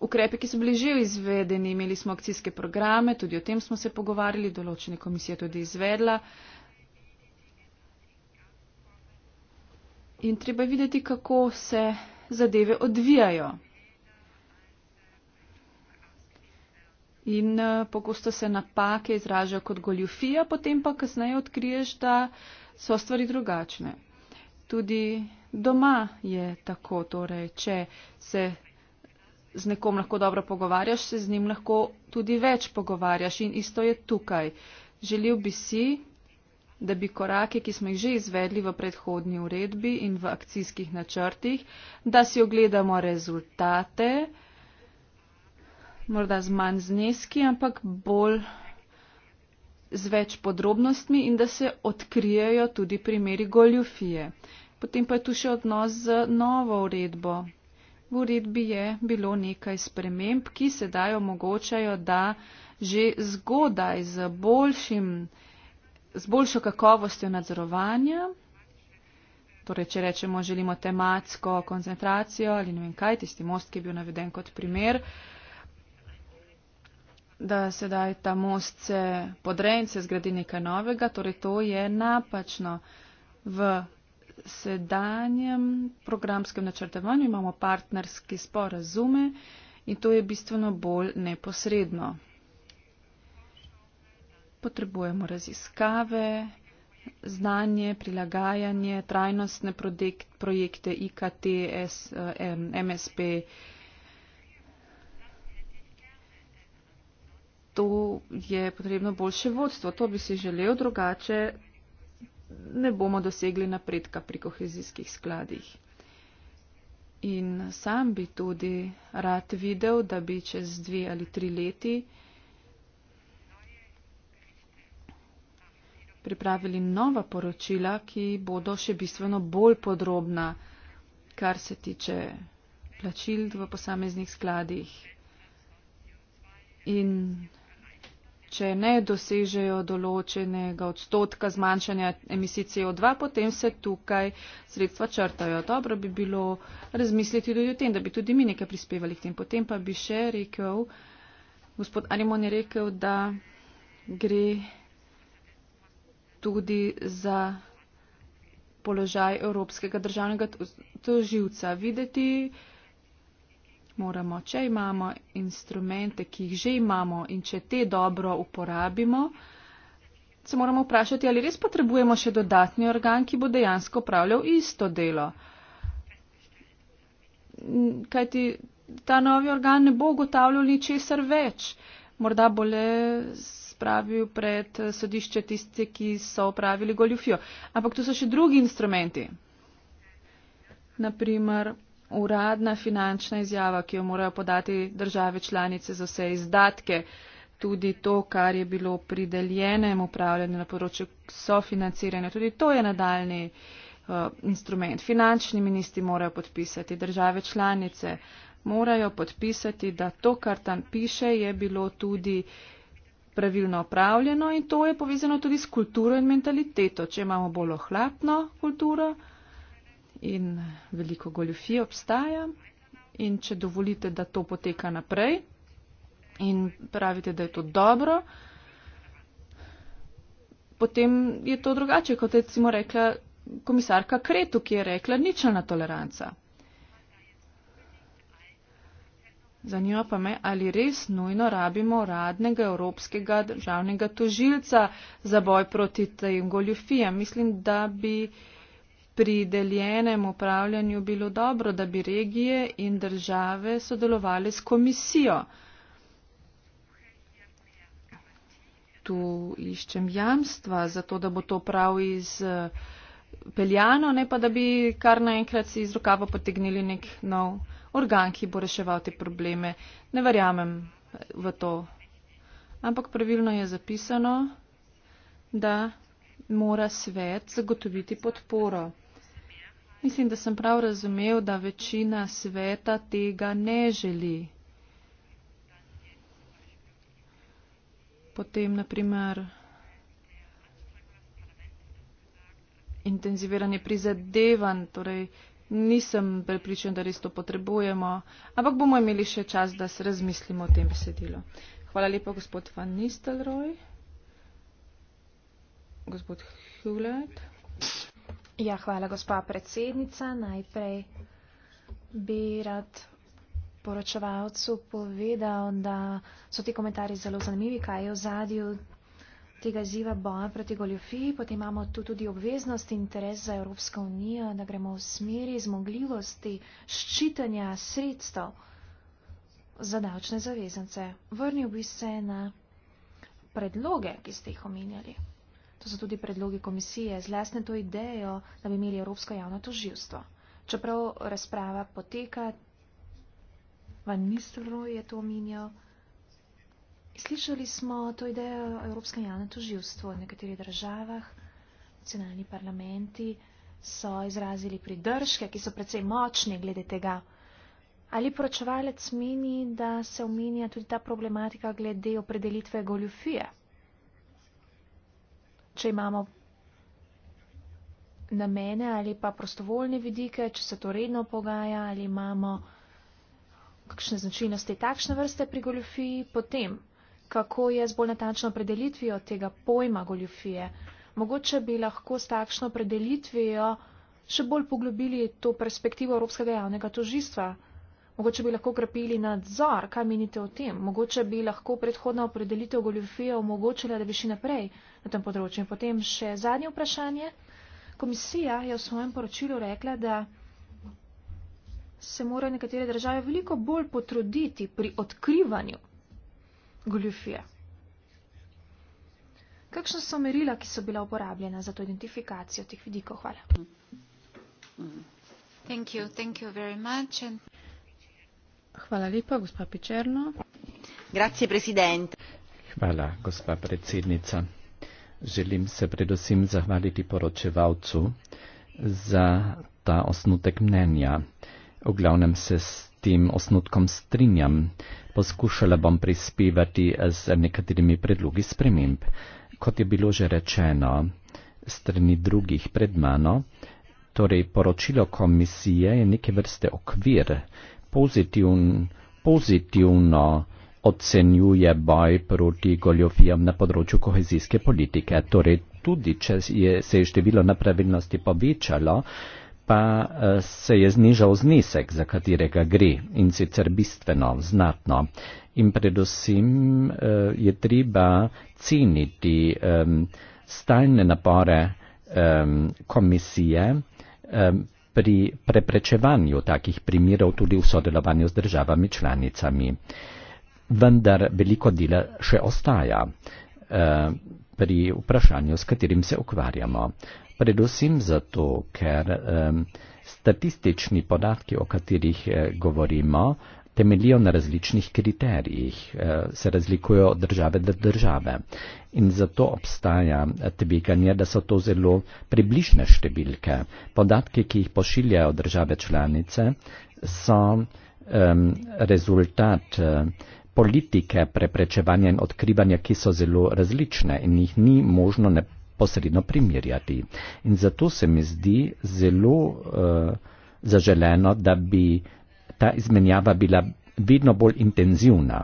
ukrepe, ki so bili že izvedeni, imeli smo akcijske programe, tudi o tem smo se pogovarjali, določene komisije tudi izvedla. In treba videti, kako se zadeve odvijajo. In eh, pogosto se napake izražajo kot goljufija, potem pa kasneje odkriješ, da so stvari drugačne. Tudi doma je tako, torej, če se z nekom lahko dobro pogovarjaš, se z njim lahko tudi več pogovarjaš in isto je tukaj. Želel bi si, da bi korake, ki smo jih že izvedli v predhodni uredbi in v akcijskih načrtih, da si ogledamo rezultate, morda z manj zneski, ampak bolj z več podrobnostmi in da se odkrijejo tudi primeri goljufije. Potem pa je tu še odnos z novo uredbo, V uredbi je bilo nekaj sprememb, ki sedaj omogočajo, da že zgodaj z, boljšim, z boljšo kakovostjo nadzorovanja, torej če rečemo želimo tematsko koncentracijo ali ne vem kaj, tisti most, ki je bil naveden kot primer, da sedaj ta most se podre in se zgradi nekaj novega, torej to je napačno. V sedanjem programskem načrtevanju imamo partnerski sporazume in to je bistveno bolj neposredno. Potrebujemo raziskave, znanje, prilagajanje, trajnostne projekte IKT, S, M, MSP. To je potrebno boljše vodstvo. To bi si želel drugače ne bomo dosegli napredka pri kohezijskih skladih. In sam bi tudi rad videl, da bi čez dve ali tri leti pripravili nova poročila, ki bodo še bistveno bolj podrobna, kar se tiče plačil v posameznih skladih. In če ne dosežejo določenega odstotka zmanjšanja emisij CO2, potem se tukaj sredstva črtajo. Dobro bi bilo razmisliti tudi o tem, da bi tudi mi nekaj prispevali k tem. Potem pa bi še rekel, gospod Arimon je rekel, da gre tudi za položaj Evropskega državnega toživca. Videti moramo, če imamo instrumente, ki jih že imamo in če te dobro uporabimo, se moramo vprašati, ali res potrebujemo še dodatni organ, ki bo dejansko upravljal isto delo. Kaj ti ta novi organ ne bo ugotavljal ničesar več. Morda bo le spravil pred sodišče tiste, ki so upravili goljufijo. Ampak tu so še drugi instrumenti. Naprimer, uradna finančna izjava, ki jo morajo podati države članice za vse izdatke, tudi to, kar je bilo prideljenem upravljanju na področju sofinanciranja, tudi to je nadaljni uh, instrument. Finančni ministri morajo podpisati, države članice morajo podpisati, da to, kar tam piše, je bilo tudi pravilno upravljeno in to je povezano tudi s kulturo in mentaliteto. Če imamo bolj ohlapno kulturo, in veliko goljofij obstaja. In če dovolite, da to poteka naprej in pravite, da je to dobro, potem je to drugače, kot je recimo rekla komisarka Kretu, ki je rekla ničelna toleranca. Zanima pa me, ali res nujno rabimo radnega evropskega državnega tožilca za boj proti tem goljofijam. Mislim, da bi pri deljenem upravljanju bilo dobro, da bi regije in države sodelovali s komisijo. Tu iščem jamstva za to, da bo to prav iz peljano, ne pa da bi kar naenkrat si iz rokava potegnili nek nov organ, ki bo reševal te probleme. Ne verjamem v to. Ampak pravilno je zapisano, da mora svet zagotoviti podporo. Mislim, da sem prav razumev, da večina sveta tega ne želi. Potem, naprimer, intenziviranje prizadevanj, torej nisem prepričan, da res to potrebujemo, ampak bomo imeli še čas, da se razmislimo o tem besedilu. Hvala lepa, gospod Van Nistelrooy. Gospod Hewlett. Ja, hvala, gospa predsednica. Najprej bi rad poročevalcu povedal, da so ti komentarji zelo zanimivi, kaj je v zadju tega ziva boja proti goljofiji. Potem imamo tu tudi obveznost in interes za Evropsko unijo, da gremo v smeri zmogljivosti ščitanja sredstev za davčne zavezance. Vrnil bi se na predloge, ki ste jih omenjali. To so tudi predlogi komisije, zlasne to idejo, da bi imeli Evropsko javno toživstvo. Čeprav razprava poteka, van ministru je to omenjal, slišali smo to idejo o Evropskem javnem toživstvu v nekaterih državah, nacionalni parlamenti so izrazili pridržke, ki so precej močni glede tega. Ali poročevalec meni, da se omenja tudi ta problematika glede opredelitve goljufije? če imamo namene ali pa prostovoljne vidike, če se to redno pogaja ali imamo kakšne značilnosti takšne vrste pri goljofiji, potem kako je z bolj natančno predelitvijo tega pojma goljofije. Mogoče bi lahko s takšno predelitvijo še bolj poglobili to perspektivo Evropskega javnega tožistva. Mogoče bi lahko krepili nadzor, kaj menite o tem? Mogoče bi lahko predhodna opredelitev goljofije omogočila, da bi šli naprej na tem področju. In potem še zadnje vprašanje. Komisija je v svojem poročilu rekla, da se morajo nekatere države veliko bolj potruditi pri odkrivanju goljofije. Kakšna so merila, ki so bila uporabljena za to identifikacijo teh vidikov? Hvala. Mm. Mm. Thank you, thank you very much. And... Grazie Presidente. Hvala, gospa predsednica. Želim se predvsem zahvaliti poročevalcu za ta osnutek mnenja. V glavnem se s tem osnutkom strinjam. Poskušala bom prispevati z nekaterimi predlogi sprememb. Kot je bilo že rečeno strani drugih pred mano, torej poročilo komisije je neke vrste okvir, pozitivn, pozitivno ocenjuje boj proti goljofijam na področju kohezijske politike. Torej, tudi če je, se je število nepravilnosti povečalo, pa eh, se je znižal znesek, za katerega gre in sicer bistveno, znatno. In predvsem eh, je treba ceniti eh, stalne napore komisije pri preprečevanju takih primerov tudi v sodelovanju z državami članicami. Vendar veliko dela še ostaja eh, pri vprašanju, s katerim se ukvarjamo. Predvsem zato, ker eh, statistični podatki, o katerih eh, govorimo, temeljijo na različnih kriterijih, eh, se razlikujejo od države do države. In zato obstaja tveganje, da so to zelo približne številke. Podatke, ki jih pošiljajo države članice, so um, rezultat eh, politike preprečevanja in odkrivanja, ki so zelo različne in jih ni možno neposredno primerjati. In zato se mi zdi zelo uh, zaželeno, da bi ta izmenjava bila vidno bolj intenzivna,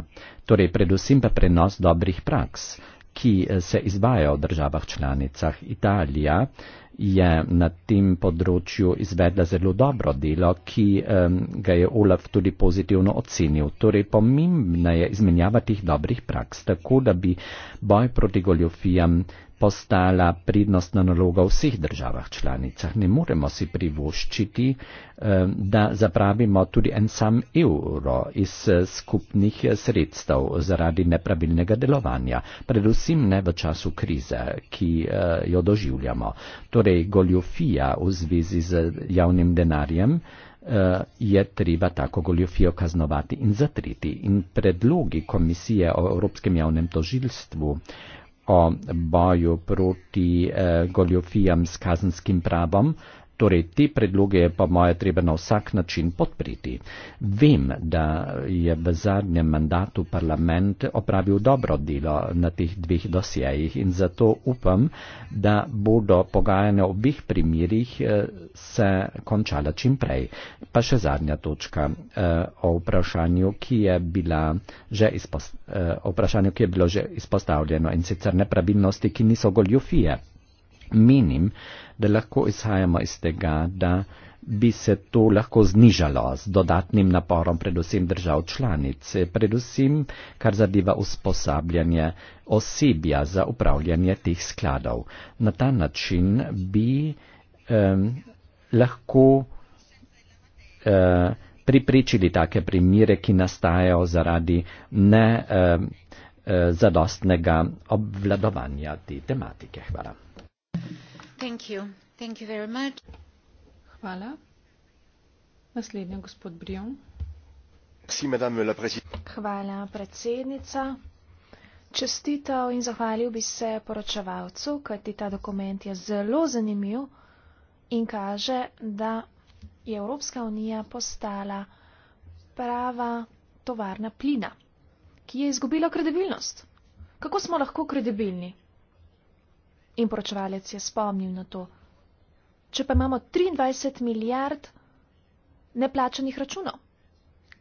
torej predvsem pa prenos dobrih praks, ki eh, se izvajajo v državah članicah. Italija je na tem področju izvedla zelo dobro delo, ki um, ga je Olaf tudi pozitivno ocenil. Torej pomembna je izmenjava teh dobrih praks, tako da bi boj proti goljofijam postala prednostna naloga v vseh državah članicah. Ne moremo si privoščiti, eh, da zapravimo tudi en sam evro iz eh, skupnih sredstev zaradi nepravilnega delovanja, predvsem ne v času krize, ki eh, jo doživljamo. Torej, goljofija v zvezi z javnim denarjem je treba tako goljofijo kaznovati in zatriti. In predlogi Komisije o Evropskem javnem tožilstvu o boju proti eh, goljofijam s kazanskim pravom, Torej, te predloge pa moje treba na vsak način podpreti. Vem, da je v zadnjem mandatu parlament opravil dobro delo na teh dveh dosjejih in zato upam, da bodo pogajanja v obih primerjih eh, se končala čim prej. Pa še zadnja točka eh, o vprašanju, ki je, že izpost, eh, vprašanju, ki je bilo že izpostavljeno in sicer nepravilnosti, ki niso goljofije menim, da lahko izhajamo iz tega, da bi se to lahko znižalo z dodatnim naporom predvsem držav članic, predvsem kar zadeva usposabljanje osebja za upravljanje teh skladov. Na ta način bi eh, lahko eh, priprečili take primire, ki nastajajo zaradi ne eh, zadostnega obvladovanja te tematike. Hvala. Thank you. Thank you very much. Hvala. Naslednja, gospod Brion. Hvala, predsednica. Čestitev in zahvalil bi se poročevalcu, kajti ta dokument je zelo zanimiv in kaže, da je Evropska unija postala prava tovarna plina, ki je izgubila kredibilnost. Kako smo lahko kredibilni? In poročevalec je spomnil na to. Če pa imamo 23 milijard neplačanih računov,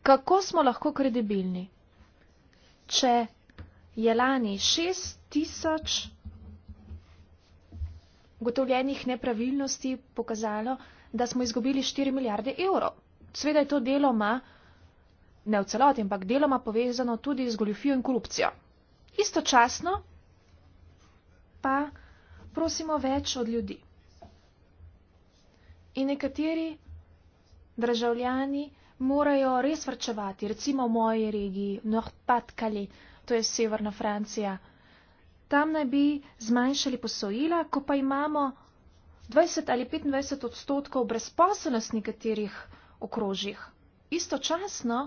kako smo lahko kredibilni? Če je lani 6 tisoč gotovljenih nepravilnosti pokazalo, da smo izgubili 4 milijarde evrov. Sveda je to deloma, ne v celoti, ampak deloma povezano tudi z goljufijo in korupcijo. Istočasno pa prosimo več od ljudi. In nekateri državljani morajo res vrčevati, recimo v moji regiji, Nordpatkali, to je severna Francija. Tam naj bi zmanjšali posojila, ko pa imamo 20 ali 25 odstotkov brezposelnost nekaterih okrožjih. Istočasno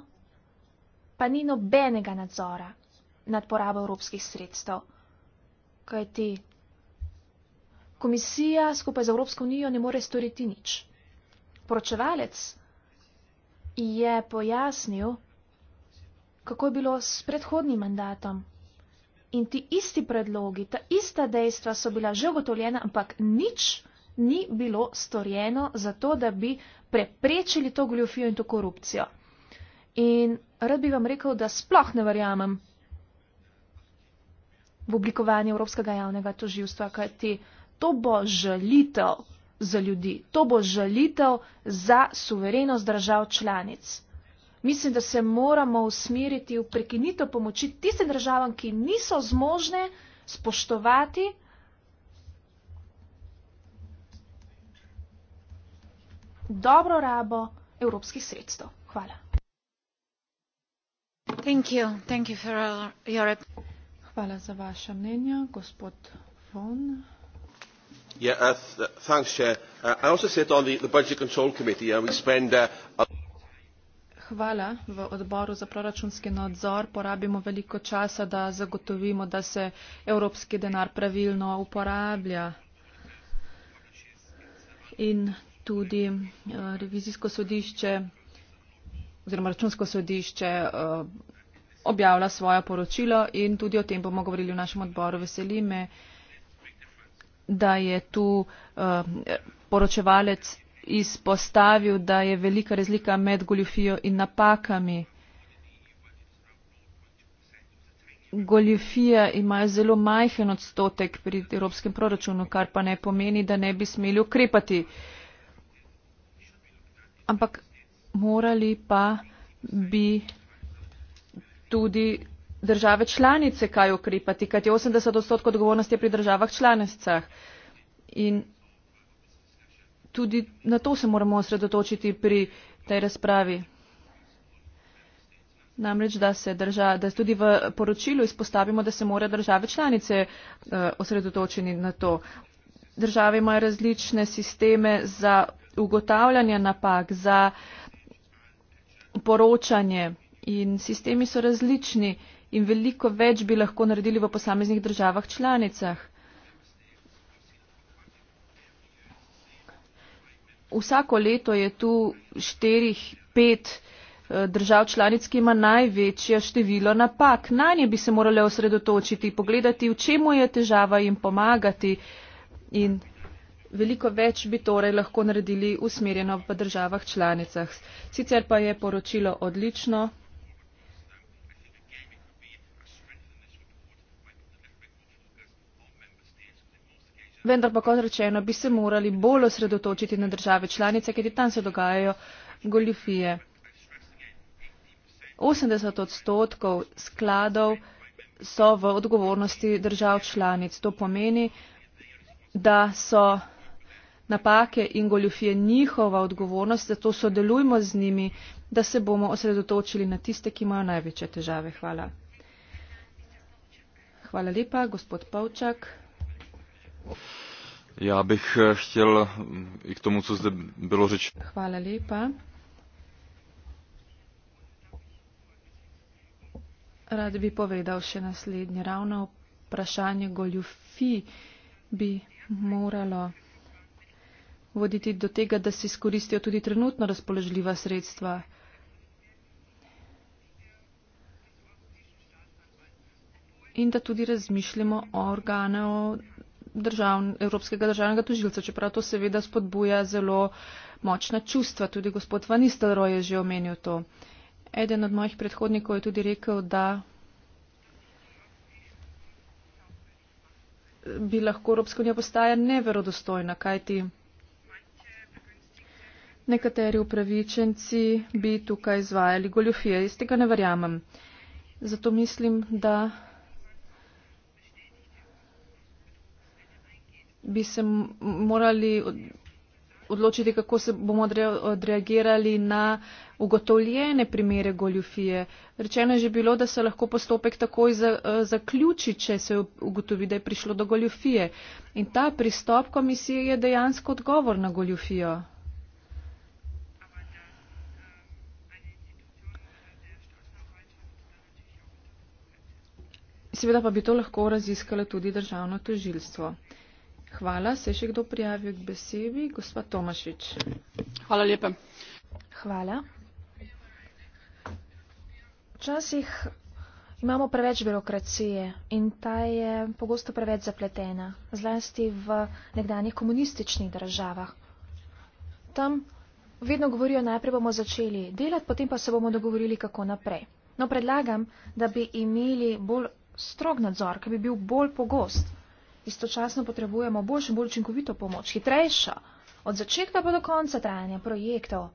pa ni nobenega nadzora nad porabo evropskih sredstev, kajti komisija skupaj z Evropsko unijo ne more storiti nič. Poročevalec je pojasnil, kako je bilo s predhodnim mandatom. In ti isti predlogi, ta ista dejstva so bila že ugotovljena, ampak nič ni bilo storjeno za to, da bi preprečili to goljofijo in to korupcijo. In rad bi vam rekel, da sploh ne verjamem v oblikovanje Evropskega javnega toživstva, kajti to bo žalitev za ljudi, to bo žalitev za suverenost držav članic. Mislim, da se moramo usmeriti v prekinitev pomoči tistim državam, ki niso zmožne spoštovati dobro rabo evropskih sredstev. Hvala. Thank you. Thank you for your... Hvala za vaše mnenje, gospod von. Yeah, uh, th thanks, Chair. Uh, I also sit on the, the Budget Control Committee, and we spend... Uh, a Hvala. V odboru za proračunski nadzor porabimo veliko časa, da zagotovimo, da se evropski denar pravilno uporablja. In tudi uh, revizijsko sodišče oziroma računsko sodišče uh, objavlja svoje poročilo in tudi o tem bomo govorili v našem odboru. Veseli me da je tu uh, poročevalec izpostavil, da je velika razlika med goljufijo in napakami. Goljufija ima zelo majhen odstotek pri evropskem proračunu, kar pa ne pomeni, da ne bi smeli ukrepati. Ampak morali pa bi tudi države članice kaj ukrepati, kajti 80 odstotkov odgovornosti je pri državah članicah. In tudi na to se moramo osredotočiti pri tej razpravi. Namreč, da se drža, da tudi v poročilu izpostavimo, da se mora države članice eh, osredotočiti na to. Države imajo različne sisteme za ugotavljanje napak, za poročanje in sistemi so različni in veliko več bi lahko naredili v posameznih državah članicah. Vsako leto je tu štirih, pet eh, držav članic, ki ima največje število napak. Na nje bi se morali osredotočiti, pogledati, v čemu je težava in pomagati. In veliko več bi torej lahko naredili usmerjeno v državah članicah. Sicer pa je poročilo odlično. Vendar pa, kot rečeno, bi se morali bolj osredotočiti na države članice, kajti tam se dogajajo goljufije. 80 odstotkov skladov so v odgovornosti držav članic. To pomeni, da so napake in goljufije njihova odgovornost, zato sodelujmo z njimi, da se bomo osredotočili na tiste, ki imajo največje težave. Hvala. Hvala lepa, gospod Pavčak. Ja bih eh, htjel mm, i k tomu, co zde bilo řečeno. Hvala lepa. Rad bi povedal še naslednje. Ravno vprašanje goljufi bi moralo voditi do tega, da se izkoristijo tudi trenutno razpoložljiva sredstva. In da tudi razmišljamo o organov držav, Evropskega državnega tožilca, čeprav to seveda spodbuja zelo močna čustva. Tudi gospod Vanistelro je že omenil to. Eden od mojih predhodnikov je tudi rekel, da bi lahko Evropska unija postaja neverodostojna, kajti nekateri upravičenci bi tukaj izvajali goljofije. Jaz tega ne verjamem. Zato mislim, da bi se morali odločiti, kako se bomo odreagirali na ugotovljene primere goljufije. Rečeno je že bilo, da se lahko postopek takoj zaključi, če se ugotovi, da je prišlo do goljufije. In ta pristop komisije je dejansko odgovor na goljufijo. Seveda pa bi to lahko raziskalo tudi državno tožilstvo. Hvala. Se je še kdo prijavil k besedi? Gospa Tomašič. Hvala lepa. Hvala. Včasih imamo preveč birokracije in ta je pogosto preveč zapletena, zlasti v nekdanjih komunističnih državah. Tam vedno govorijo, najprej bomo začeli delati, potem pa se bomo dogovorili, kako naprej. No, predlagam, da bi imeli bolj strog nadzor, ki bi bil bolj pogost istočasno potrebujemo boljšo in bolj učinkovito pomoč, hitrejšo, od začetka pa do konca trajanja projektov.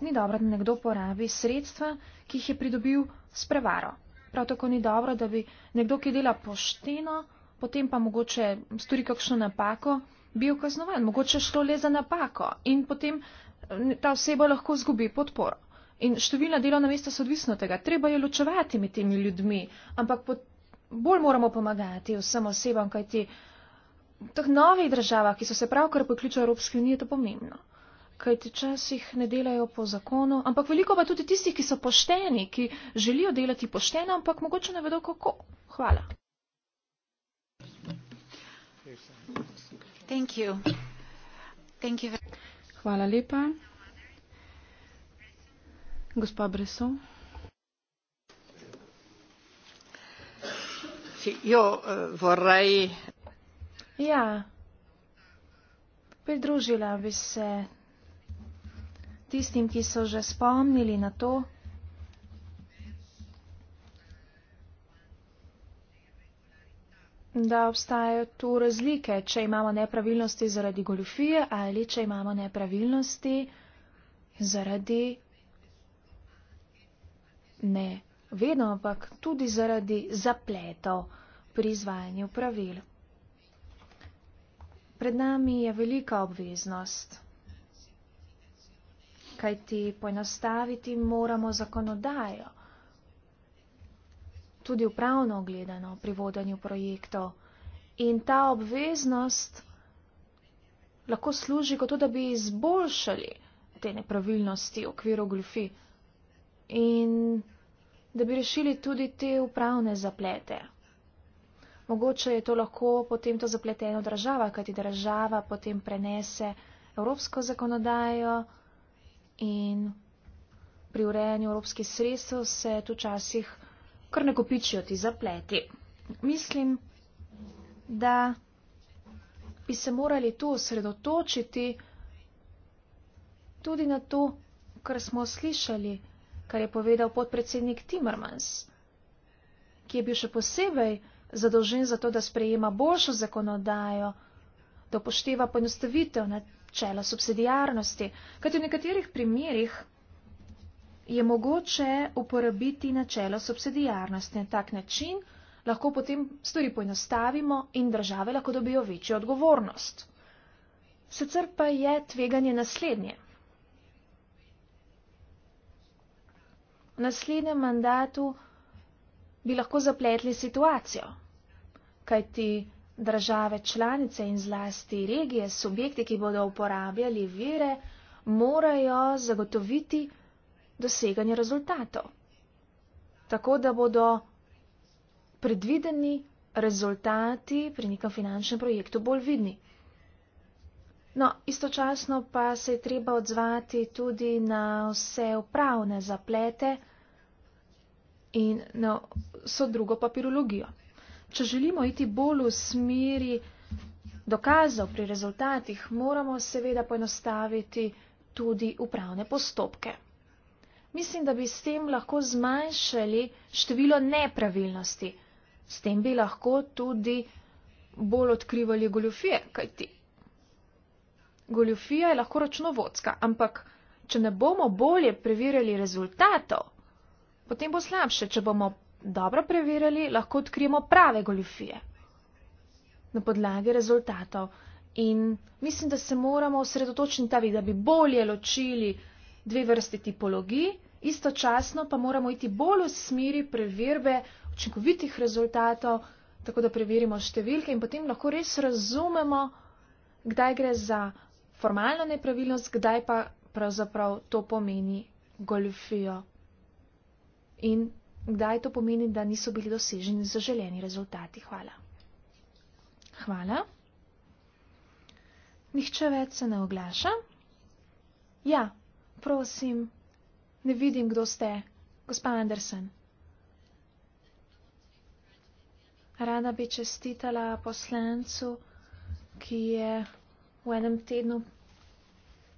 Ni dobro, da nekdo porabi sredstva, ki jih je pridobil s prevaro. Prav tako ni dobro, da bi nekdo, ki dela pošteno, potem pa mogoče stori kakšno napako, bil kaznovan. Mogoče šlo le za napako in potem eh, ta oseba lahko zgubi podporo. In številna delovna mesta so odvisno od tega. Treba je ločevati med temi ljudmi, ampak potem bolj moramo pomagati vsem osebam, kajti v teh novih državah, ki so se pravkar priključili Evropski uniji, je to pomembno. Kajti časih ne delajo po zakonu, ampak veliko pa tudi tistih, ki so pošteni, ki želijo delati pošteno, ampak mogoče ne vedo kako. Hvala. Thank you. Thank you. Hvala lepa. Gospa Breso. io eh, vorrei. Ja, pridružila bi se tistim, ki so že spomnili na to. da obstajajo tu razlike, če imamo nepravilnosti zaradi goljufije ali če imamo nepravilnosti zaradi ne vedno, ampak tudi zaradi zapletov pri izvajanju pravil. Pred nami je velika obveznost, kajti poenostaviti moramo zakonodajo, tudi upravno gledano pri vodanju projektov. In ta obveznost lahko služi kot to, da bi izboljšali te nepravilnosti v okviru glufi. In da bi rešili tudi te upravne zaplete. Mogoče je to lahko potem to zapleteno država, kajti država potem prenese evropsko zakonodajo in pri urejanju evropskih sredstev se tu včasih kar ne kopičijo ti zapleti. Mislim, da bi se morali tu osredotočiti tudi na to, kar smo slišali kar je povedal podpredsednik Timmermans, ki je bil še posebej zadolžen za to, da sprejema boljšo zakonodajo, da upošteva ponostavitev načela subsidijarnosti, kajti v nekaterih primerjih je mogoče uporabiti načelo subsidijarnosti na tak način, lahko potem stvari poenostavimo in države lahko dobijo večjo odgovornost. Sicer pa je tveganje naslednje. naslednjem mandatu bi lahko zapletli situacijo, kajti države članice in zlasti regije, subjekti, ki bodo uporabljali vire, morajo zagotoviti doseganje rezultatov, tako da bodo predvideni rezultati pri nekem finančnem projektu bolj vidni. No, istočasno pa se je treba odzvati tudi na vse upravne zaplete in na vso drugo papirologijo. Če želimo iti bolj v smeri dokazov pri rezultatih, moramo seveda poenostaviti tudi upravne postopke. Mislim, da bi s tem lahko zmanjšali število nepravilnosti. S tem bi lahko tudi bolj odkrivali goljofije, kajti goljofija je lahko računovodska, ampak če ne bomo bolje preverjali rezultatov, potem bo slabše. Če bomo dobro preverjali, lahko odkrijemo prave goljofije na podlagi rezultatov. In mislim, da se moramo osredotočiti ta vid, da bi bolje ločili dve vrste tipologij, istočasno pa moramo iti bolj v smeri preverbe učinkovitih rezultatov, tako da preverimo številke in potem lahko res razumemo, kdaj gre za formalna nepravilnost, kdaj pa pravzaprav to pomeni goljofijo in kdaj to pomeni, da niso bili doseženi zaželeni rezultati. Hvala. Hvala. Nihče več se ne oglaša. Ja, prosim, ne vidim, kdo ste, gospa Andersen. Rada bi čestitala poslancu, ki je v enem tednu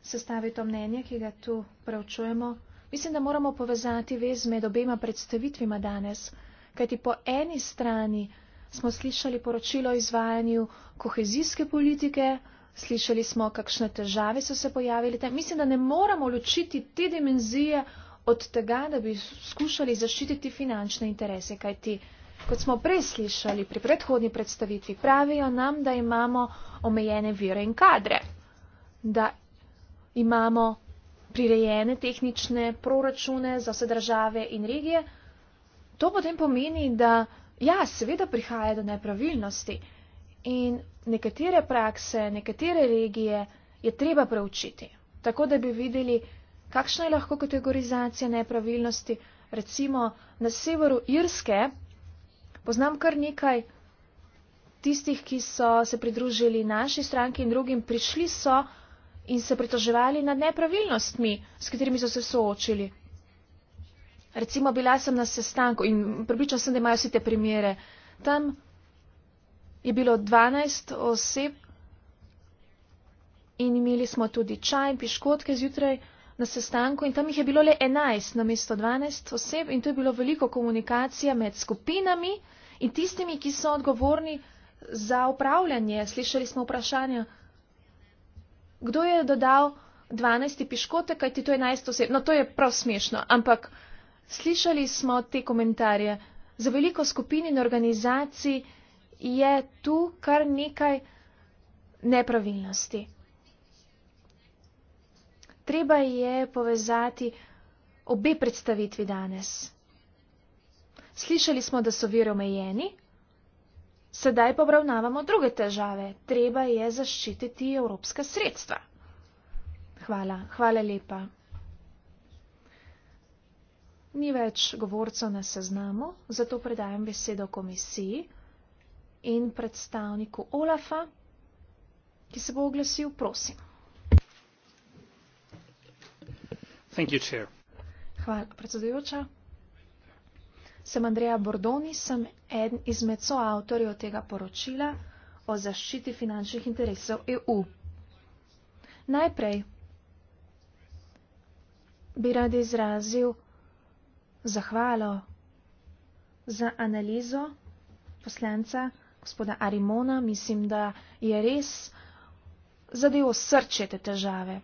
sestavi to mnenje, ki ga tu preučujemo. Mislim, da moramo povezati vez med obema predstavitvima danes, kajti po eni strani smo slišali poročilo o izvajanju kohezijske politike, slišali smo, kakšne težave so se pojavili. Mislim, da ne moramo ločiti te dimenzije od tega, da bi skušali zaščititi finančne interese, kajti Kot smo prej slišali pri predhodni predstavitvi, pravijo nam, da imamo omejene vire in kadre, da imamo prirejene tehnične proračune za vse države in regije. To potem pomeni, da ja, seveda prihaja do nepravilnosti in nekatere prakse, nekatere regije je treba preučiti, tako da bi videli, kakšna je lahko kategorizacija nepravilnosti. Recimo na severu Irske Poznam kar nekaj tistih, ki so se pridružili naši stranki in drugim, prišli so in se pritoževali nad nepravilnostmi, s katerimi so se soočili. Recimo bila sem na sestanku in pripričal sem, da imajo vsi te primere. Tam je bilo 12 oseb in imeli smo tudi čaj in piškotke zjutraj na sestanku in tam jih je bilo le 11 na mesto 12 oseb in to je bilo veliko komunikacija med skupinami in tistimi, ki so odgovorni za upravljanje. Slišali smo vprašanja, kdo je dodal 12 piškote, kaj ti to 11 oseb. No, to je prav smešno, ampak slišali smo te komentarje. Za veliko skupin in organizacij je tu kar nekaj nepravilnosti treba je povezati obe predstavitvi danes. Slišali smo, da so vir omejeni, sedaj pa obravnavamo druge težave. Treba je zaščititi evropska sredstva. Hvala, hvala lepa. Ni več govorcev na seznamu, zato predajam besedo komisiji in predstavniku Olafa, ki se bo oglasil, prosim. Sem Andreja Bordoni, sem eden izmed soavtorjev tega poročila o zaščiti finančnih interesov EU. Najprej bi radi izrazil zahvalo za analizo poslanca gospoda Arimona. Mislim, da je res zadevo srčete težave.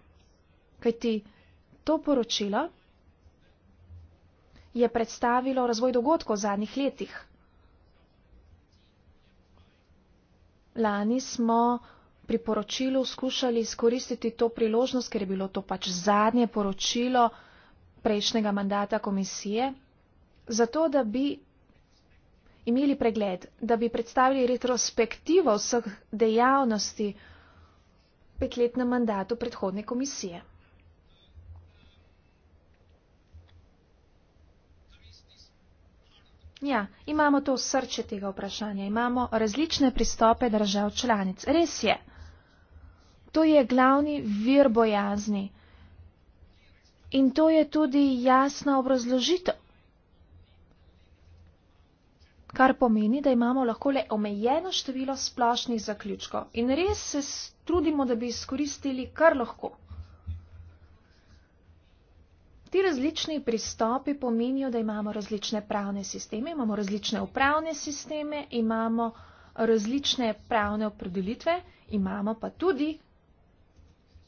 Kajti, To poročilo je predstavilo razvoj dogodkov v zadnjih letih. Lani smo pri poročilu skušali izkoristiti to priložnost, ker je bilo to pač zadnje poročilo prejšnjega mandata komisije, zato da bi imeli pregled, da bi predstavili retrospektivo vseh dejavnosti petletnem mandatu predhodne komisije. Ja, imamo to srče tega vprašanja. Imamo različne pristope držav članic. Res je. To je glavni vir bojazni. In to je tudi jasna obrazložitev. Kar pomeni, da imamo lahko le omejeno število splošnih zaključkov. In res se trudimo, da bi izkoristili kar lahko. Ti različni pristopi pomenijo, da imamo različne pravne sisteme, imamo različne upravne sisteme, imamo različne pravne opredelitve, imamo pa tudi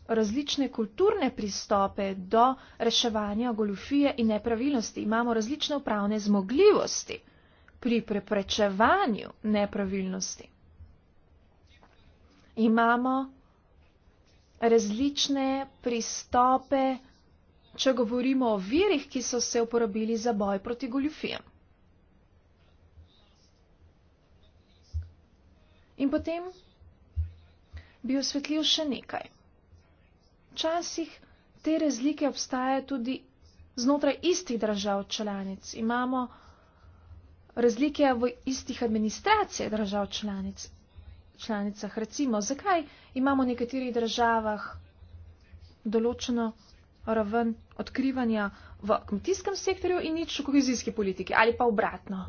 različne kulturne pristope do reševanja goljufije in nepravilnosti. Imamo različne upravne zmogljivosti pri preprečevanju nepravilnosti. Imamo različne pristope če govorimo o virih, ki so se uporabili za boj proti goljufijam. In potem bi osvetlil še nekaj. Včasih te razlike obstajajo tudi znotraj istih držav članic. Imamo razlike v istih administracijah držav članic, članicah. Recimo, zakaj imamo v nekaterih državah določeno raven odkrivanja v kmetijskem sektorju in nič v kohezijski politiki ali pa obratno.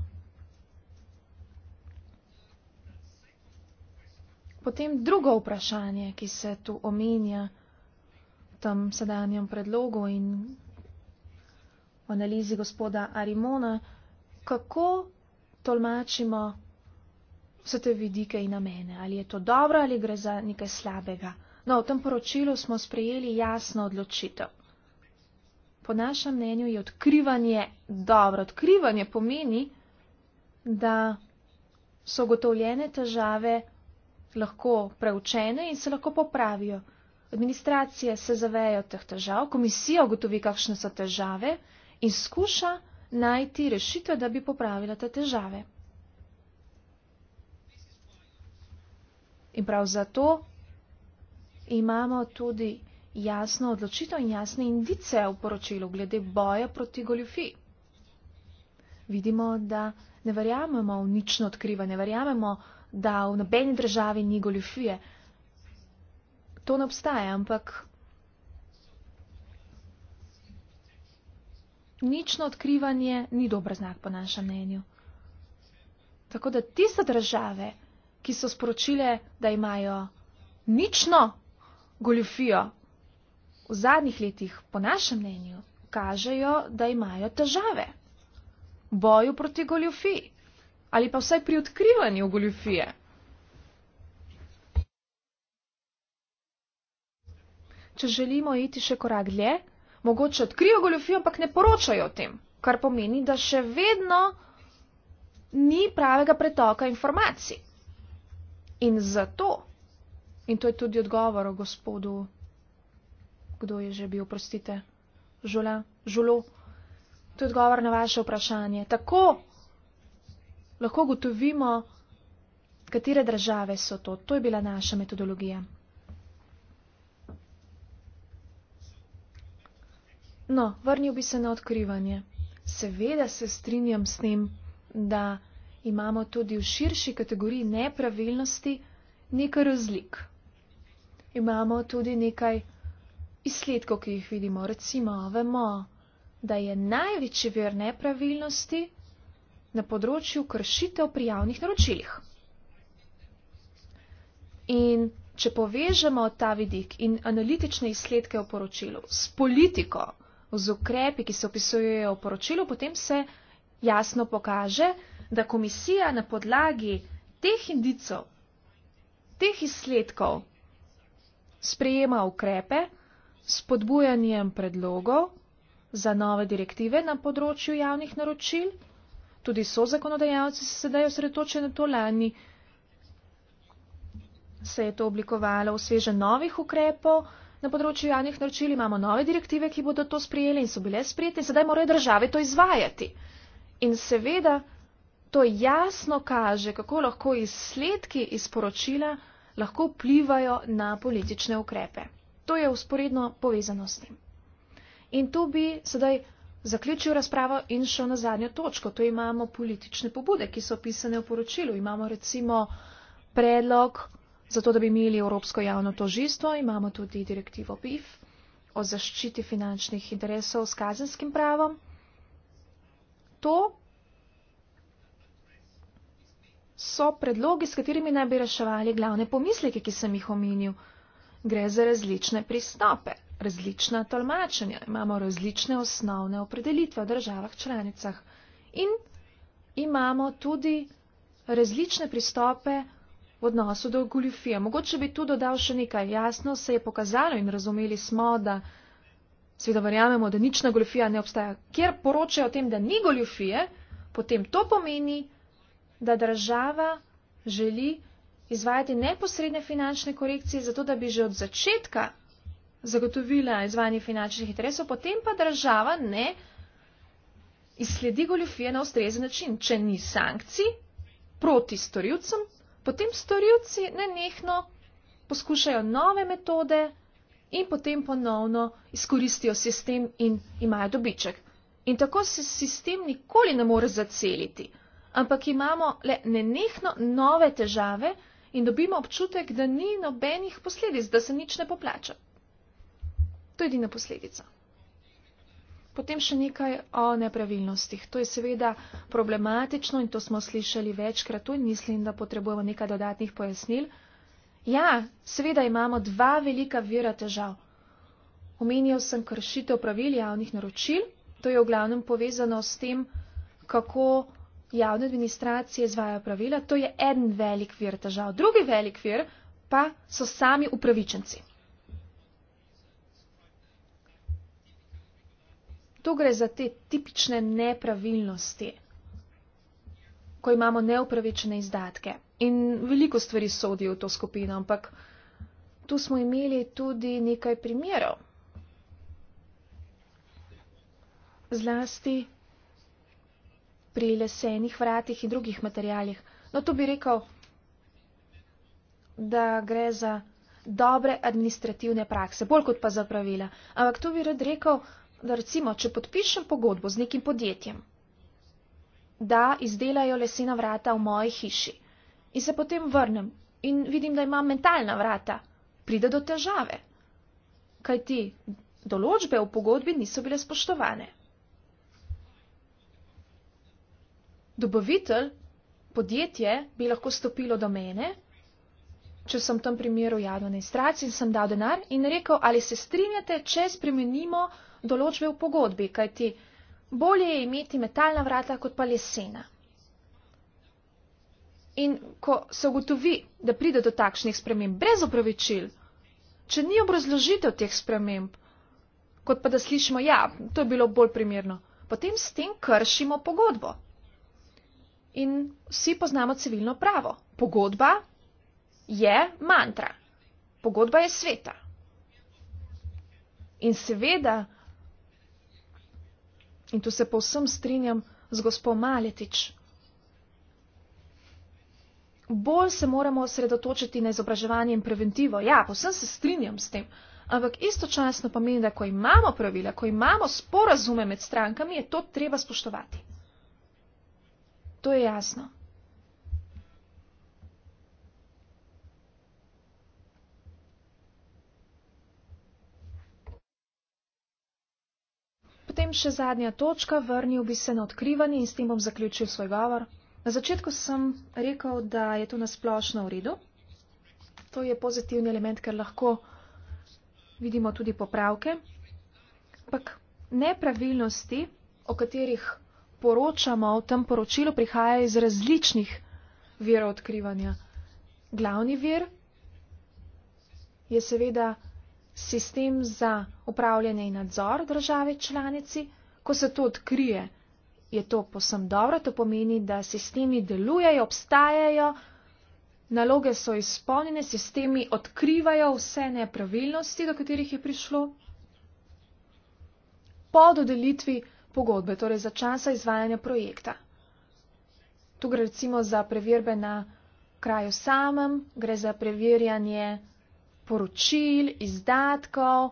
Potem drugo vprašanje, ki se tu omenja v tem sedanjem predlogu in v analizi gospoda Arimona, kako tolmačimo vse te vidike in namene, ali je to dobro ali gre za nekaj slabega. No, v tem poročilu smo sprejeli jasno odločitev po našem mnenju je odkrivanje dobro. Odkrivanje pomeni, da so ugotovljene težave lahko preučene in se lahko popravijo. Administracije se zavejo teh težav, komisija ugotovi, kakšne so težave in skuša najti rešitve, da bi popravila te težave. In prav zato imamo tudi jasno odločito in jasne indice v poročilu glede boja proti goljufi. Vidimo, da ne verjamemo v nično odkriva, ne verjamemo, da v nobeni državi ni goljufije. To ne obstaja, ampak nično odkrivanje ni dober znak po našem mnenju. Tako da tiste države, ki so sporočile, da imajo nično goljufijo, v zadnjih letih, po našem mnenju, kažejo, da imajo težave. V boju proti goljofiji ali pa vsaj pri odkrivanju goljofije. Če želimo iti še korak dlje, mogoče odkrijo goljofijo, ampak ne poročajo o tem, kar pomeni, da še vedno ni pravega pretoka informacij. In zato, in to je tudi odgovor o gospodu kdo je že bil, prostite, žula, žulo. To je odgovor na vaše vprašanje. Tako lahko gotovimo, katere države so to. To je bila naša metodologija. No, vrnil bi se na odkrivanje. Seveda se strinjam s tem, da imamo tudi v širši kategoriji nepravilnosti nekaj razlik. Imamo tudi nekaj izsledkov, ki jih vidimo, recimo, vemo, da je največji vir nepravilnosti na področju kršitev pri javnih naročilih. In če povežemo ta vidik in analitične izsledke v poročilu s politiko, z ukrepi, ki se opisujejo v poročilu, potem se jasno pokaže, da komisija na podlagi teh indicov, teh izsledkov, sprejema ukrepe, spodbujanjem predlogov za nove direktive na področju javnih naročil. Tudi so zakonodajalci se sedaj osredotočeni na to lani. Se je to oblikovalo v sveže novih ukrepov na področju javnih naročil, imamo nove direktive, ki bodo to sprijeli in so bile sprijete in sedaj morajo države to izvajati. In seveda to jasno kaže, kako lahko izsledki iz poročila lahko vplivajo na politične ukrepe. To je usporedno povezano s tem. In tu bi sedaj zaključil razpravo in šel na zadnjo točko. To imamo politične pobude, ki so opisane v poročilu. Imamo recimo predlog za to, da bi imeli Evropsko javno tožistvo, imamo tudi direktivo BIF o zaščiti finančnih interesov s kazenskim pravom. To so predlogi, s katerimi naj bi reševali glavne pomisleke, ki sem jih omenil gre za različne pristope, različna tolmačenja, imamo različne osnovne opredelitve v državah članicah in imamo tudi različne pristope v odnosu do goljufije. Mogoče bi tu dodal še nekaj. Jasno se je pokazalo in razumeli smo, da seveda verjamemo, da nična goljufija ne obstaja. Ker poročajo o tem, da ni goljufije, potem to pomeni, da država želi izvajati neposredne finančne korekcije, zato da bi že od začetka zagotovila izvajanje finančnih interesov, potem pa država ne izsledi goljofije na ustrezen način. Če ni sankcij proti storilcem, potem storilci ne nehno poskušajo nove metode in potem ponovno izkoristijo sistem in imajo dobiček. In tako se sistem nikoli ne more zaceliti, ampak imamo le nenehno nove težave, in dobimo občutek, da ni nobenih posledic, da se nič ne poplača. To je edina posledica. Potem še nekaj o nepravilnostih. To je seveda problematično in to smo slišali večkrat in mislim, da potrebujemo nekaj dodatnih pojasnil. Ja, seveda imamo dva velika vira težav. Omenil sem kršitev pravil javnih naročil. To je v glavnem povezano s tem, kako javne administracije izvajo pravila, to je en velik vir težav. Drugi velik vir pa so sami upravičenci. Tu gre za te tipične nepravilnosti, ko imamo neupravičene izdatke. In veliko stvari sodi v to skupino, ampak tu smo imeli tudi nekaj primerov. Zlasti pri lesenih vratih in drugih materijalih. No, to bi rekel, da gre za dobre administrativne prakse, bolj kot pa za pravila. Ampak to bi rad rekel, da recimo, če podpišem pogodbo z nekim podjetjem, da izdelajo lesena vrata v moji hiši in se potem vrnem in vidim, da imam mentalna vrata, pride do težave. Kaj ti določbe v pogodbi niso bile spoštovane. dobavitelj, podjetje bi lahko stopilo do mene, če sem v tem primeru v javni administraciji in sem dal denar in rekel, ali se strinjate, če spremenimo določbe v pogodbi, kajti bolje je imeti metalna vrata kot pa lesena. In ko se ugotovi, da pride do takšnih sprememb brez opravičil, če ni obrazložitev teh sprememb, kot pa da slišimo, ja, to je bilo bolj primerno, potem s tem kršimo pogodbo in vsi poznamo civilno pravo. Pogodba je mantra, pogodba je sveta. In seveda, in tu se povsem strinjam z gospod Maletič, bolj se moramo osredotočiti na izobraževanje in preventivo. Ja, povsem se strinjam s tem. Ampak istočasno pomeni, da ko imamo pravila, ko imamo sporazume med strankami, je to treba spoštovati. To je jasno. Potem še zadnja točka, vrnil bi se na odkrivanje in s tem bom zaključil svoj govor. Na začetku sem rekel, da je to nasplošno v redu. To je pozitivni element, ker lahko vidimo tudi popravke. Ampak nepravilnosti, o katerih poročamo v tem poročilu, prihaja iz različnih virov odkrivanja. Glavni vir je seveda sistem za upravljanje in nadzor države članici. Ko se to odkrije, je to posem dobro, to pomeni, da sistemi delujejo, obstajajo, naloge so izpolnjene, sistemi odkrivajo vse nepravilnosti, do katerih je prišlo. Po dodelitvi pogodbe, torej za časa izvajanja projekta. Tu gre recimo za preverbe na kraju samem, gre za preverjanje poročil, izdatkov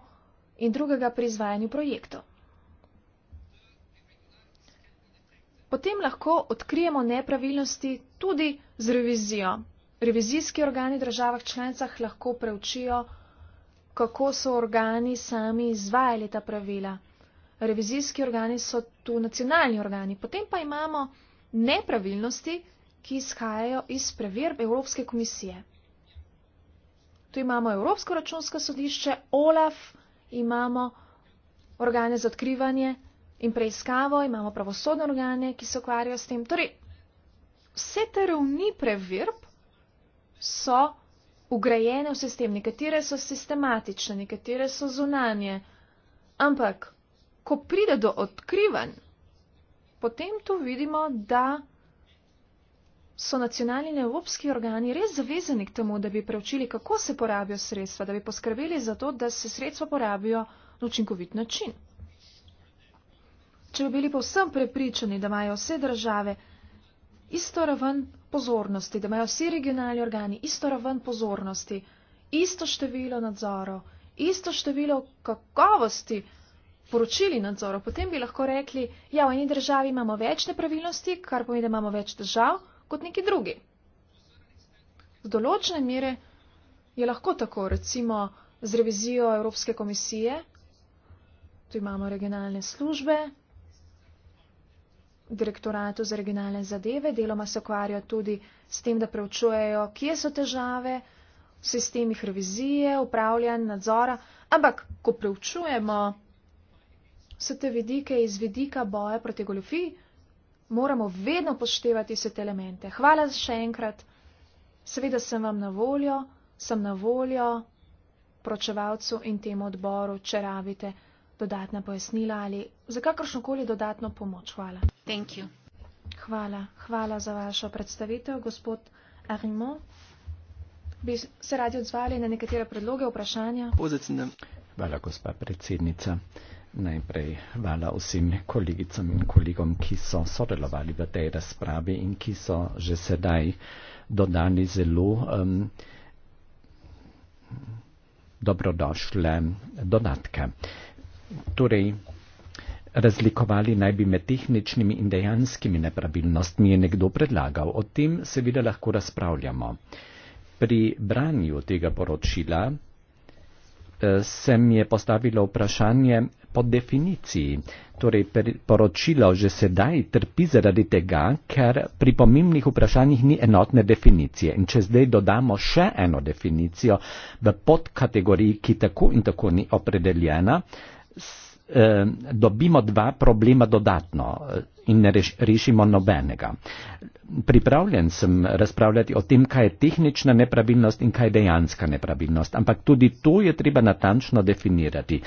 in drugega pri izvajanju projektov. Potem lahko odkrijemo nepravilnosti tudi z revizijo. Revizijski organi v državah članicah lahko preučijo, kako so organi sami izvajali ta pravila, revizijski organi so tu nacionalni organi. Potem pa imamo nepravilnosti, ki izhajajo iz preverb Evropske komisije. Tu imamo Evropsko računsko sodišče, OLAF, imamo organe za odkrivanje in preiskavo, imamo pravosodne organe, ki se ukvarjajo s tem. Torej, vse te ravni preverb so ugrajene v sistem. Nekatere so sistematične, nekatere so zunanje, ampak ko pride do odkrivanj, potem tu vidimo, da so nacionalni in evropski organi res zavezani k temu, da bi preučili, kako se porabijo sredstva, da bi poskrbeli za to, da se sredstva porabijo na učinkovit način. Če bi bili povsem prepričani, da imajo vse države isto raven pozornosti, da imajo vsi regionalni organi isto raven pozornosti, isto število nadzorov, isto število kakovosti, poročili nadzoru, potem bi lahko rekli, ja, v eni državi imamo več nepravilnosti, kar pomeni, da imamo več držav kot neki drugi. Z določene mere je lahko tako, recimo z revizijo Evropske komisije, tu imamo regionalne službe, direktoratu za regionalne zadeve, deloma se okvarjajo tudi s tem, da preučujejo, kje so težave v sistemih revizije, upravljanja, nadzora, ampak ko preučujemo vse te vidike iz vidika boja proti goljufi, moramo vedno poštevati vse te elemente. Hvala še enkrat, seveda sem vam na voljo, sem na voljo pročevalcu in temu odboru, če rabite dodatna pojasnila ali za kakršnokoli dodatno pomoč. Hvala. Thank you. Hvala, hvala za vašo predstavitev, gospod Arimo. Bi se radi odzvali na nekatere predloge, vprašanja? Pozicine. Hvala, gospa predsednica. Najprej hvala vsem kolegicam in kolegom, ki so sodelovali v tej razpravi in ki so že sedaj dodali zelo um, dobrodošle dodatke. Torej, razlikovali naj bi med tehničnimi in dejanskimi nepravilnostmi, je nekdo predlagal. O tem seveda lahko razpravljamo. Pri branju tega poročila eh, se mi je postavilo vprašanje, po definiciji. Torej, poročilo že sedaj trpi zaradi tega, ker pri pomembnih vprašanjih ni enotne definicije. In če zdaj dodamo še eno definicijo v podkategoriji, ki tako in tako ni opredeljena, dobimo dva problema dodatno eh, in ne rešimo nobenega. Pripravljen sem razpravljati o tem, kaj je tehnična nepravilnost in kaj je dejanska nepravilnost, ampak tudi to je treba natančno definirati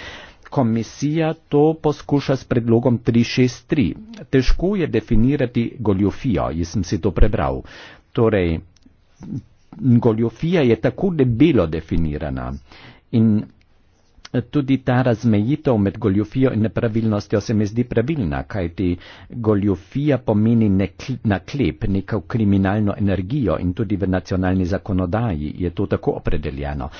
komisija to poskuša s predlogom 363. Težko je definirati goljofijo, jaz sem si to prebral. Torej, goljofija je tako debelo definirana in tudi ta razmejitev med goljofijo in nepravilnostjo se mi zdi pravilna, kajti goljofija pomeni naklep, neko kriminalno energijo in tudi v nacionalni zakonodaji je to tako opredeljeno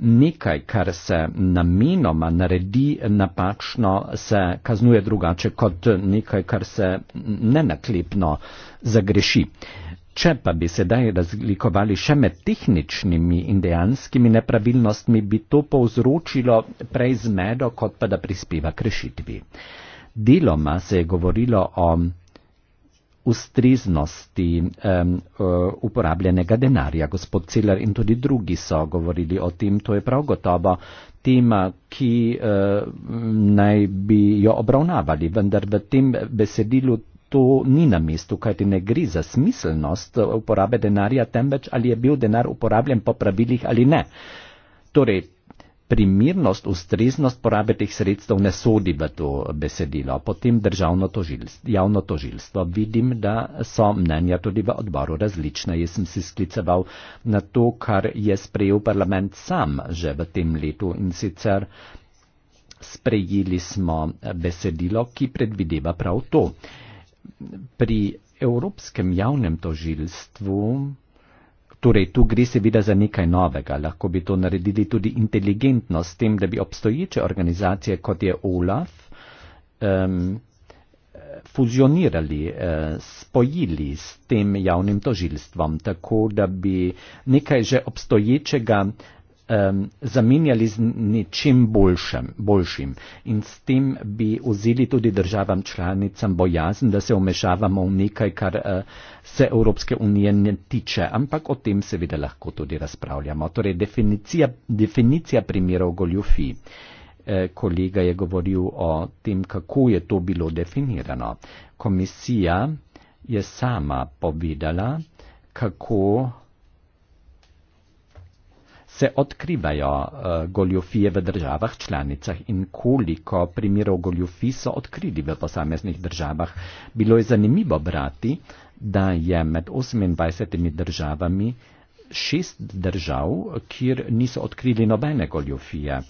nekaj, kar se namenoma naredi napačno, se kaznuje drugače kot nekaj, kar se nenaklepno zagreši. Če pa bi sedaj razlikovali še med tehničnimi in dejanskimi nepravilnostmi, bi to povzročilo prej zmedo, kot pa da prispeva k rešitvi. Deloma se je govorilo o ustreznosti um, uporabljenega denarja. Gospod Celer in tudi drugi so govorili o tem, to je prav gotovo tema, ki uh, naj bi jo obravnavali, vendar v tem besedilu to ni na mestu, kajti ne gre za smiselnost uporabe denarja, temveč ali je bil denar uporabljen po pravilih ali ne. Torej, primernost, ustreznost porabe teh sredstev ne sodi v to besedilo. Potem državno tožilstvo, javno tožilstvo. Vidim, da so mnenja tudi v odboru različna. Jaz sem se skliceval na to, kar je sprejel parlament sam že v tem letu in sicer sprejeli smo besedilo, ki predvideva prav to. Pri Evropskem javnem tožilstvu Torej, tu gre seveda za nekaj novega. Lahko bi to naredili tudi inteligentno, s tem, da bi obstoječe organizacije, kot je OLAF, um, fuzionirali, uh, spojili s tem javnim tožilstvom, tako da bi nekaj že obstoječega uh, um, zamenjali z nečim boljšem, boljšim. In s tem bi vzeli tudi državam članicam bojazen, da se omešavamo v nekaj, kar uh, se Evropske unije ne tiče. Ampak o tem seveda lahko tudi razpravljamo. Torej, definicija, definicija primerov goljufi. Eh, kolega je govoril o tem, kako je to bilo definirano. Komisija je sama povedala, kako se odkrivajo eh, goljofije v državah članicah in koliko primerov goljofi so odkrili v posameznih državah. Bilo je zanimivo brati, da je med 28 državami šest držav, kjer niso odkrili nobene goljofije.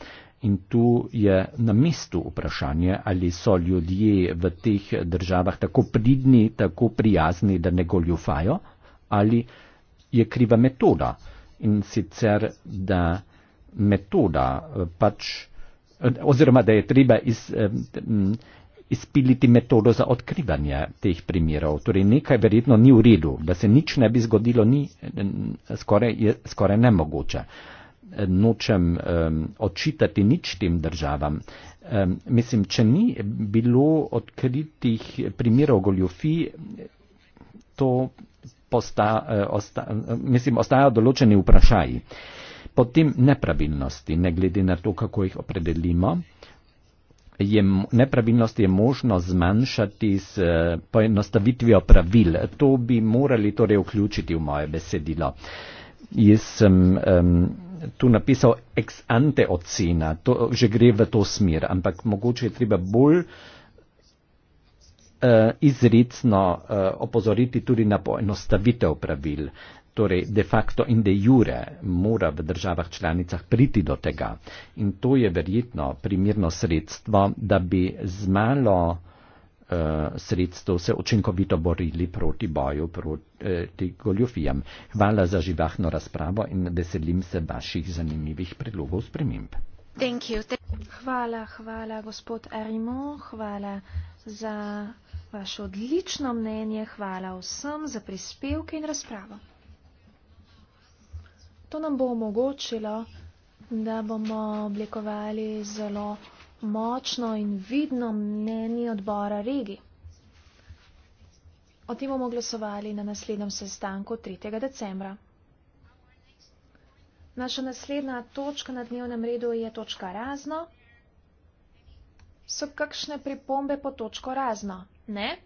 In tu je na mestu vprašanje, ali so ljudje v teh državah tako pridni, tako prijazni, da ne goljufajo, ali je kriva metoda in sicer, da metoda eh, pač, eh, oziroma da je treba iz, eh, mm, izpiliti metodo za odkrivanje teh primerov. Torej nekaj verjetno ni v redu, da se nič ne bi zgodilo, ni, skoraj, je skoraj nemogoče. Nočem um, očitati nič tem državam. Um, mislim, če ni bilo odkritih primerov goljofi, to posta, eh, osta, mislim, ostajajo določeni vprašaji. Potem nepravilnosti, ne glede na to, kako jih opredelimo, je, nepravilnosti je možno zmanjšati s eh, poenostavitvijo pravil. To bi morali torej vključiti v moje besedilo. Jaz sem um, tu napisal ex ante ocena, to že gre v to smer, ampak mogoče je treba bolj uh, Eh, izrecno eh, opozoriti tudi na poenostavitev pravil. Torej, de facto in de jure mora v državah članicah priti do tega. In to je verjetno primirno sredstvo, da bi z malo eh, sredstev se učinkovito borili proti boju, proti eh, goljofijam. Hvala za živahno razpravo in veselim se vaših zanimivih predlogov sprememb. Hvala, hvala, gospod Arimon, hvala za vaše odlično mnenje, hvala vsem za prispevke in razpravo. To nam bo omogočilo, da bomo oblikovali zelo močno in vidno mnenje odbora regi. O tem bomo glasovali na naslednjem sestanku 3. decembra. Naša naslednja točka na dnevnem redu je točka razno. So kakšne pripombe po točko razno? Ne?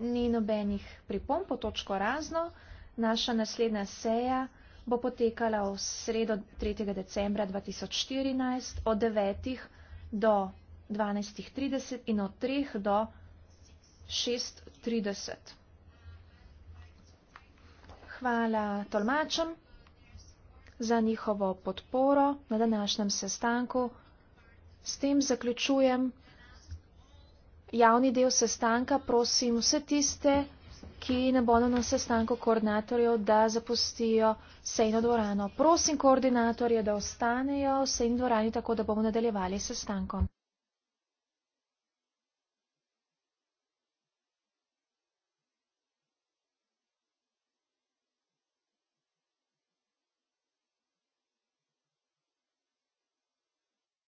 Ni nobenih pripomb po točko razno. Naša naslednja seja bo potekala v sredo 3. decembra 2014 od 9. do 12.30 in od 3. do 6.30. Hvala tolmačem za njihovo podporo na današnjem sestanku. S tem zaključujem javni del sestanka. Prosim vse tiste, ki ne bodo na sestanku koordinatorjev, da zapustijo sejno dvorano. Prosim koordinatorje, da ostanejo v sejni dvorani, tako da bomo nadaljevali sestankom.